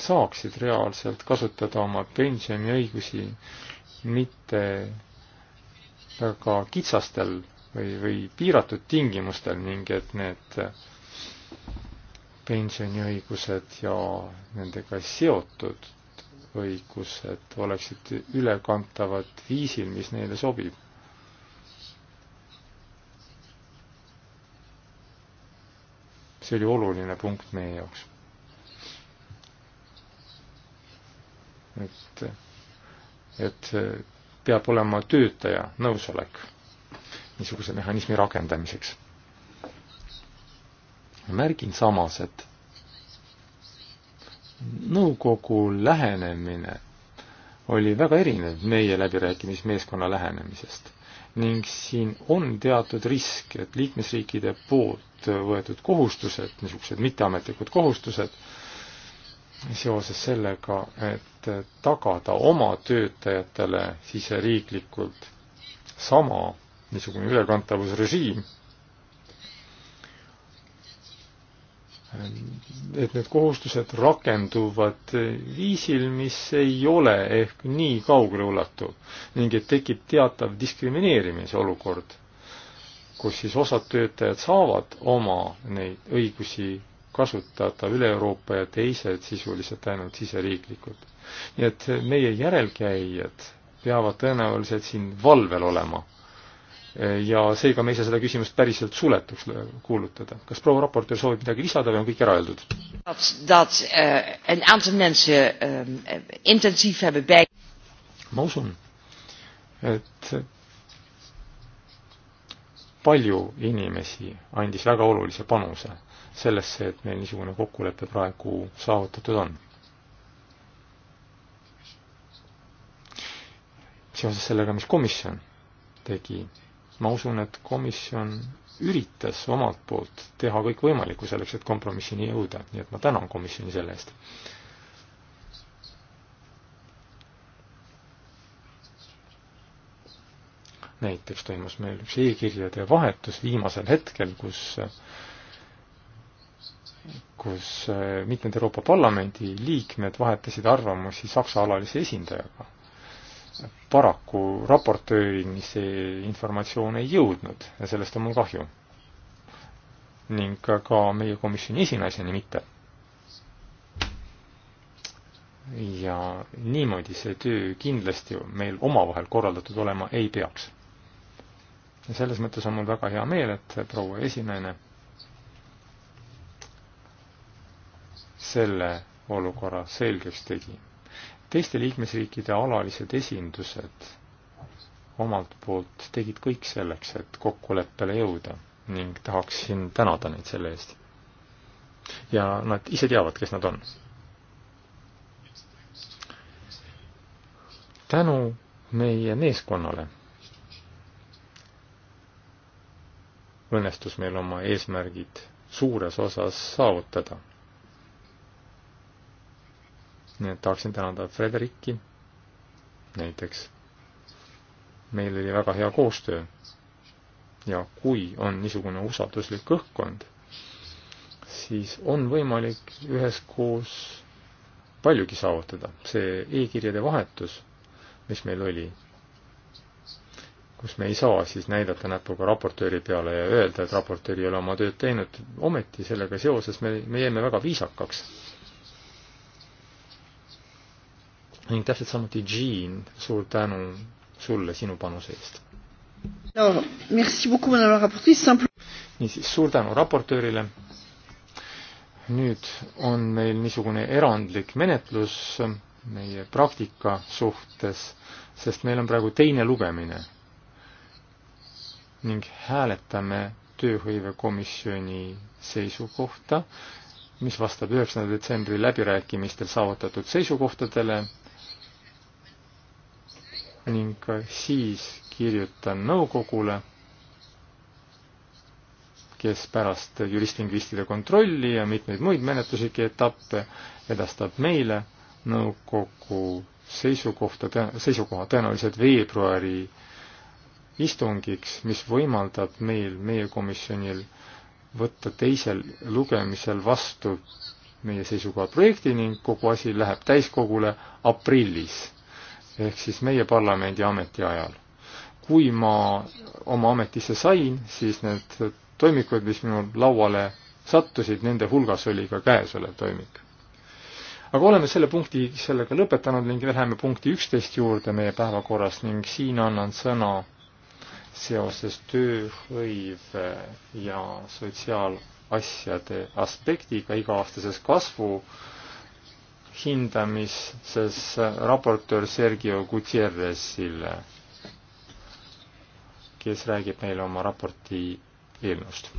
saaksid reaalselt kasutada oma pensioniõigusi mitte väga kitsastel või, või piiratud tingimustel ning et need pensioniõigused ja nendega seotud õigused oleksid ülekantavad viisil, mis neile sobib. see oli oluline punkt meie jaoks. et, et peab olema töötaja nõusolek niisuguse mehhanismi rakendamiseks märgin samas, et nõukogu lähenemine oli väga erinev meie läbirääkimismeeskonna lähenemisest ning siin on teatud risk, et liikmesriikide poolt võetud kohustused, niisugused mitteametlikud kohustused, seoses sellega, et tagada oma töötajatele siseriiklikult sama niisugune ülekantavusrežiim et need kohustused rakenduvad viisil, mis ei ole ehk nii kaugeleulatuv ning et tekib teatav diskrimineerimise olukord, kus siis osad töötajad saavad oma neid õigusi kasutada üle Euroopa ja teised sisuliselt ainult siseriiklikult. nii et meie järelkäijad peavad tõenäoliselt siin valvel olema ja seega me ei saa seda küsimust päriselt suletuks kuulutada. kas proua raportöör soovib midagi lisada või on kõik ära öeldud? Eh, eh, ma usun, et palju inimesi andis väga olulise panuse sellesse, et meil niisugune kokkulepe praegu saavutatud on seoses sellega, mis komisjon tegi, ma usun, et komisjon üritas omalt poolt teha kõik võimalikku selleks, et kompromissini jõuda, nii et ma tänan komisjoni selle eest. näiteks toimus meil üks e-kirjade vahetus viimasel hetkel, kus kus mitmed Euroopa Parlamendi liikmed vahetasid arvamusi Saksa alalise esindajaga paraku raportöörini see informatsioon ei jõudnud ja sellest on mul kahju. ning ka meie komisjoni esinaiseni mitte. ja niimoodi see töö kindlasti meil omavahel korraldatud olema ei peaks. ja selles mõttes on mul väga hea meel, et proua esinaine selle olukorra selgeks tegi teiste liikmesriikide alalised esindused omalt poolt tegid kõik selleks, et kokkuleppele jõuda ning tahaksin tänada neid selle eest. ja nad ise teavad, kes nad on. tänu meie meeskonnale õnnestus meil oma eesmärgid suures osas saavutada nii et tahaksin tänada Frederiki näiteks. meil oli väga hea koostöö ja kui on niisugune usalduslik õhkkond, siis on võimalik üheskoos paljugi saavutada. see e-kirjade vahetus, mis meil oli, kus me ei saa siis näidata näpuga raportööri peale ja öelda, et raportöör ei ole oma tööd teinud, ometi sellega seoses me, me jäime väga viisakaks ning täpselt samuti Jean, suur tänu sulle sinu panuse eest. niisiis, suur tänu raportöörile. nüüd on meil niisugune erandlik menetlus meie praktika suhtes, sest meil on praegu teine lugemine ning hääletame tööhõivekomisjoni seisukohta, mis vastab üheksanda detsembri läbirääkimistel saavutatud seisukohtadele ning siis kirjutan nõukogule, kes pärast juristlingvistide kontrolli ja mitmeid muid menetluslikke etappe edastab meile nõukogu seisukohta, seisukoha tõenäoliselt veebruari istungiks, mis võimaldab meil, meie komisjonil võtta teisel lugemisel vastu meie seisukoha projekti ning kogu asi läheb täiskogule aprillis ehk siis meie parlamendi ametiajal. kui ma oma ametisse sain, siis need toimikud, mis minu lauale sattusid, nende hulgas oli ka käesolev toimik. aga oleme selle punkti sellega lõpetanud ning läheme punkti üksteist juurde meie päevakorras ning siin annan sõna seoses tööhõive ja sotsiaalasjade aspektiga iga-aastases kasvu äh, hindamises raportöör Sergio Gutierrezile, kes räägib meile oma raporti eelnõust.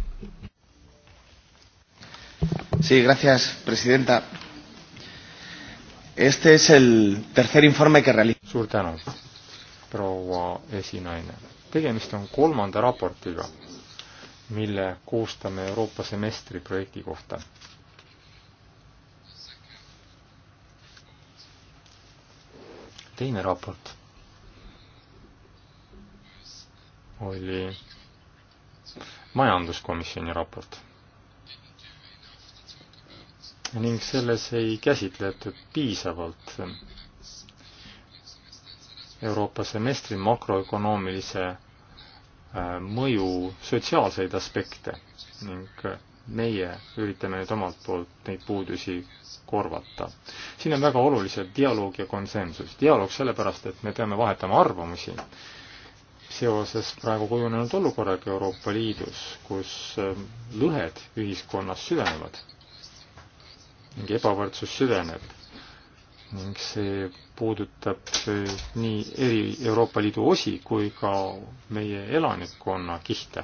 Sí, gracias, presidenta. Este es el tercer informe que realiza. Suur tänu, proua esinaine. Tegemist on kolmanda raportiga, mille koostame Euroopa semestri projekti kohta teine raport oli majanduskomisjoni raport. ning selles ei käsitletud piisavalt Euroopa semestri makroökonoomilise äh, mõju sotsiaalseid aspekte ning meie üritame nüüd omalt poolt neid puudusi korvata. siin on väga olulised dialoog ja konsensus. dialoog sellepärast, et me peame vahetama arvamusi seoses praegu kujunenud olukorraga Euroopa Liidus, kus ähm, lõhed ühiskonnas süvenevad ning ebavõrdsus süveneb ning see puudutab äh, nii eri Euroopa Liidu osi kui ka meie elanikkonna kihte.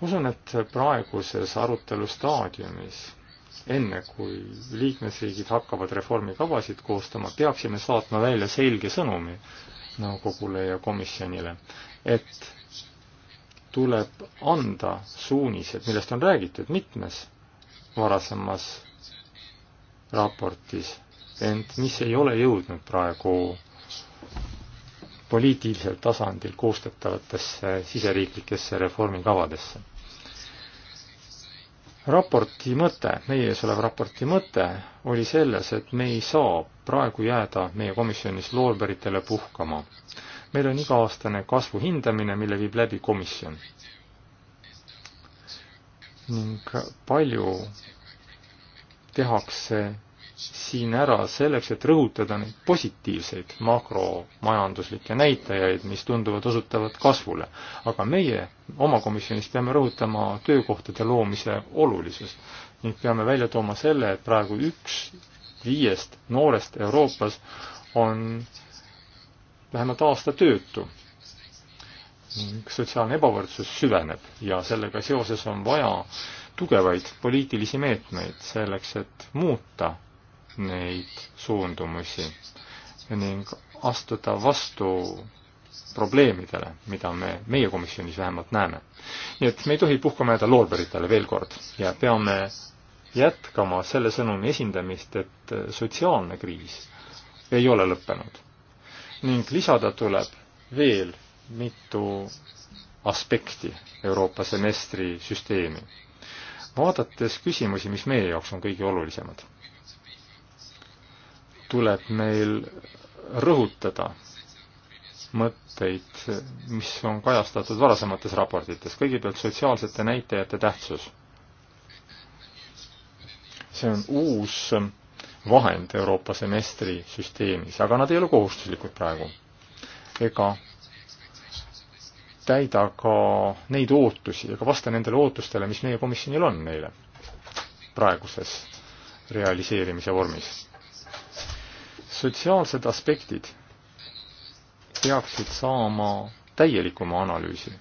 usun, et praeguses arutelu staadiumis enne kui liikmesriigid hakkavad reformikavasid koostama, peaksime saatma välja selge sõnumi nõukogule ja komisjonile, et tuleb anda suunised, millest on räägitud mitmes varasemas raportis, ent mis ei ole jõudnud praegu poliitilisel tasandil koostatavates siseriiklikesse reformikavadesse raporti mõte, meie ees oleva raporti mõte oli selles, et me ei saa praegu jääda meie komisjonis loorberitele puhkama. meil on iga-aastane kasvu hindamine, mille viib läbi komisjon. ning palju tehakse siin ära selleks, et rõhutada neid positiivseid makromajanduslikke näitajaid, mis tunduvad osutavat kasvule. aga meie oma komisjonis peame rõhutama töökohtade loomise olulisust ning peame välja tooma selle, et praegu üks viiest noorest Euroopas on vähemalt aasta töötu ning sotsiaalne ebavõrdsus süveneb ja sellega seoses on vaja tugevaid poliitilisi meetmeid selleks, et muuta neid suundumusi ning astuda vastu probleemidele, mida me meie komisjonis vähemalt näeme. nii et me ei tohi puhkama jääda loorberitele veel kord ja peame jätkama selle sõnumi esindamist, et sotsiaalne kriis ei ole lõppenud. ning lisada tuleb veel mitu aspekti Euroopa semestri süsteemi. vaadates küsimusi, mis meie jaoks on kõige olulisemad tuleb meil rõhutada mõtteid, mis on kajastatud varasemates raportites, kõigepealt sotsiaalsete näitajate tähtsus. see on uus vahend Euroopa semestri süsteemis, aga nad ei ole kohustuslikud praegu. ega täida ka neid ootusi ega vasta nendele ootustele, mis meie komisjonil on neile praeguses realiseerimise vormis sotsiaalsed aspektid peaksid saama täielikuma analüüsi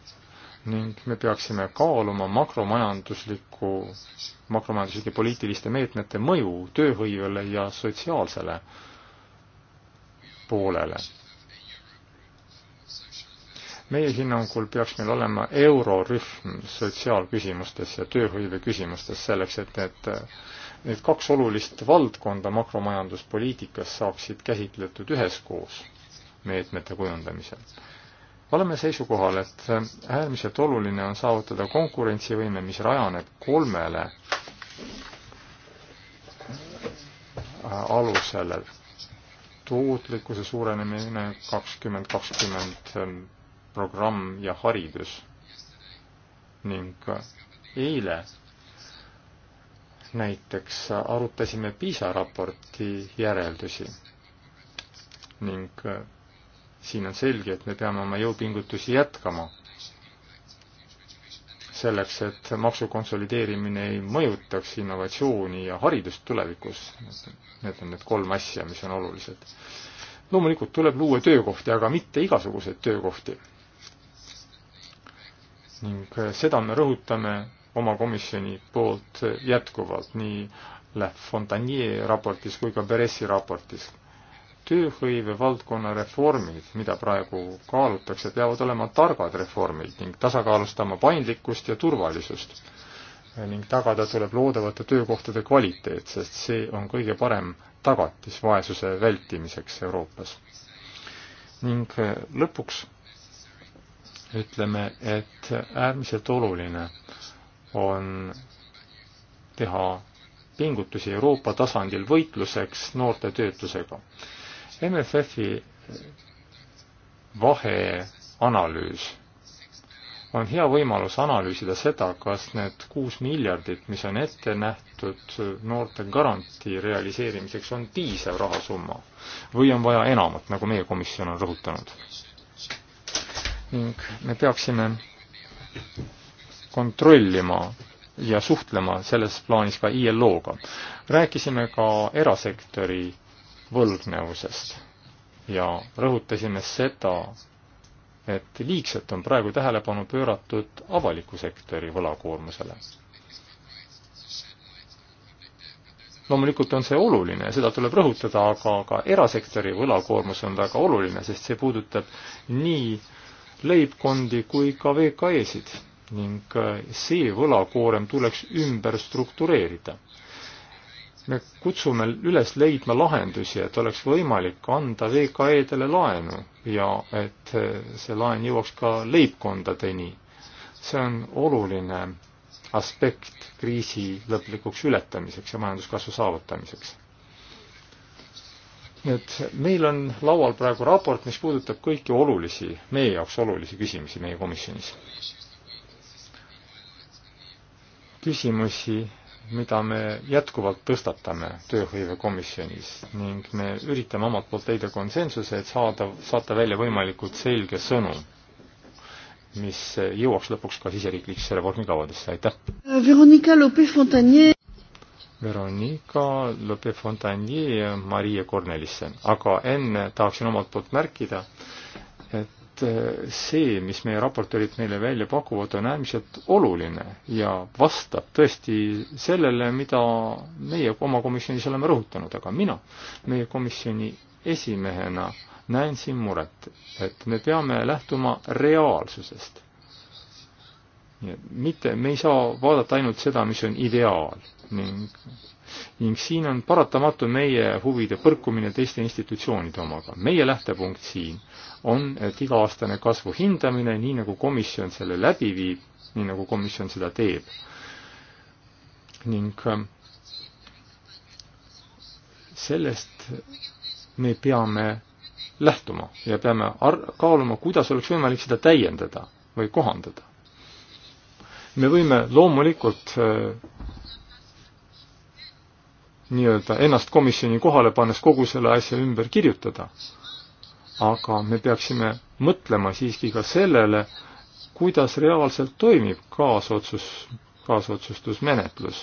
ning me peaksime kaaluma makromajandusliku, makromajanduslike poliitiliste meetmete mõju tööhõivele ja sotsiaalsele poolele. meie hinnangul peaks meil olema eurorühm sotsiaalküsimustes ja tööhõive küsimustes selleks, et need need kaks olulist valdkonda makromajanduspoliitikas saaksid käsitletud üheskoos meetmete kujundamisel. oleme seisukohal, et äärmiselt oluline on saavutada konkurentsivõime, mis rajaneb kolmele alusele. tootlikkuse suurenemine kakskümmend kakskümmend programm ja haridus ning eile näiteks arutasime PISA raporti järeldusi ning äh, siin on selge, et me peame oma jõupingutusi jätkama selleks, et maksu konsolideerimine ei mõjutaks innovatsiooni ja haridust tulevikus. Need on need kolm asja, mis on olulised. loomulikult tuleb luua töökohti, aga mitte igasuguseid töökohti. ning äh, seda me rõhutame oma komisjoni poolt jätkuvalt nii Le Fontanier raportis kui ka Beressi raportis. tööhõive valdkonna reformid, mida praegu kaalutakse, peavad olema targad reformid ning tasakaalustama paindlikkust ja turvalisust. ning tagada tuleb loodavate töökohtade kvaliteet, sest see on kõige parem tagatis vaesuse vältimiseks Euroopas. ning lõpuks ütleme, et äärmiselt oluline on teha pingutusi Euroopa tasandil võitluseks noorte töötusega. MFF-i vaheanalüüs on hea võimalus analüüsida seda, kas need kuus miljardit, mis on ette nähtud noorte garantii realiseerimiseks, on piisav rahasumma või on vaja enamat, nagu meie komisjon on rõhutanud. ning me peaksime kontrollima ja suhtlema selles plaanis ka ILO-ga. rääkisime ka erasektori võlgnevusest ja rõhutasime seda, et liigselt on praegu tähelepanu pööratud avaliku sektori võlakoormusele. loomulikult on see oluline ja seda tuleb rõhutada, aga ka erasektori võlakoormus on väga oluline, sest see puudutab nii leibkondi kui ka VKE-sid ning eh, see võlakoorem tuleks ümber struktureerida. me kutsume üles leidma lahendusi, et oleks võimalik anda VKE-dele laenu ja et eh, see laen jõuaks ka leibkondadeni. see on oluline aspekt kriisi lõplikuks ületamiseks ja majanduskasvu saavutamiseks nii et meil on laual praegu raport, mis puudutab kõiki olulisi, meie jaoks olulisi küsimusi meie komisjonis küsimusi, mida me jätkuvalt tõstatame tööhõivekomisjonis ning me üritame omalt poolt leida konsensuse, et saada, saata välja võimalikult selge sõnum, mis jõuaks lõpuks ka siseriiklikesse reformikavadesse, aitäh! Veronika Lope-Fontanier. Veronika Lope-Fontanier ja Marie Kornelissen, aga enne tahaksin omalt poolt märkida, et et eh, see, mis meie raportöörid meile välja pakuvad, on äärmiselt oluline ja vastab tõesti sellele, mida meie oma komisjonis oleme rõhutanud, aga mina meie komisjoni esimehena näen siin muret, et me peame lähtuma reaalsusest. mitte, me ei saa vaadata ainult seda, mis on ideaal ning ning siin on paratamatu meie huvide põrkumine teiste institutsioonide omaga. meie lähtepunkt siin on, et iga-aastane kasvu hindamine, nii nagu komisjon selle läbi viib, nii nagu komisjon seda teeb, ning ähm, sellest me peame lähtuma ja peame ar-, kaaluma, kuidas oleks võimalik seda täiendada või kohandada. me võime loomulikult äh, nii-öelda ennast komisjoni kohale pannes kogu selle asja ümber kirjutada. aga me peaksime mõtlema siiski ka sellele, kuidas reaalselt toimib kaasotsus, kaasotsustusmenetlus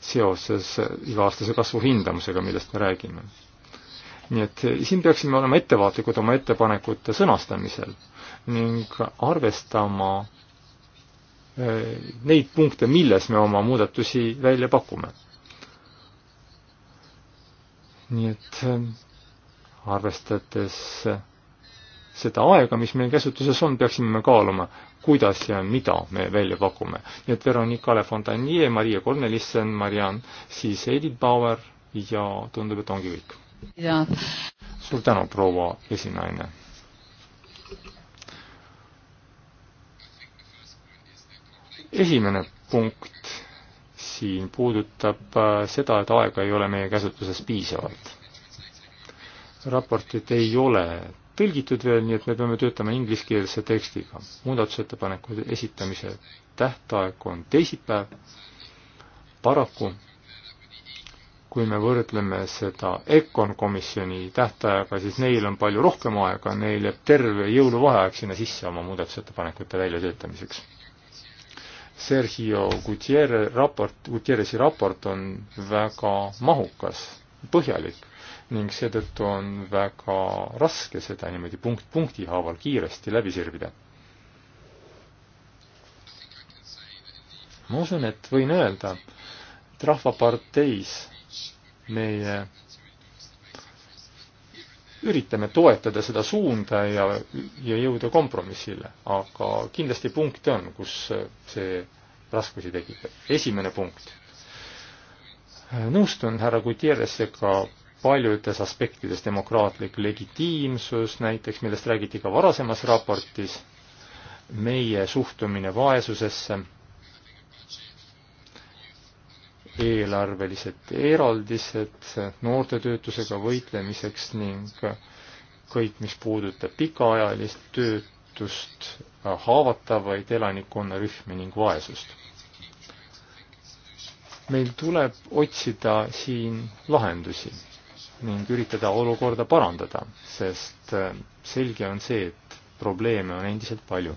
seoses iga-aastase kasvu hindamisega, millest me räägime. nii et siin peaksime olema ettevaatlikud oma ettepanekute sõnastamisel ning arvestama Äh, neid punkte, milles me oma muudatusi välja pakume. nii et äh, arvestades äh, seda aega, mis meil käsutuses on, peaksime me kaaluma, kuidas ja mida me välja pakume. nii et Veronika Lefontanier, Maria Kornelissen, Mariann, siis Edith Bauer ja tundub, et ongi kõik. suur tänu, proua esinaine esimene punkt siin puudutab äh, seda, et aega ei ole meie käsutuses piisavalt. raportit ei ole tõlgitud veel, nii et me peame töötama ingliskeelse tekstiga. muudatusettepanekute esitamise tähtaeg on teisipäev. paraku, kui me võrdleme seda EKON komisjoni tähtaega, siis neil on palju rohkem aega, neil jääb terve jõuluvaheaeg sinna sisse oma muudatusettepanekute väljatöötamiseks Sergio Gutierre raport, Gutierresi raport on väga mahukas, põhjalik ning seetõttu on väga raske seda niimoodi punkt punkti haaval kiiresti läbi sirvida. ma usun, et võin öelda, et Rahvaparteis meie üritame toetada seda suunda ja, ja jõuda kompromissile, aga kindlasti punkte on, kus see raskusi tekitab. esimene punkt. nõustun härra Gutierrezega paljudes aspektides, demokraatlik legitiimsus näiteks, millest räägiti ka varasemas raportis, meie suhtumine vaesusesse, eelarvelised eraldised noortetöötusega võitlemiseks ning kõik, mis puudutab pikaajalist töötust Äh, haavatavaid elanikkonnarühmi ning vaesust. meil tuleb otsida siin lahendusi ning üritada olukorda parandada, sest äh, selge on see, et probleeme on endiselt palju.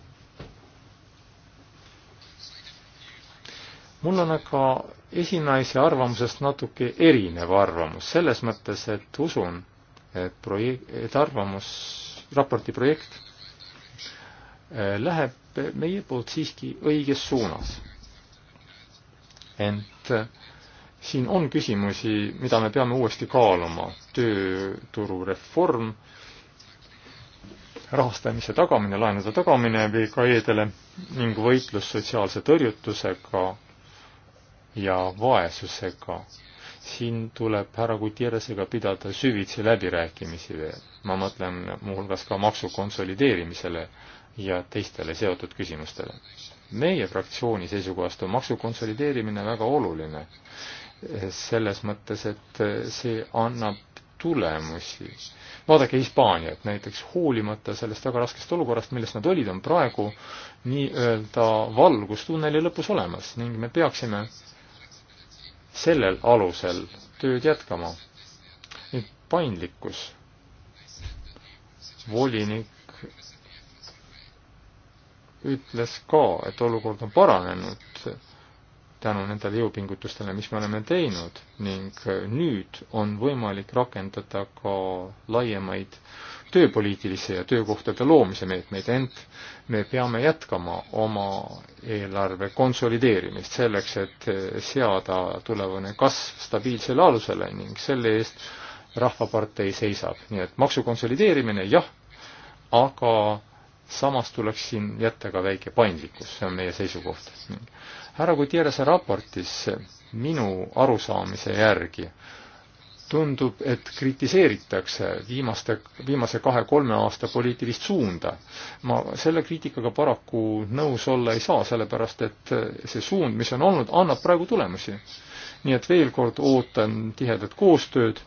mul on aga esinaise arvamusest natuke erinev arvamus, selles mõttes, et usun, et projekt, et arvamus, raporti projekt Äh, läheb meie poolt siiski õiges suunas. ent äh, siin on küsimusi, mida me peame uuesti kaaluma. tööturureform, rahastamise tagamine, laenude tagamine VKE-dele ning võitlus sotsiaalse tõrjutusega ja vaesusega. siin tuleb härra Gutierrezega pidada süvitsi läbirääkimisi veel. ma mõtlen muuhulgas ka maksu konsolideerimisele ja teistele seotud küsimustele. meie fraktsiooni seisukohast on maksu konsolideerimine väga oluline selles mõttes, et see annab tulemusi. vaadake Hispaaniat näiteks, hoolimata sellest väga raskest olukorrast, milles nad olid, on praegu nii-öelda valgus tunneli lõpus olemas ning me peaksime sellel alusel tööd jätkama. nüüd paindlikkus. volinik ütles ka, et olukord on paranenud tänu nendele jõupingutustele, mis me oleme teinud ning nüüd on võimalik rakendada ka laiemaid tööpoliitilisi ja töökohtade loomise meetmeid, ent me peame jätkama oma eelarve konsolideerimist selleks, et seada tulevane kasv stabiilsele alusele ning selle eest Rahvapartei seisab, nii et maksu konsolideerimine jah, aga samas tuleks siin jätta ka väike paindlikkus, see on meie seisukoht. härra Gutierrese raportis minu arusaamise järgi tundub, et kritiseeritakse viimaste, viimase kahe-kolme aasta poliitilist suunda. ma selle kriitikaga paraku nõus olla ei saa, sellepärast et see suund, mis on olnud, annab praegu tulemusi. nii et veel kord ootan tihedat koostööd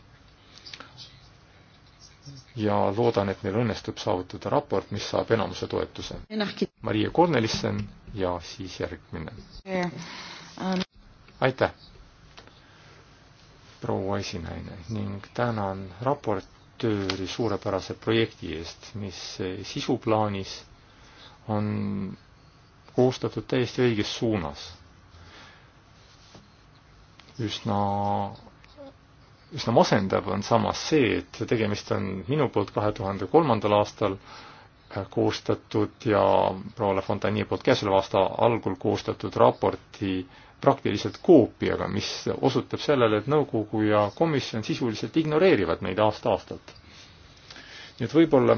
ja loodan, et meil õnnestub saavutada raport, mis saab enamuse toetuse. Maria Kornelissen ja siis järgmine. aitäh, proua esinaine ning tänan raportööri suurepärase projekti eest, mis sisuplaanis on koostatud täiesti õiges suunas. üsna üsna masendav on samas see, et tegemist on minu poolt kahe tuhande kolmandal aastal äh, koostatud ja proua Le Fontaine'i poolt käesoleva aasta algul koostatud raporti praktiliselt koopiaga, mis osutab sellele, et nõukogu ja komisjon sisuliselt ignoreerivad meid aasta-aastalt. nii et võib-olla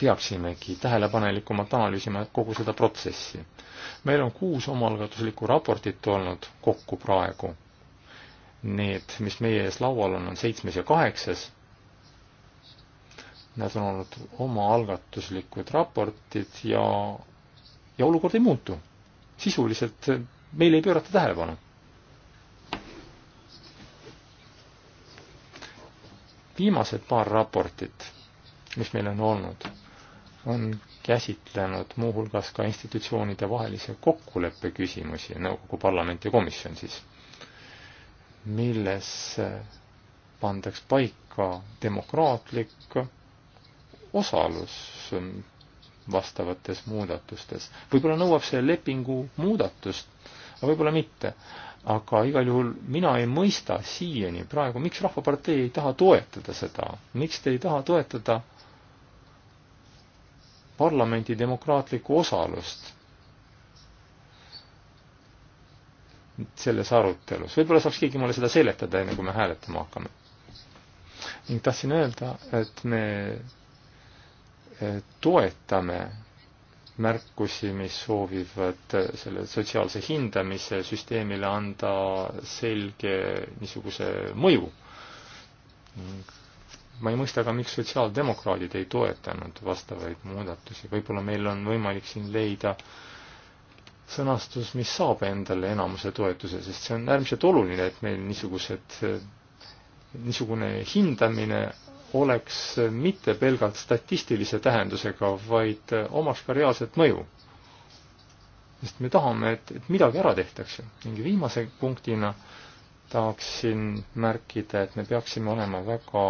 peaksimegi tähelepanelikumalt analüüsima kogu seda protsessi. meil on kuus omaalgatuslikku raportit olnud kokku praegu need, mis meie ees laual on, on seitsmes ja kaheksas. Nad on olnud omaalgatuslikud raportid ja, ja olukord ei muutu. sisuliselt meile ei pöörata tähelepanu. viimased paar raportit, mis meil on olnud, on käsitlenud muuhulgas ka institutsioonide vahelise kokkuleppe küsimusi, nõukogu parlament ja komisjon siis milles pandaks paika demokraatlik osalus vastavates muudatustes. võib-olla nõuab see lepingu muudatust, aga võib-olla mitte. aga igal juhul mina ei mõista siiani praegu, miks Rahvapartei ei taha toetada seda, miks te ei taha toetada parlamendi demokraatlikku osalust selles arutelus. võib-olla saaks keegi mulle seda seletada, enne kui me hääletama hakkame. ning tahtsin öelda, et me e, toetame märkusi, mis soovivad selle sotsiaalse hindamise süsteemile anda selge niisuguse mõju. ma ei mõista ka, miks sotsiaaldemokraadid ei toetanud vastavaid muudatusi, võib-olla meil on võimalik siin leida äh, sõnastus, mis saab endale enamuse toetuse, sest see on äärmiselt oluline, et meil niisugused, niisugune hindamine oleks mitte pelgalt statistilise tähendusega, vaid omaks ka reaalset mõju. sest me tahame, et, et midagi ära tehtakse. ning viimase punktina tahaksin märkida, et me peaksime olema väga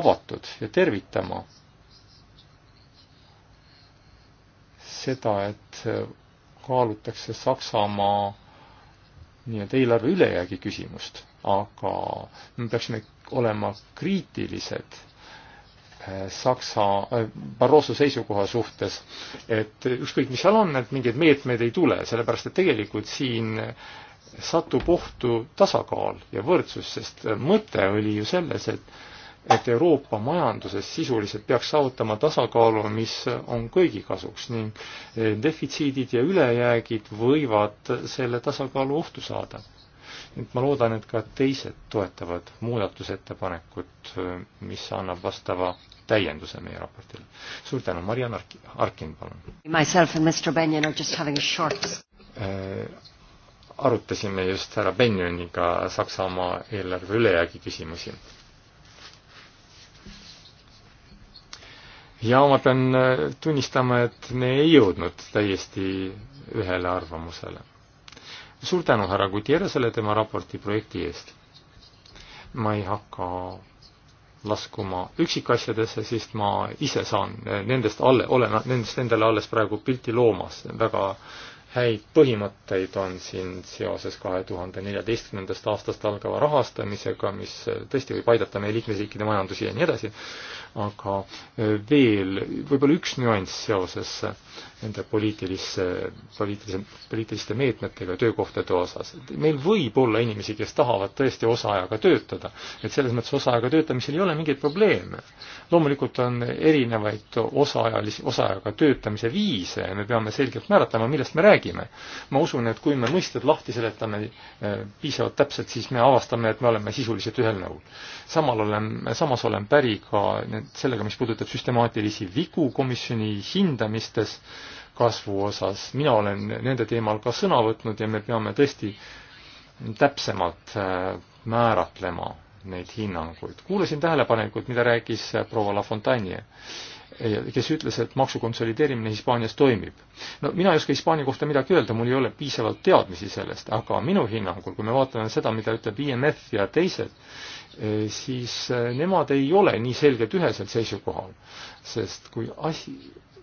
avatud ja tervitama seda, et äh, kaalutakse Saksamaa nii-öelda eelarve ülejäägi küsimust, aga me peaksime olema kriitilised äh, Saksa äh, Barroso seisukoha suhtes, et ükskõik, mis seal on, et mingeid meetmeid ei tule, sellepärast et tegelikult siin satub ohtu tasakaal ja võrdsus, sest mõte oli ju selles, et et Euroopa majanduses sisuliselt peaks saavutama tasakaalu, mis on kõigi kasuks ning eh, defitsiidid ja ülejäägid võivad selle tasakaalu ohtu saada. nüüd ma loodan, et ka teised toetavad muudatusettepanekut, eh, mis annab vastava täienduse meie raportile. suur tänu, Mariann Arkin, Arkin, palun. Myself and Mr Benjon are just having a short eh, arutasime just härra Benjoniga Saksamaa eelarve ülejäägi küsimusi ja ma pean äh, tunnistama, et me ei jõudnud täiesti ühele arvamusele. suur tänu härra Gutierrezele tema raporti projekti eest. ma ei hakka laskuma üksikasjadesse, sest ma ise saan nendest alle, olen nendest endale alles praegu pilti loomas, väga häid põhimõtteid on siin seoses kahe tuhande neljateistkümnendast aastast algava rahastamisega, mis tõesti võib aidata meie liikmesriikide majandusi ja nii edasi, aga e, veel võib-olla üks nüanss seoses nende poliitilise, poliitilise, poliitiliste meetmetega töökohtade osas. meil võib olla inimesi, kes tahavad tõesti osaajaga töötada, et selles mõttes osaajaga töötamisel ei ole mingeid probleeme. loomulikult on erinevaid osaajalisi, osaajaga töötamise viise ja me peame selgelt määratlema, millest me räägime nägime. ma usun, et kui me mõisted lahti seletame eh, piisavalt täpselt, siis me avastame, et me oleme sisuliselt ühel nõul. samal olen, samas olen päri ka sellega, mis puudutab süstemaatilisi vigu komisjoni hindamistes kasvu osas. mina olen nende teemal ka sõna võtnud ja me peame tõesti täpsemalt eh, määratlema neid hinnanguid. kuulasin tähelepanelikult, mida rääkis eh, proua Lafontaine kes ütles, et maksukonsolideerimine Hispaanias toimib. no mina ei oska Hispaania kohta midagi öelda, mul ei ole piisavalt teadmisi sellest, aga minu hinnangul, kui me vaatame seda, mida ütleb IMF ja teised, eh, siis eh, nemad ei ole nii selgelt ühesel seisukohal. sest kui asi,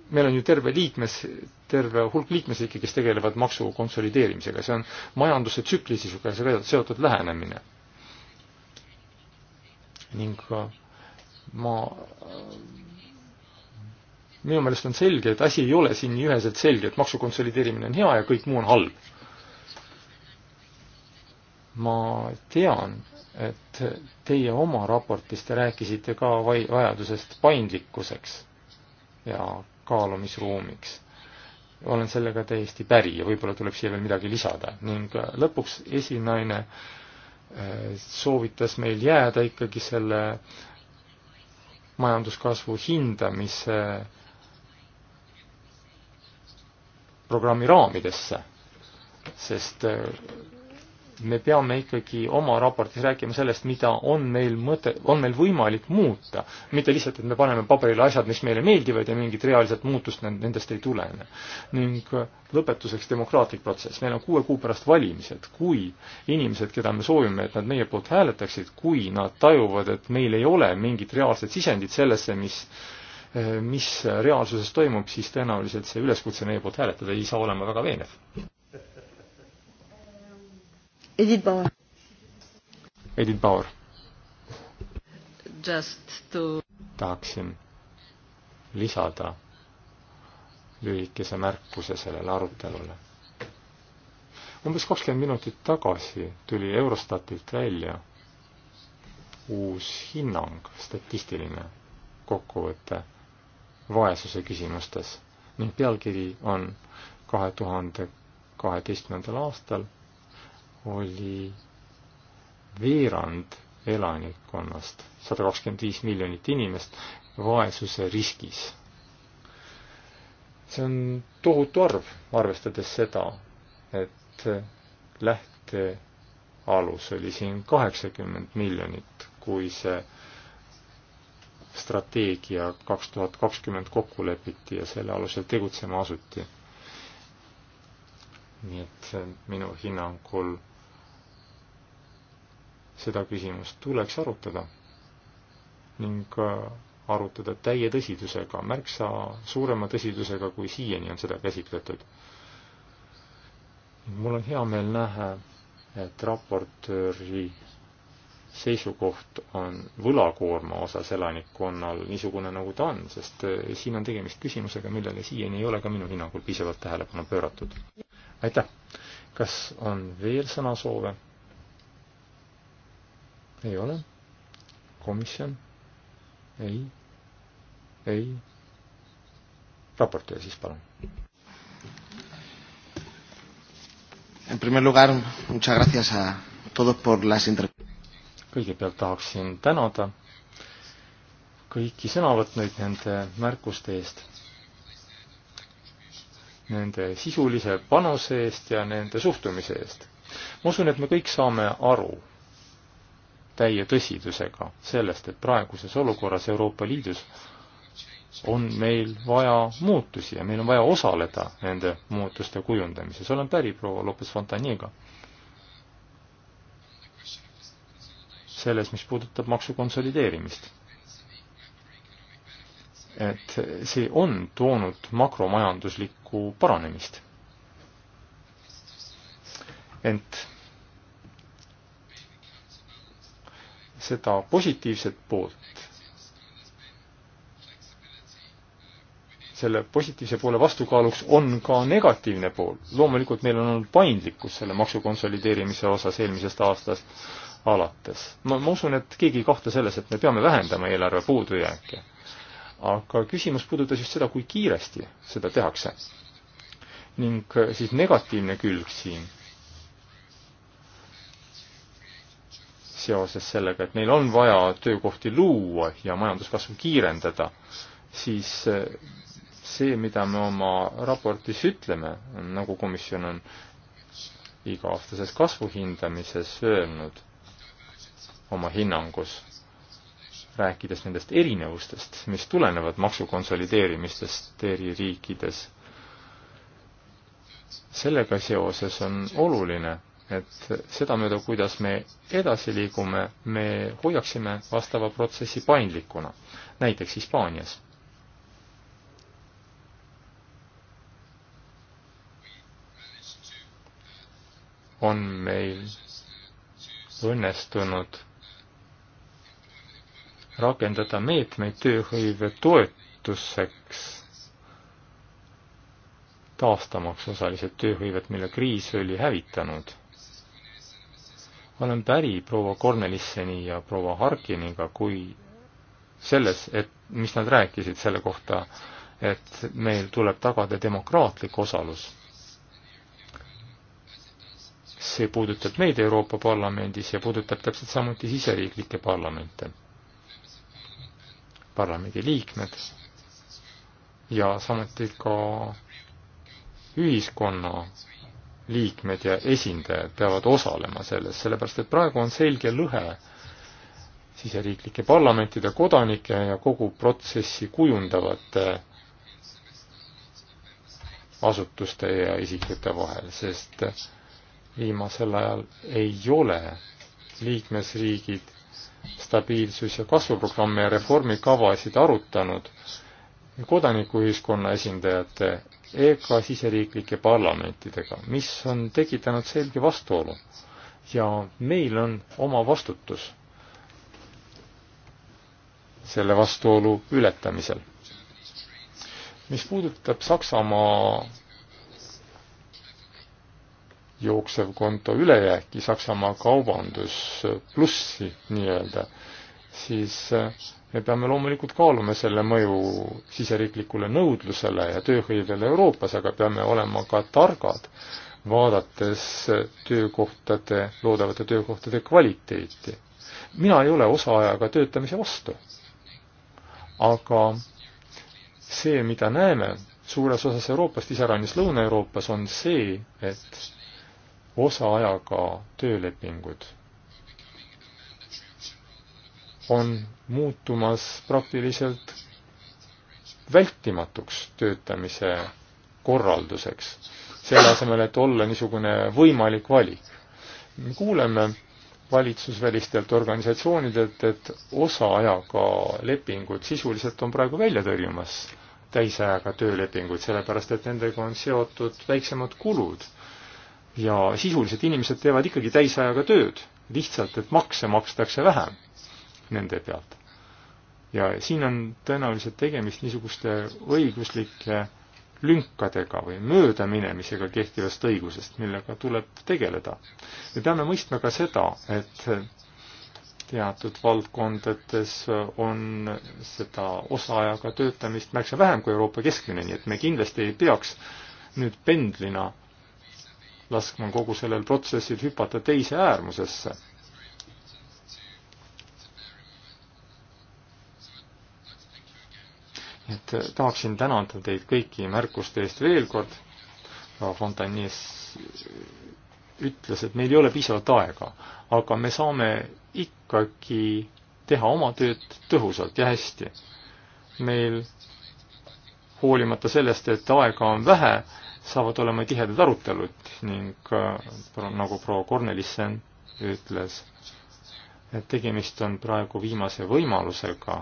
meil on ju terve liikmes, terve hulk liikmesriike, kes tegelevad maksu konsolideerimisega, see on majanduse tsüklilisusega seotud lähenemine. ning eh, ma minu meelest on selge, et asi ei ole siin nii üheselt selge, et maksukonsolideerimine on hea ja kõik muu on halb. ma tean, et teie oma raportis te rääkisite ka vai-, vajadusest paindlikkuseks ja kaalumisruumiks. olen sellega täiesti päri ja võib-olla tuleb siia veel midagi lisada ning lõpuks esinaine äh, soovitas meil jääda ikkagi selle majanduskasvu hindamise äh, programmi raamidesse, sest äh, me peame ikkagi oma raportis rääkima sellest, mida on meil mõte, on meil võimalik muuta, mitte lihtsalt, et me paneme paberile asjad, mis meile meeldivad ja mingit reaalset muutust nendest ei tulene. ning äh, lõpetuseks demokraatlik protsess, meil on kuue kuu pärast valimised, kui inimesed, keda me soovime, et nad meie poolt hääletaksid, kui nad tajuvad, et meil ei ole mingit reaalset sisendit sellesse, mis Eh, mis reaalsuses toimub, siis tõenäoliselt see üleskutse meie poolt hääletada ei saa olema väga veenev. Edith Bauer. Edith Bauer. Just to tahaksin lisada lühikese märkuse sellele arutelule. umbes kakskümmend minutit tagasi tuli Eurostatilt välja uus hinnang, statistiline kokkuvõte vaesuse küsimustes ning pealkiri on kahe tuhande kaheteistkümnendal aastal oli veerand elanikkonnast, sada kakskümmend viis miljonit inimest, vaesuse riskis. see on tohutu arv, arvestades seda, et lähtealus oli siin kaheksakümmend miljonit, kui see strateegia kaks tuhat kakskümmend kokku lepiti ja selle alusel tegutsema asuti. nii et minu hinnangul seda küsimust tuleks arutada ning äh, arutada täie tõsidusega, märksa suurema tõsidusega, kui siiani on seda käsitletud. mul on hea meel näha, et raportööri seisukoht on võlakoorma osas elanikkonnal niisugune, nagu ta on, sest eh, siin on tegemist küsimusega, millele siiani ei ole ka minu hinnangul piisavalt tähelepanu pööratud. aitäh! kas on veel sõnasoove? ei ole? komisjon? ei? ei? raportöö siis, palun. En primer lugar, muchas gracias a todos por las inter- kõigepealt tahaksin tänada kõiki sõnavõtnuid nende märkuste eest, nende sisulise panuse eest ja nende suhtumise eest. ma usun, et me kõik saame aru täie tõsidusega sellest, et praeguses olukorras Euroopa Liidus on meil vaja muutusi ja meil on vaja osaleda nende muutuste kujundamises. olen päri proua Lopez Fontaniga selles, mis puudutab maksu konsolideerimist. et see on toonud makromajanduslikku paranemist. ent seda positiivset poolt, selle positiivse poole vastukaaluks on ka negatiivne pool. loomulikult meil on olnud paindlikkus selle maksu konsolideerimise osas eelmisest aastast, alates. ma, ma usun, et keegi ei kahtle selles, et me peame vähendama eelarve puudujääke. aga küsimus puudutas just seda, kui kiiresti seda tehakse. ning äh, siis negatiivne külg siin seoses sellega, et meil on vaja töökohti luua ja majanduskasvu kiirendada, siis äh, see, mida me oma raportis ütleme, nagu komisjon on iga-aastases kasvu hindamises öelnud oma hinnangus, rääkides nendest erinevustest, mis tulenevad maksukonsolideerimistest eri riikides. sellega seoses on oluline, et sedamööda, kuidas me edasi liigume, me hoiaksime vastava protsessi paindlikuna, näiteks Hispaanias on meil õnnestunud rakendada meetmeid tööhõive toetuseks, taastamaks osaliselt tööhõivet, mille kriis oli hävitanud. olen päri proua Kornelisseni ja proua Harkiniga, kui selles, et mis nad rääkisid selle kohta, et meil tuleb tagada demokraatlik osalus. see puudutab meid Euroopa Parlamendis ja puudutab täpselt samuti siseriiklikke parlamente parlamendi liikmed ja samuti ka ühiskonna liikmed ja esindajad peavad osalema selles, sellepärast et praegu on selge lõhe siseriiklike parlamentide kodanike ja kogu protsessi kujundavate asutuste ja isikute vahel, sest viimasel ajal ei ole liikmesriigid stabiilsus- ja kasvuprogramme ja reformikavasid arutanud kodanikuühiskonna esindajate ega siseriiklike parlamentidega, mis on tekitanud selge vastuolu. ja meil on oma vastutus selle vastuolu ületamisel. mis puudutab Saksamaa jooksev konto ülejääki, Saksamaa kaubandus plussi nii-öelda, siis eh, me peame loomulikult kaaluma selle mõju siseriiklikule nõudlusele ja tööhõivele Euroopas, aga peame olema ka targad, vaadates töökohtade, loodavate töökohtade kvaliteeti. mina ei ole osaajaga töötamise vastu. aga see, mida näeme suures osas Euroopast, iseäranis Lõuna-Euroopas, on see, et osaajaga töölepingud on muutumas praktiliselt vältimatuks töötamise korralduseks, selle asemel, et olla niisugune võimalik valik. me kuuleme valitsusvälistelt organisatsioonidelt, et osaajaga lepingud sisuliselt on praegu välja tõrjumas täisajaga töölepinguid, sellepärast et nendega on seotud väiksemad kulud ja sisuliselt inimesed teevad ikkagi täisajaga tööd, lihtsalt et makse makstakse vähem nende pealt. ja siin on tõenäoliselt tegemist niisuguste õiguslike lünkadega või möödaminemisega kehtivast õigusest, millega tuleb tegeleda. me peame mõistma ka seda, et teatud valdkondades on seda osaajaga töötamist märksa vähem kui Euroopa keskmine, nii et me kindlasti ei peaks nüüd pendlina laskma kogu sellel protsessil hüpata teise äärmusesse. et eh, tahaksin tänada teid kõiki märkuste eest veel kord. Fontanis eh, ütles, et meil ei ole piisavalt aega, aga me saame ikkagi teha oma tööd tõhusalt ja hästi. meil hoolimata sellest, et aega on vähe, saavad olema tihedad arutelud ning äh, nagu proua Kornelissen ütles, et tegemist on praegu viimase võimalusega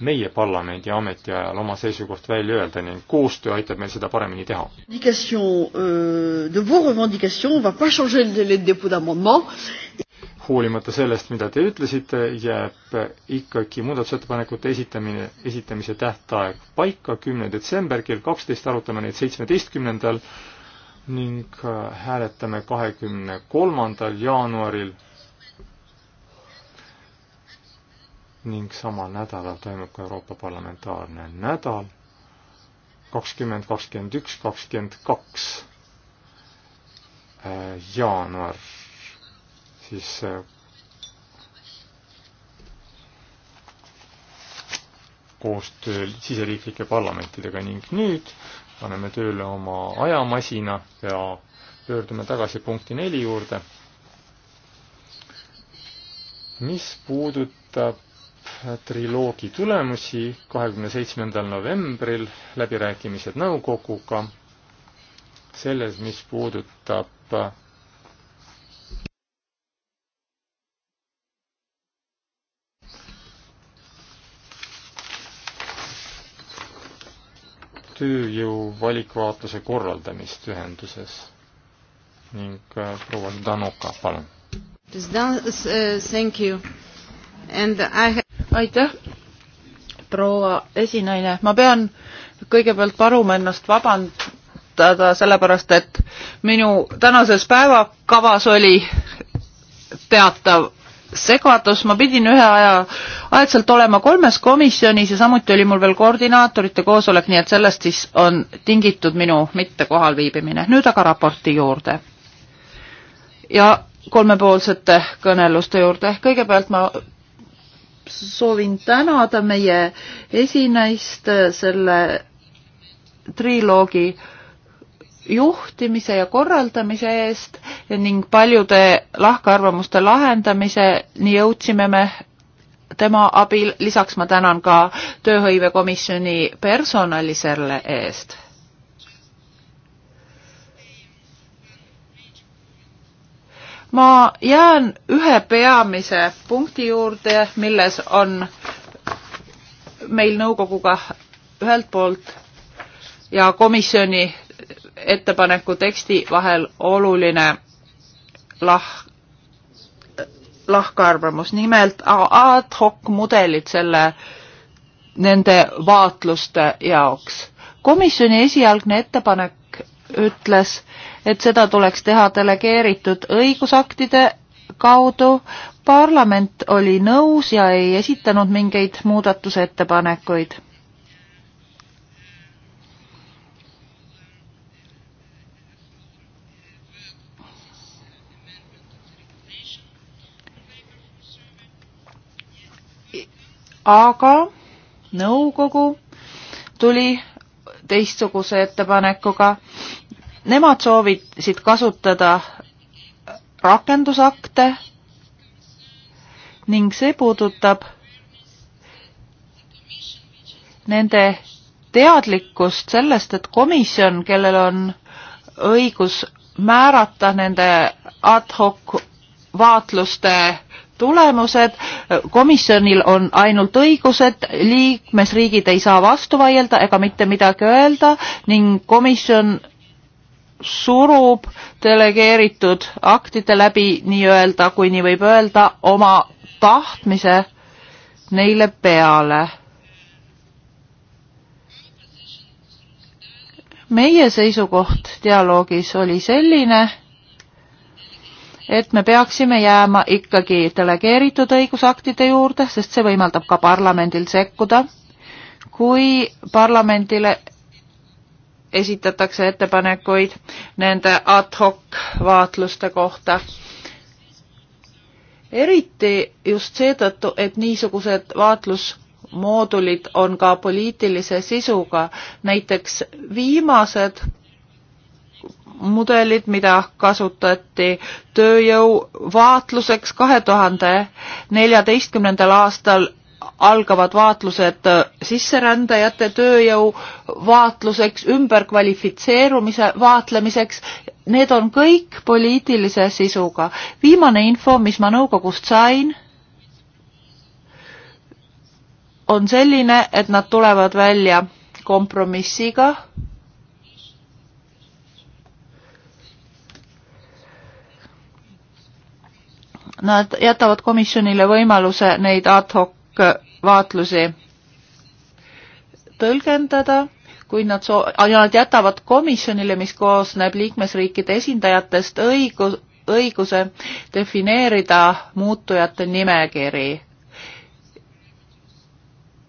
meie parlamendi ametiajal oma seisukoht välja öelda ning koostöö aitab meil seda paremini teha hoolimata sellest, mida te ütlesite, jääb ikkagi muudatusettepanekute esitamine, esitamise tähtaeg paika, kümne detsember kell kaksteist, arutame neid seitsmeteistkümnendal ning äh, hääletame kahekümne kolmandal jaanuaril. ning samal nädalal toimub ka Euroopa Parlamentaarne nädal kakskümmend, kakskümmend üks, kakskümmend kaks äh, jaanuar siis äh, koostöö siseriiklike parlamentidega ning nüüd paneme tööle oma ajamasina ja pöördume tagasi punkti neli juurde, mis puudutab triloogi tulemusi kahekümne seitsmendal novembril, läbirääkimised nõukoguga, selles, mis puudutab tööjõu valikvaatluse korraldamist ühenduses ning äh, proua Danoka, palun. Äh, aitäh, proua esinaine, ma pean kõigepealt paluma ennast vabandada, sellepärast et minu tänases päevakavas oli teatav segadus, ma pidin ühe aja aegselt olema kolmes komisjonis ja samuti oli mul veel koordinaatorite koosolek, nii et sellest siis on tingitud minu mitte kohalviibimine. nüüd aga raporti juurde. ja kolmepoolsete kõneluste juurde. kõigepealt ma soovin tänada meie esinaist selle triloogi äh, juhtimise ja korraldamise eest ning paljude lahkarvamuste lahendamiseni jõudsime me tema abil. lisaks ma tänan ka tööhõivekomisjoni personali selle eest. ma jään ühe peamise punkti juurde, milles on meil nõukoguga ühelt poolt ja komisjoni ettepaneku teksti vahel oluline lah-, lahkarvamus, nimelt ad hoc mudelid selle, nende vaatluste jaoks. komisjoni esialgne ettepanek ütles, et seda tuleks teha delegeeritud õigusaktide kaudu, parlament oli nõus ja ei esitanud mingeid muudatusettepanekuid aga nõukogu tuli teistsuguse ettepanekuga. Nemad soovisid kasutada rakendusakte ning see puudutab nende teadlikkust sellest, et komisjon, kellel on õigus määrata nende ad hoc vaatluste tulemused. komisjonil on ainult õigused, liikmesriigid ei saa vastu vaielda ega mitte midagi öelda ning komisjon surub delegeeritud aktide läbi nii-öelda, kui nii võib öelda, oma tahtmise neile peale. meie seisukoht dialoogis oli selline et me peaksime jääma ikkagi delegeeritud õigusaktide juurde, sest see võimaldab ka parlamendil sekkuda. kui parlamendile esitatakse ettepanekuid nende ad hoc vaatluste kohta, eriti just seetõttu, et niisugused vaatlusmoodulid on ka poliitilise sisuga, näiteks viimased mudelid, mida kasutati tööjõu vaatluseks kahe tuhande neljateistkümnendal aastal algavad vaatlused sisserändajate tööjõu vaatluseks, ümberkvalifitseerumise vaatlemiseks. Need on kõik poliitilise sisuga. viimane info, mis ma nõukogust sain, on selline, et nad tulevad välja kompromissiga Nad jätavad komisjonile võimaluse neid ad hoc vaatlusi tõlgendada, kuid nad soo-, ja nad jätavad komisjonile, mis koosneb liikmesriikide esindajatest, õigu-, õiguse defineerida muutujate nimekiri.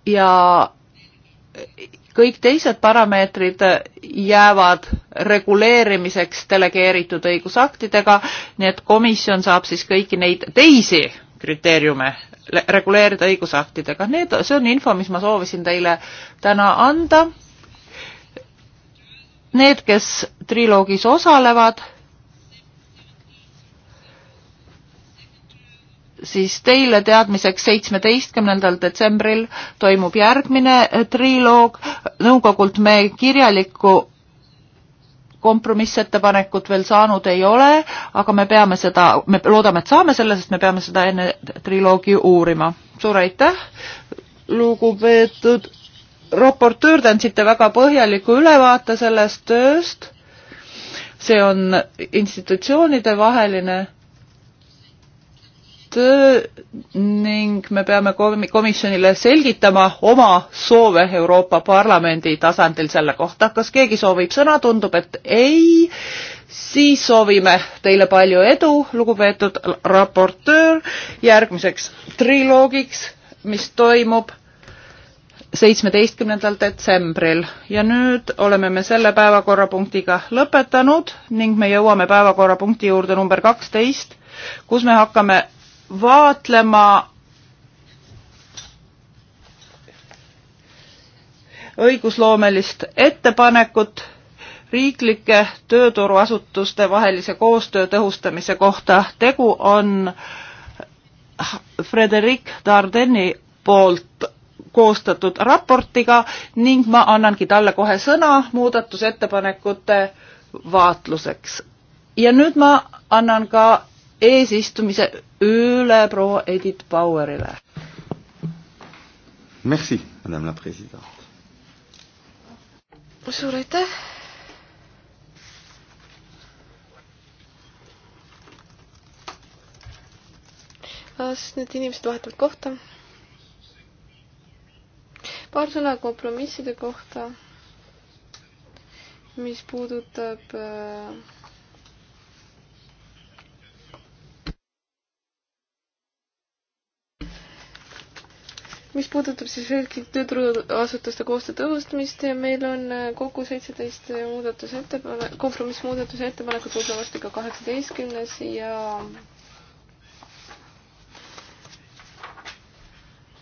ja kõik teised parameetrid jäävad reguleerimiseks delegeeritud õigusaktidega, nii et komisjon saab siis kõiki neid teisi kriteeriume reguleerida õigusaktidega. Need, see on info, mis ma soovisin teile täna anda. Need, kes triloogis osalevad siis teile teadmiseks seitsmeteistkümnendal detsembril toimub järgmine eh, triloog. nõukogult me kirjalikku kompromissettepanekut veel saanud ei ole, aga me peame seda, me loodame, et saame selle, sest me peame seda enne triloogi uurima. suur aitäh, lugupeetud raportöör, te andsite väga põhjaliku ülevaate sellest tööst. see on institutsioonide vaheline ning me peame komisjonile selgitama oma soove Euroopa Parlamendi tasandil selle kohta. kas keegi soovib sõna, tundub, et ei. siis soovime teile palju edu, lugupeetud raportöör, järgmiseks triloogiks, mis toimub seitsmeteistkümnendal detsembril ja nüüd oleme me selle päevakorrapunktiga lõpetanud ning me jõuame päevakorrapunkti juurde number kaksteist, kus me hakkame vaatlema õigusloomelist ettepanekut riiklike tööturuasutuste vahelise koostöö tõhustamise kohta. tegu on Frederic Dardeni poolt koostatud raportiga ning ma annangi talle kohe sõna muudatusettepanekute vaatluseks. ja nüüd ma annan ka eesistumise üle proua Edith Bauerile. Merci, madame la president. suur aitäh. las need inimesed vahetavad kohta. paar sõna kompromisside kohta, mis puudutab äh, mis puudutab siis riiklik tööturuasutuste koostöö tõhustamist, meil on äh, kokku seitseteist äh, muudatusettepanek, kompromissmuudatuse ettepanekut, võib-olla varsti ka kaheksateistkümnes ja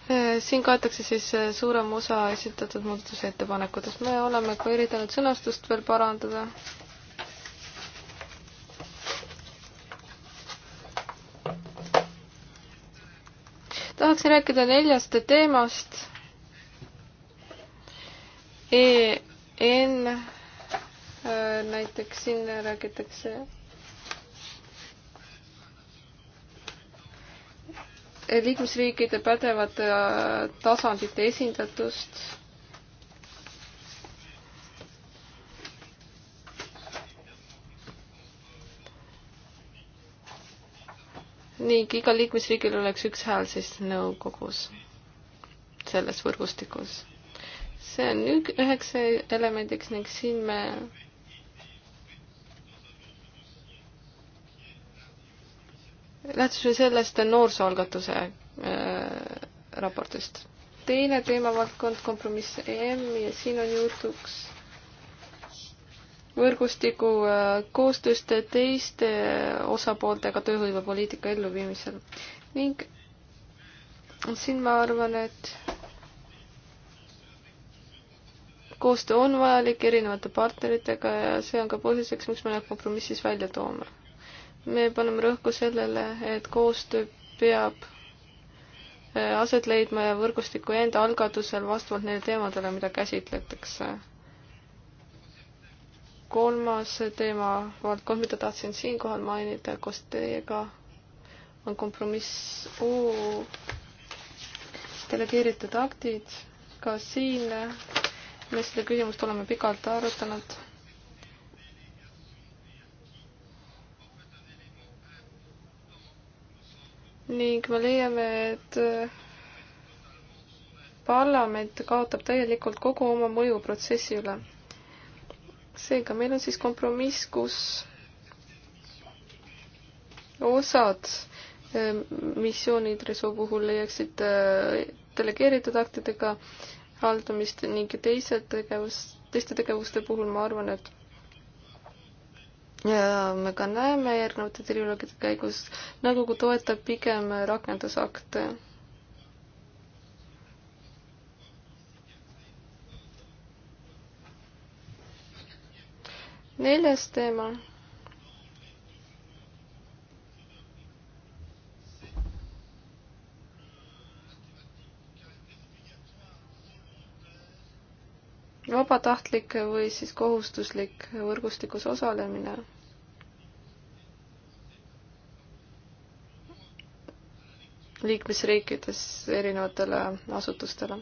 äh, siin kaetakse siis suurem osa esitatud muudatusettepanekutest. me oleme ka üritanud sõnastust veel parandada tahaksin rääkida neljast teemast e. EN äh, näiteks siin räägitakse liikmesriikide pädevate tasandite esindatust ning igal liikmesriigil oleks üks hääl siis nõukogus, selles võrgustikus. see on üheks elemendiks ning siin me lähtusime sellest noorsoolgatuse äh, raportist. teine teemavaldkond, kompromiss EM ja siin on jutuks võrgustiku äh, koostööst teiste äh, osapooltega tööhõivepoliitika elluviimisel ning siin ma arvan, et koostöö on vajalik erinevate partneritega ja see on ka põhjuseks, miks me need kompromissis välja toome. me paneme rõhku sellele, et koostöö peab äh, aset leidma ja võrgustiku enda algatusel vastavalt neile teemadele, mida käsitletakse kolmas teemavaldkond, mida tahtsin siinkohal mainida koos teiega, on kompromiss U delegeeritud aktid. ka siin me seda küsimust oleme pikalt arutanud. ning me leiame, et parlament kaotab täielikult kogu oma mõju protsessi üle seega meil on siis kompromiss, kus osad eh, missioonid Reso puhul leiaksid eh, delegeeritud aktidega haldamist ning teised tegevus, teiste tegevuste puhul ma arvan, et ja me ka näeme järgnevate triloogiate käigus, nõukogu toetab pigem rakendusakte neljas teema. vabatahtlik või siis kohustuslik võrgustikus osalemine liikmesriikides erinevatele asutustele.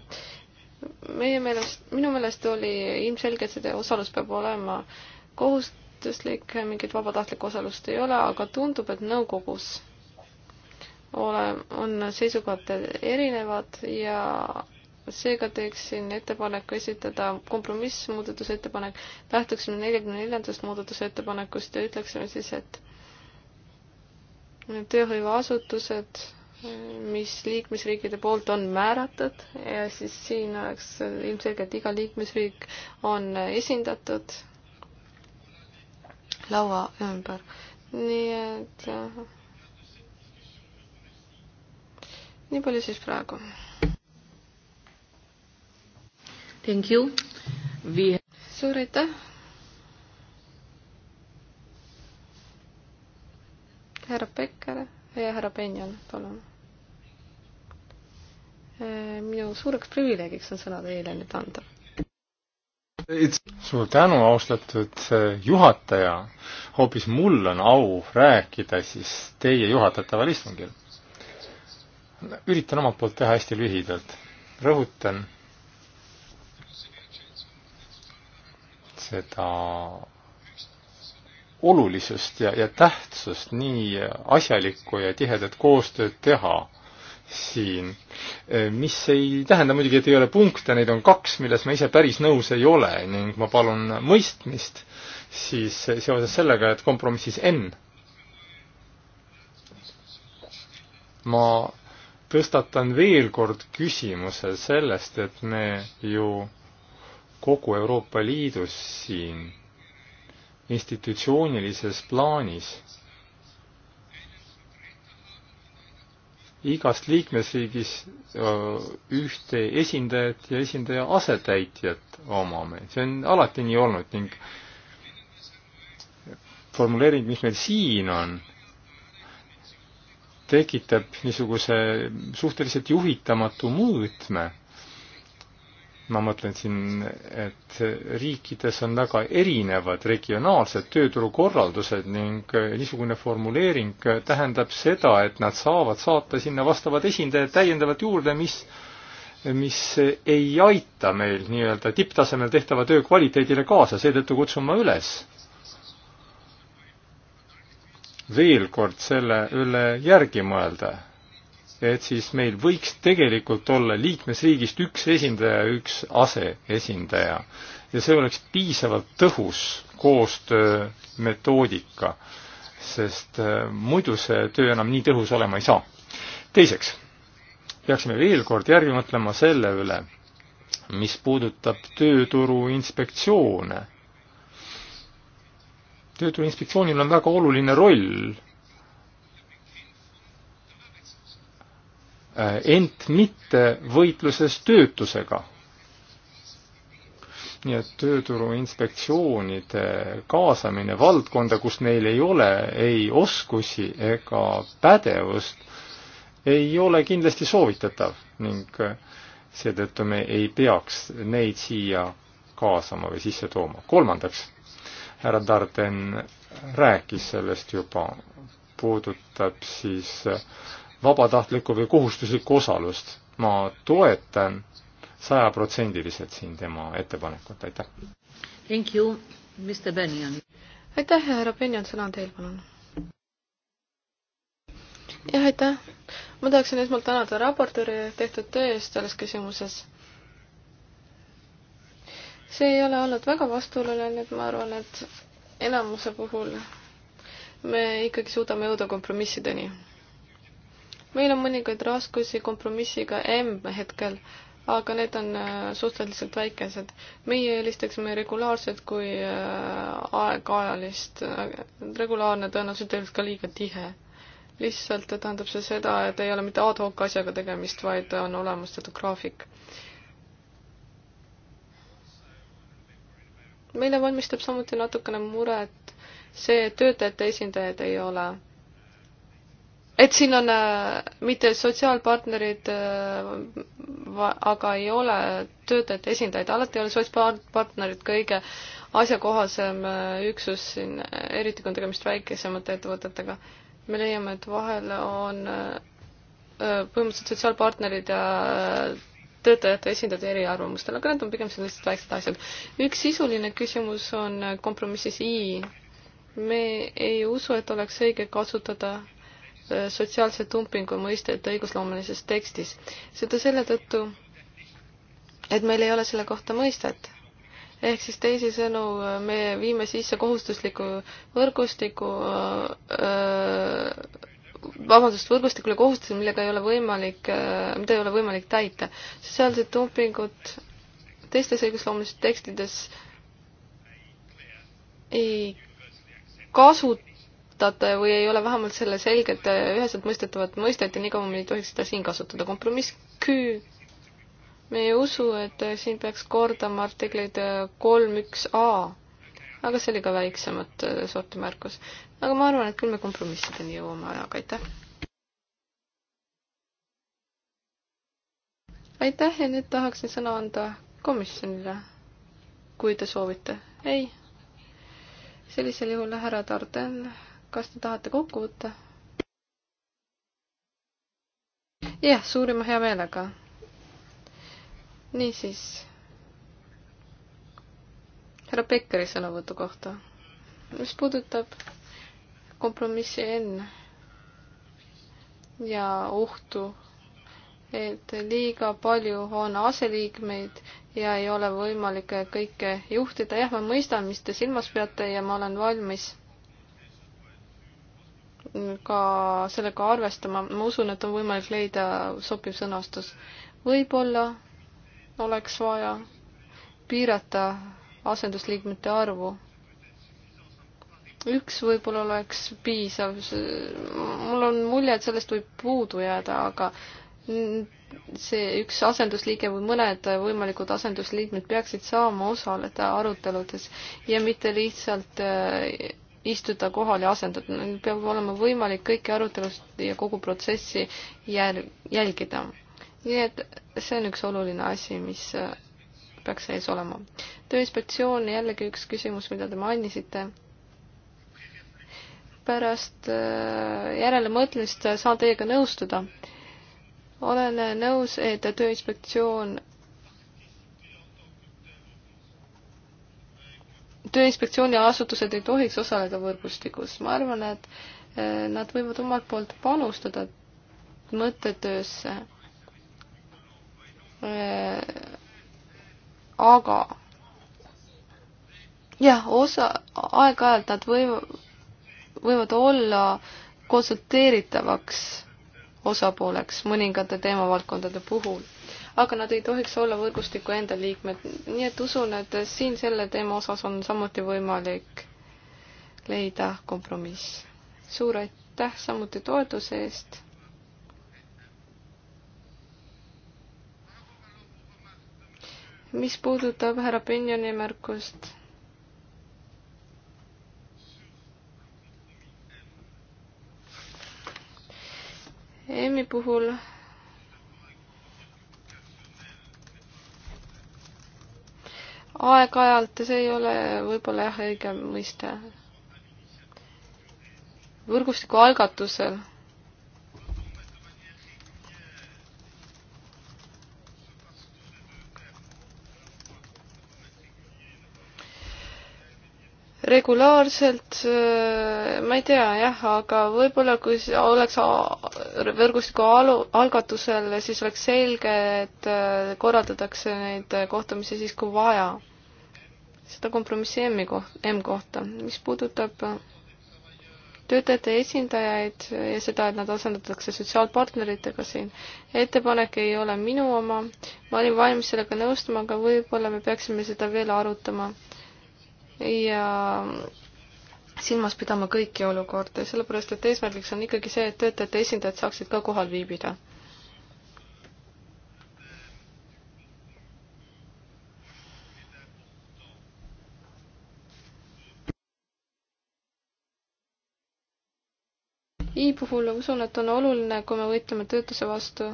meie meelest, minu meelest oli ilmselge, et see osalus peab olema kohustuslik, mingit vabatahtlikku osalust ei ole, aga tundub, et nõukogus ole, on seisukohad erinevad ja seega teeksin ettepaneku esitada kompromiss muudatusettepanek, lähtuksime neljakümne neljandast muudatusettepanekust ja ütleksime siis, et tööhõiveasutused, mis liikmesriikide poolt on määratud ja siis siin oleks ilmselgelt iga liikmesriik on esindatud laua ümber. nii et äh, nii palju siis praegu. Thank you We.... suur aitäh. härra Pekker ja härra Benjan, palun. Äh, minu suureks privileegiks on sõna teile nüüd anda suur tänu, austatud äh, juhataja. hoopis mul on au rääkida siis teie juhatataval istungil. üritan omalt poolt teha hästi lühidalt. rõhutan seda olulisust ja, ja tähtsust nii asjalikku ja tihedat koostööd teha siin, äh, mis ei tähenda muidugi, et ei ole punkte, neid on kaks, milles ma ise päris nõus ei ole ning ma palun mõistmist siis seoses sellega, et kompromissis N ma tõstatan veel kord küsimuse sellest, et me ju kogu Euroopa Liidus siin institutsioonilises plaanis igast liikmesriigis ühte esindajat ja esindaja asetäitjat omame. see on alati nii olnud ning formuleering, mis meil siin on, tekitab niisuguse suhteliselt juhitamatu mõõtme ma mõtlen siin, et riikides on väga erinevad regionaalsed tööturukorraldused ning niisugune formuleering tähendab seda, et nad saavad saata sinna vastavad esindajad täiendavalt juurde, mis, mis ei aita meil nii-öelda tipptasemel tehtava töö kvaliteedile kaasa, seetõttu kutsun ma üles veel kord selle üle järgi mõelda et siis meil võiks tegelikult olla liikmesriigist üks esindaja, üks aseesindaja. ja see oleks piisavalt tõhus koostöömetoodika, sest äh, muidu see töö enam nii tõhus olema ei saa. teiseks, peaksime veel kord järgi mõtlema selle üle, mis puudutab tööturu inspektsioone. tööturu inspektsioonil on väga oluline roll Äh, ent mitte võitluses töötusega. nii et tööturuinspektsioonide kaasamine valdkonda, kus neil ei ole ei oskusi ega pädevust, ei ole kindlasti soovitatav ning äh, seetõttu me ei peaks neid siia kaasama või sisse tooma. kolmandaks, härra Darden rääkis sellest juba, puudutab siis äh, vabatahtlikku või kohustuslikku osalust. ma toetan sajaprotsendiliselt siin tema ettepanekut, aitäh. Thank you, Mr Benjon. aitäh, härra Benjon, sõna on teil, palun. jah, aitäh. ma tahaksin esmalt tänada raportööri tehtud töö eest selles küsimuses see ei ole olnud väga vastuoluline, et ma arvan, et enamuse puhul me ikkagi suudame jõuda kompromissideni meil on mõningaid raskusi kompromissiga M hetkel, aga need on äh, suhteliselt väikesed. meie eelistaksime regulaarset kui äh, aeg-ajalist, äh, regulaarne tõenäoliselt ei oleks ka liiga tihe. lihtsalt tähendab see seda, et ei ole mitte ad hoc asjaga tegemist, vaid on olemas teatud graafik. meile valmistab samuti natukene muret see, et töötajate esindajaid ei ole et siin on äh, mitte sotsiaalpartnerid, äh, aga ei ole töötajate esindajaid, alati ei ole sotspartnerid kõige asjakohasem äh, üksus siin, eriti kui on tegemist väikesemate ettevõtetega. me leiame, et vahel on põhimõtteliselt sotsiaalpartnerid ja töötajate esindajad eriarvamustel, aga need on pigem sellised väiksed asjad. üks sisuline küsimus on kompromissis I. me ei usu, et oleks õige kasutada Äh, sotsiaalse dumpingu mõistet õigusloomelises tekstis. seda selle tõttu, et meil ei ole selle kohta mõistet. ehk siis teisisõnu, äh, me viime sisse kohustusliku võrgustiku öö, äh, vabandust, võrgustikule kohustused, millega ei ole võimalik, mida ei ole võimalik täita. sotsiaalsed dumpingud teistes õigusloomulistes tekstides ei kasut-, kasutate või ei ole vähemalt selle selget üheselt mõistetavat mõistet ja nii kaua me ei tohiks seda siin kasutada. kompromiss Q. me ei usu, et siin peaks kordama artikleid kolm, üks A, aga see oli ka väiksemat äh, sorti märkus. aga ma arvan, et küll me kompromissideni jõuame ajaga, aitäh. aitäh ja nüüd tahaksin sõna anda komisjonile, kui te soovite. ei sellisel juhul härra Tarden kas te tahate kokku võtta? jah, suurima heameelega. niisiis, härra Pekkeri sõnavõtu kohta, mis puudutab kompromissi N ja ohtu, et liiga palju on aseliikmeid ja ei ole võimalik kõike juhtida. jah, ma mõistan, mis te silmas peate ja ma olen valmis ka sellega arvestama, ma usun, et on võimalik leida sobiv sõnastus. võib-olla oleks vaja piirata asendusliikmete arvu. üks võib-olla oleks piisav, mul on mulje, et sellest võib puudu jääda, aga see üks asendusliige või mõned võimalikud asendusliikmed peaksid saama osaleda aruteludes ja mitte lihtsalt istuda kohal ja asendada, peab olema võimalik kõiki arutelusid ja kogu protsessi jär-, jälgida. nii et see on üks oluline asi, mis äh, peaks sees olema. tööinspektsioon, jällegi üks küsimus, mida te mainisite. pärast äh, järelemõtlemist saan teiega nõustuda. olen nõus, et Tööinspektsioon tööinspektsiooni asutused ei tohiks osaleda võrgustikus. ma arvan, et eh, nad võivad omalt poolt panustada mõttetöösse. Eh, aga jah, osa, aeg-ajalt nad võivad, võivad olla konsulteeritavaks osapooleks mõningate teemavaldkondade puhul aga nad ei tohiks olla võrgustiku enda liikmed. nii et usun, et siin selle teema osas on samuti võimalik leida kompromiss. suur aitäh samuti toetuse eest. mis puudutab härra Benjoni märkust EM-i puhul aeg-ajalt, see ei ole võib-olla jah, õige mõiste. võrgustiku algatusel regulaarselt, äh, ma ei tea jah, aga võib-olla kui oleks võrgustiku alu, algatusel, siis oleks selge, et äh, korraldatakse neid äh, kohtumisi siis, kui vaja. seda kompromissi M-i koht, M kohta, mis puudutab töötajate esindajaid ja seda, et nad asendatakse sotsiaalpartneritega siin. ettepanek ei ole minu oma, ma olin valmis sellega nõustuma, aga võib-olla me peaksime seda veel arutama ja silmas pidama kõiki olukordi, sellepärast et eesmärgiks on ikkagi see, et töötajate esindajad saaksid ka kohal viibida I puhul usun, et on oluline, kui me võitleme töötuse vastu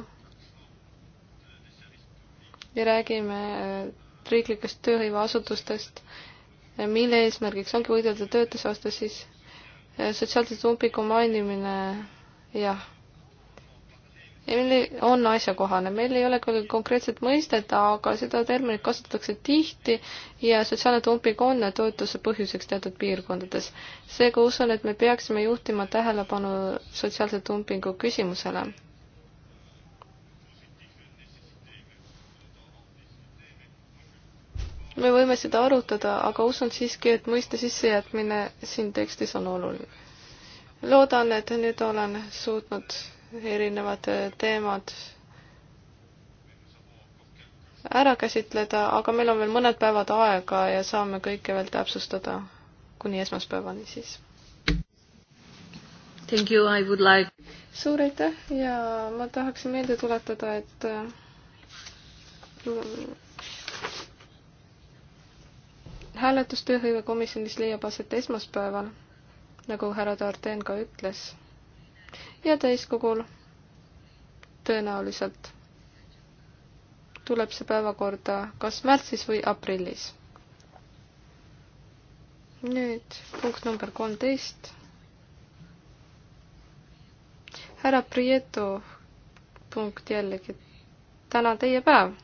ja räägime äh, riiklikest tööhõiveasutustest, mille eesmärgiks ongi võidelda töötuse vastu, siis äh, sotsiaalse tumbiku mainimine, jah. meil on asjakohane, meil ei ole küll konkreetset mõistet, aga seda terminit kasutatakse tihti ja sotsiaalne tumbik on toetuse põhjuseks teatud piirkondades. seega usun, et me peaksime juhtima tähelepanu sotsiaalse tumbingu küsimusele me võime seda arutada, aga usun siiski, et mõiste sissejätmine siin tekstis on oluline. loodan, et nüüd olen suutnud erinevad teemad ära käsitleda, aga meil on veel mõned päevad aega ja saame kõike veel täpsustada kuni esmaspäevani siis. Thank you, I would like. suur aitäh ja ma tahaksin meelde tuletada, et mm, hääletus tööhõivekomisjonis leiab aset esmaspäeval, nagu härra Tarten ka ütles, ja täiskogul tõenäoliselt tuleb see päevakorda kas märtsis või aprillis. nüüd punkt number kolmteist. härra Prieto punkt jällegi, täna teie päev.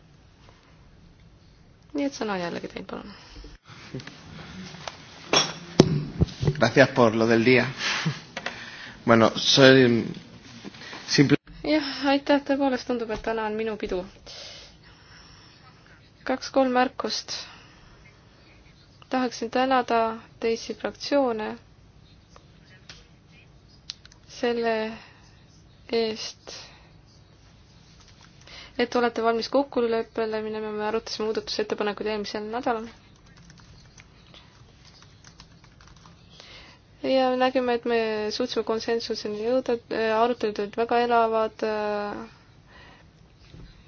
nii et sõna jällegi teil, palun Gracias por lo del día. Bueno, see simple... jah, aitäh, tõepoolest tundub, et täna on minu pidu. kaks-kolm märkust. tahaksin tänada teisi fraktsioone selle eest, et olete valmis kokkuleppele, mille me arutasime muudatusettepanekuid eelmisel nädalal ja nägime, et me suutsime konsensuseni jõuda, arutelud olid väga elavad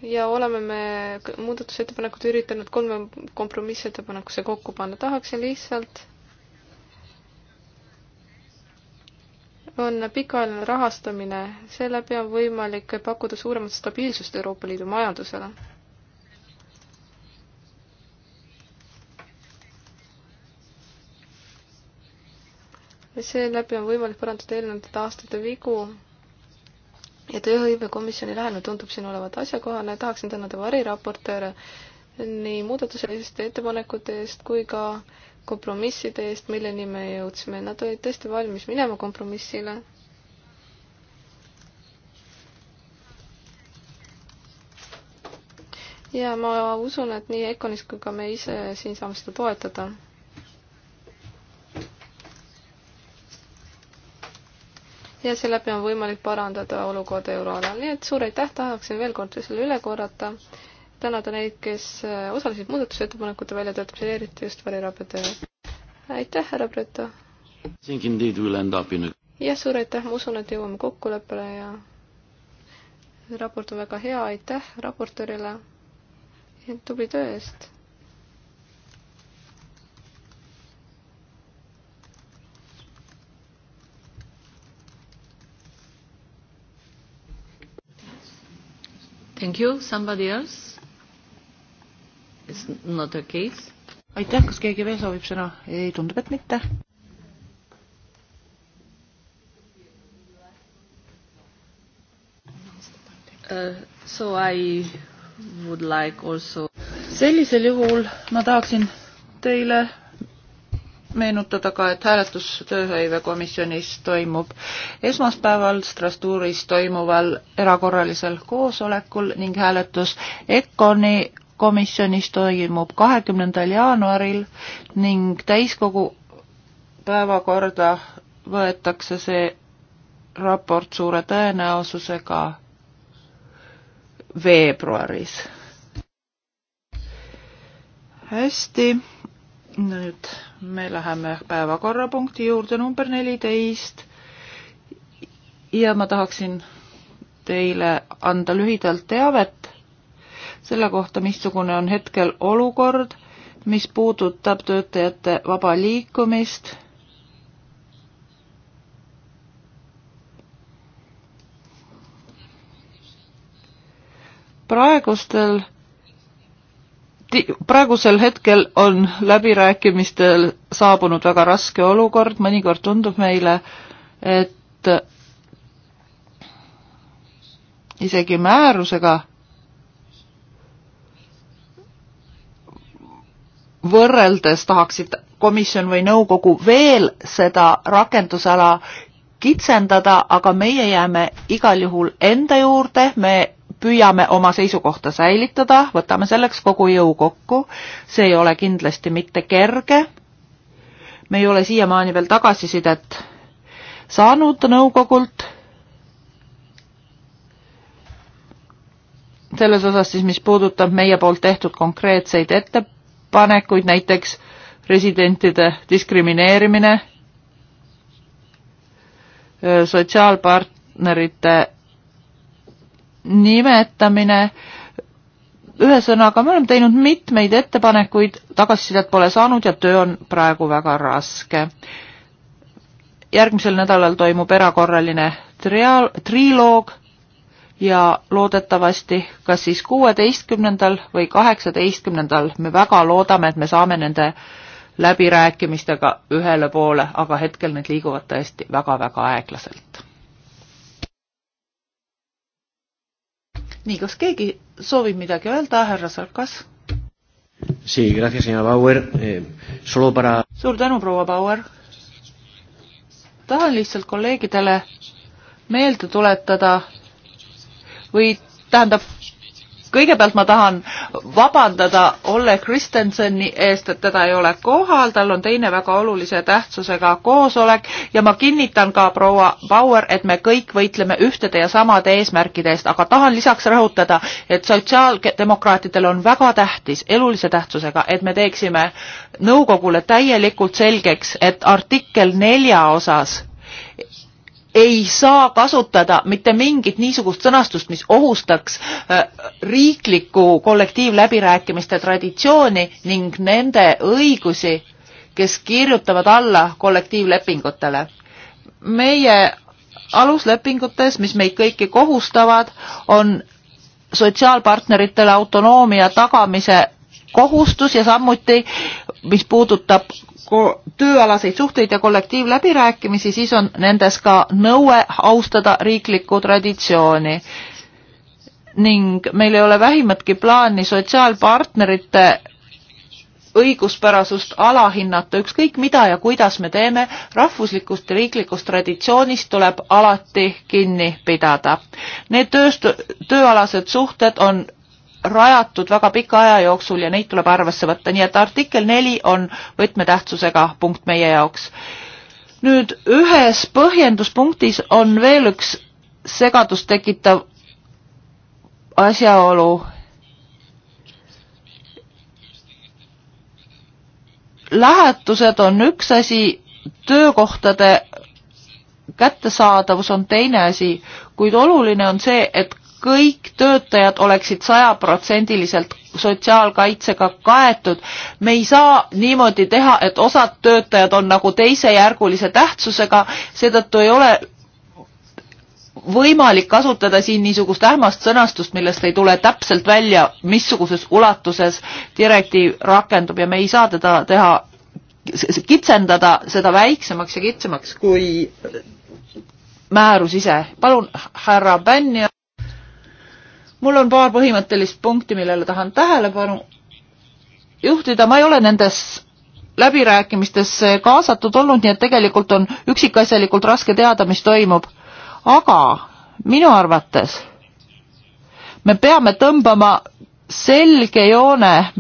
ja oleme me muudatusettepanekud üritanud kolme kompromissettepanekusse kokku panna, tahaksin lihtsalt on pikaajaline rahastamine, seeläbi on võimalik pakkuda suuremat stabiilsust Euroopa Liidu majandusele seeläbi on võimalik parandada eelnevate aastate vigu ja tööhõivekomisjoni lähenemine tundub siin olevat asjakohane, tahaksin tänada variraportööre nii muudatuseliste ettepanekute eest kui ka kompromisside eest, milleni me jõudsime, nad olid tõesti valmis minema kompromissile. ja ma usun, et nii Econis kui ka me ise siin saame seda toetada ja seeläbi on võimalik parandada olukorda euroalal. nii et suur aitäh, tahaksin veel kord selle üle korrata, tänada neid, kes äh, osalesid muudatusettepanekute väljatöötamisel, eriti just variraportööre. aitäh, härra Preto! jah, suur aitäh, ma usun, et jõuame kokkuleppele ja raport on väga hea, aitäh raportöörile tubli töö eest! Thank you, somebody else? It's not the case. aitäh, kas keegi veel soovib sõna? ei, tundub, et mitte. Uh, so I would like also sellisel juhul ma tahaksin teile meenutada ka, et hääletus tööhõivekomisjonis toimub esmaspäeval Strasbourgis toimuval erakorralisel koosolekul ning hääletus EKONi komisjonis toimub kahekümnendal jaanuaril ning täiskogu päevakorda võetakse see raport suure tõenäosusega veebruaris. hästi nüüd me läheme päevakorrapunkti juurde number neliteist ja ma tahaksin teile anda lühidalt teavet selle kohta, missugune on hetkel olukord, mis puudutab töötajate vaba liikumist. praegustel praegusel hetkel on läbirääkimistel saabunud väga raske olukord, mõnikord tundub meile, et isegi määrusega võrreldes tahaksid komisjon või nõukogu veel seda rakendusala kitsendada, aga meie jääme igal juhul enda juurde, me püüame oma seisukohta säilitada, võtame selleks kogu jõu kokku. see ei ole kindlasti mitte kerge. me ei ole siiamaani veel tagasisidet saanud nõukogult. selles osas siis, mis puudutab meie poolt tehtud konkreetseid ettepanekuid, näiteks residentide diskrimineerimine, sotsiaalpartnerite nimetamine. ühesõnaga, me oleme teinud mitmeid ettepanekuid, tagasisidet pole saanud ja töö on praegu väga raske. järgmisel nädalal toimub erakorraline triaal, triloog ja loodetavasti kas siis kuueteistkümnendal või kaheksateistkümnendal me väga loodame, et me saame nende läbirääkimistega ühele poole, aga hetkel need liiguvad tõesti väga-väga aeglaselt. nii, kas keegi soovib midagi öelda, härra Sarkas? Sí, gracias, señora Bauer. Eh, solo para... suur tänu, proua Bauer. tahan lihtsalt kolleegidele meelde tuletada või tähendab, kõigepealt ma tahan vabandada Olle Kristenseni eest, et teda ei ole kohal, tal on teine väga olulise tähtsusega koosolek ja ma kinnitan ka proua Bauer, et me kõik võitleme ühtede ja samade eesmärkide eest, aga tahan lisaks rõhutada, et sotsiaaldemokraatidel on väga tähtis, elulise tähtsusega, et me teeksime nõukogule täielikult selgeks, et artikkel nelja osas ei saa kasutada mitte mingit niisugust sõnastust, mis ohustaks äh, riiklikku kollektiivläbirääkimiste traditsiooni ning nende õigusi, kes kirjutavad alla kollektiivlepingutele. meie aluslepingutes, mis meid kõiki kohustavad, on sotsiaalpartneritele autonoomia tagamise kohustus ja samuti mis puudutab tööalaseid suhteid ja kollektiivläbirääkimisi, siis on nendes ka nõue austada riiklikku traditsiooni. ning meil ei ole vähimatki plaani sotsiaalpartnerite õiguspärasust alahinnata, ükskõik mida ja kuidas me teeme, rahvuslikust ja riiklikust traditsioonist tuleb alati kinni pidada. Need tööst-, tööalased suhted on rajatud väga pika aja jooksul ja neid tuleb arvesse võtta, nii et artikkel neli on võtmetähtsusega punkt meie jaoks. nüüd ühes põhjenduspunktis on veel üks segadust tekitav asjaolu. lähetused on üks asi, töökohtade kättesaadavus on teine asi, kuid oluline on see, et kõik töötajad oleksid sajaprotsendiliselt sotsiaalkaitsega kaetud. me ei saa niimoodi teha, et osad töötajad on nagu teisejärgulise tähtsusega, seetõttu ei ole võimalik kasutada siin niisugust ähmast sõnastust, millest ei tule täpselt välja, missuguses ulatuses direktiiv rakendub ja me ei saa teda teha, kitsendada seda väiksemaks ja kitsamaks kui määrus ise. palun, härra Bänn ja mul on paar põhimõttelist punkti, millele tahan tähelepanu juhtida, ma ei ole nendes läbirääkimistesse kaasatud olnud, nii et tegelikult on üksikasjalikult raske teada, mis toimub. aga minu arvates me peame tõmbama selge joone,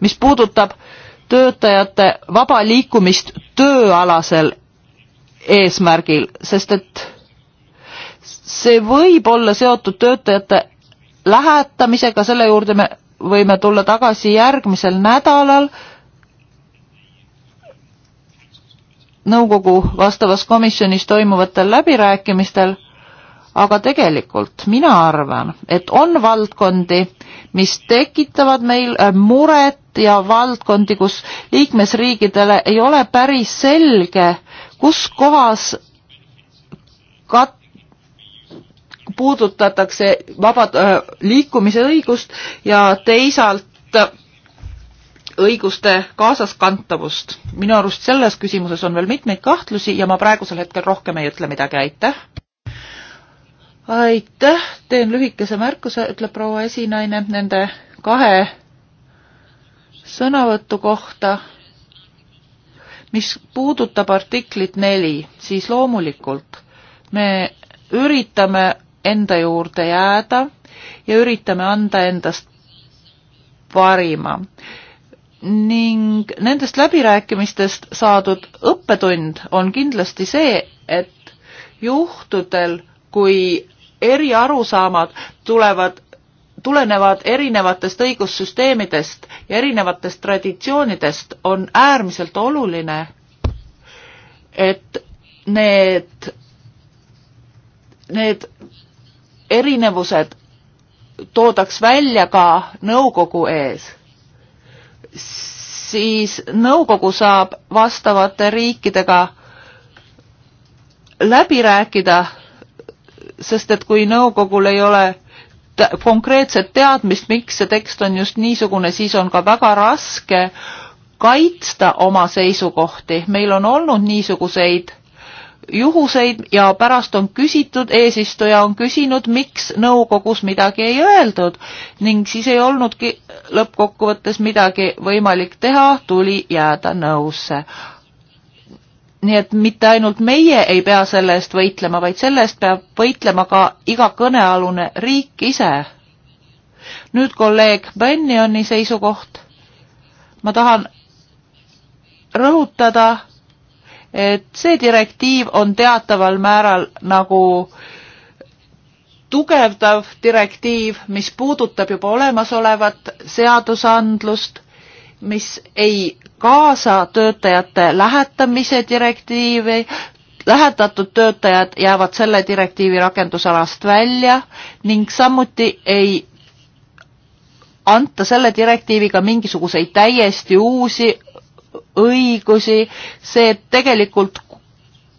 mis puudutab töötajate vaba liikumist tööalasel eesmärgil, sest et see võib olla seotud töötajate lähetamisega, selle juurde me võime tulla tagasi järgmisel nädalal nõukogu vastavas komisjonis toimuvatel läbirääkimistel, aga tegelikult mina arvan, et on valdkondi, mis tekitavad meil muret ja valdkondi, kus liikmesriigidele ei ole päris selge, kus kohas kat-, puudutatakse vabad äh, liikumise õigust ja teisalt õiguste kaasaskantavust. minu arust selles küsimuses on veel mitmeid kahtlusi ja ma praegusel hetkel rohkem ei ütle midagi, aitäh. aitäh, teen lühikese märkuse, ütleb proua esinaine nende kahe sõnavõtu kohta. mis puudutab artiklit neli, siis loomulikult me üritame enda juurde jääda ja üritame anda endast parima. ning nendest läbirääkimistest saadud õppetund on kindlasti see, et juhtudel, kui eriarusaamad tulevad tulenevad erinevatest õigussüsteemidest ja erinevatest traditsioonidest, on äärmiselt oluline, et need, need erinevused toodaks välja ka nõukogu ees, siis nõukogu saab vastavate riikidega läbi rääkida, sest et kui nõukogul ei ole konkreetset teadmist, miks see tekst on just niisugune, siis on ka väga raske kaitsta oma seisukohti. meil on olnud niisuguseid juhuseid ja pärast on küsitud, eesistuja on küsinud, miks nõukogus midagi ei öeldud ning siis ei olnudki lõppkokkuvõttes midagi võimalik teha, tuli jääda nõusse. nii et mitte ainult meie ei pea selle eest võitlema, vaid selle eest peab võitlema ka iga kõnealune riik ise. nüüd kolleeg Bennioni seisukoht. ma tahan rõhutada et see direktiiv on teataval määral nagu tugevdav direktiiv, mis puudutab juba olemasolevat seadusandlust, mis ei kaasa töötajate lähetamise direktiivi, lähetatud töötajad jäävad selle direktiivi rakendusalast välja ning samuti ei anta selle direktiiviga mingisuguseid täiesti uusi õigusi, see tegelikult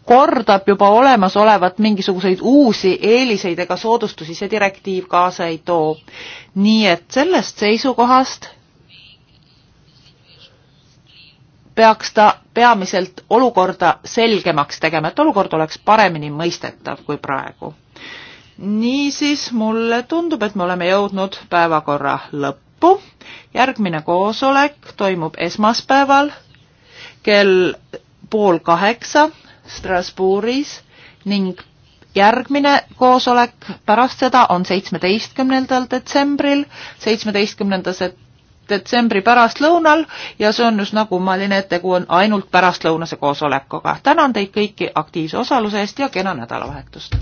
kordab juba olemasolevat mingisuguseid uusi eeliseid ega soodustusi see direktiiv kaasa ei too. nii et sellest seisukohast peaks ta peamiselt olukorda selgemaks tegema, et olukord oleks paremini mõistetav kui praegu. niisiis, mulle tundub, et me oleme jõudnud päevakorra lõppu järgmine koosolek toimub esmaspäeval kell pool kaheksa Strasbourgis ning järgmine koosolek pärast seda on seitsmeteistkümnendal detsembril, seitsmeteistkümnenda detsembri pärastlõunal ja see on just nagu ma olin ette, kui on ainult pärastlõunase koosolekuga. tänan teid kõiki aktiivse osaluse eest ja kena nädalavahetust!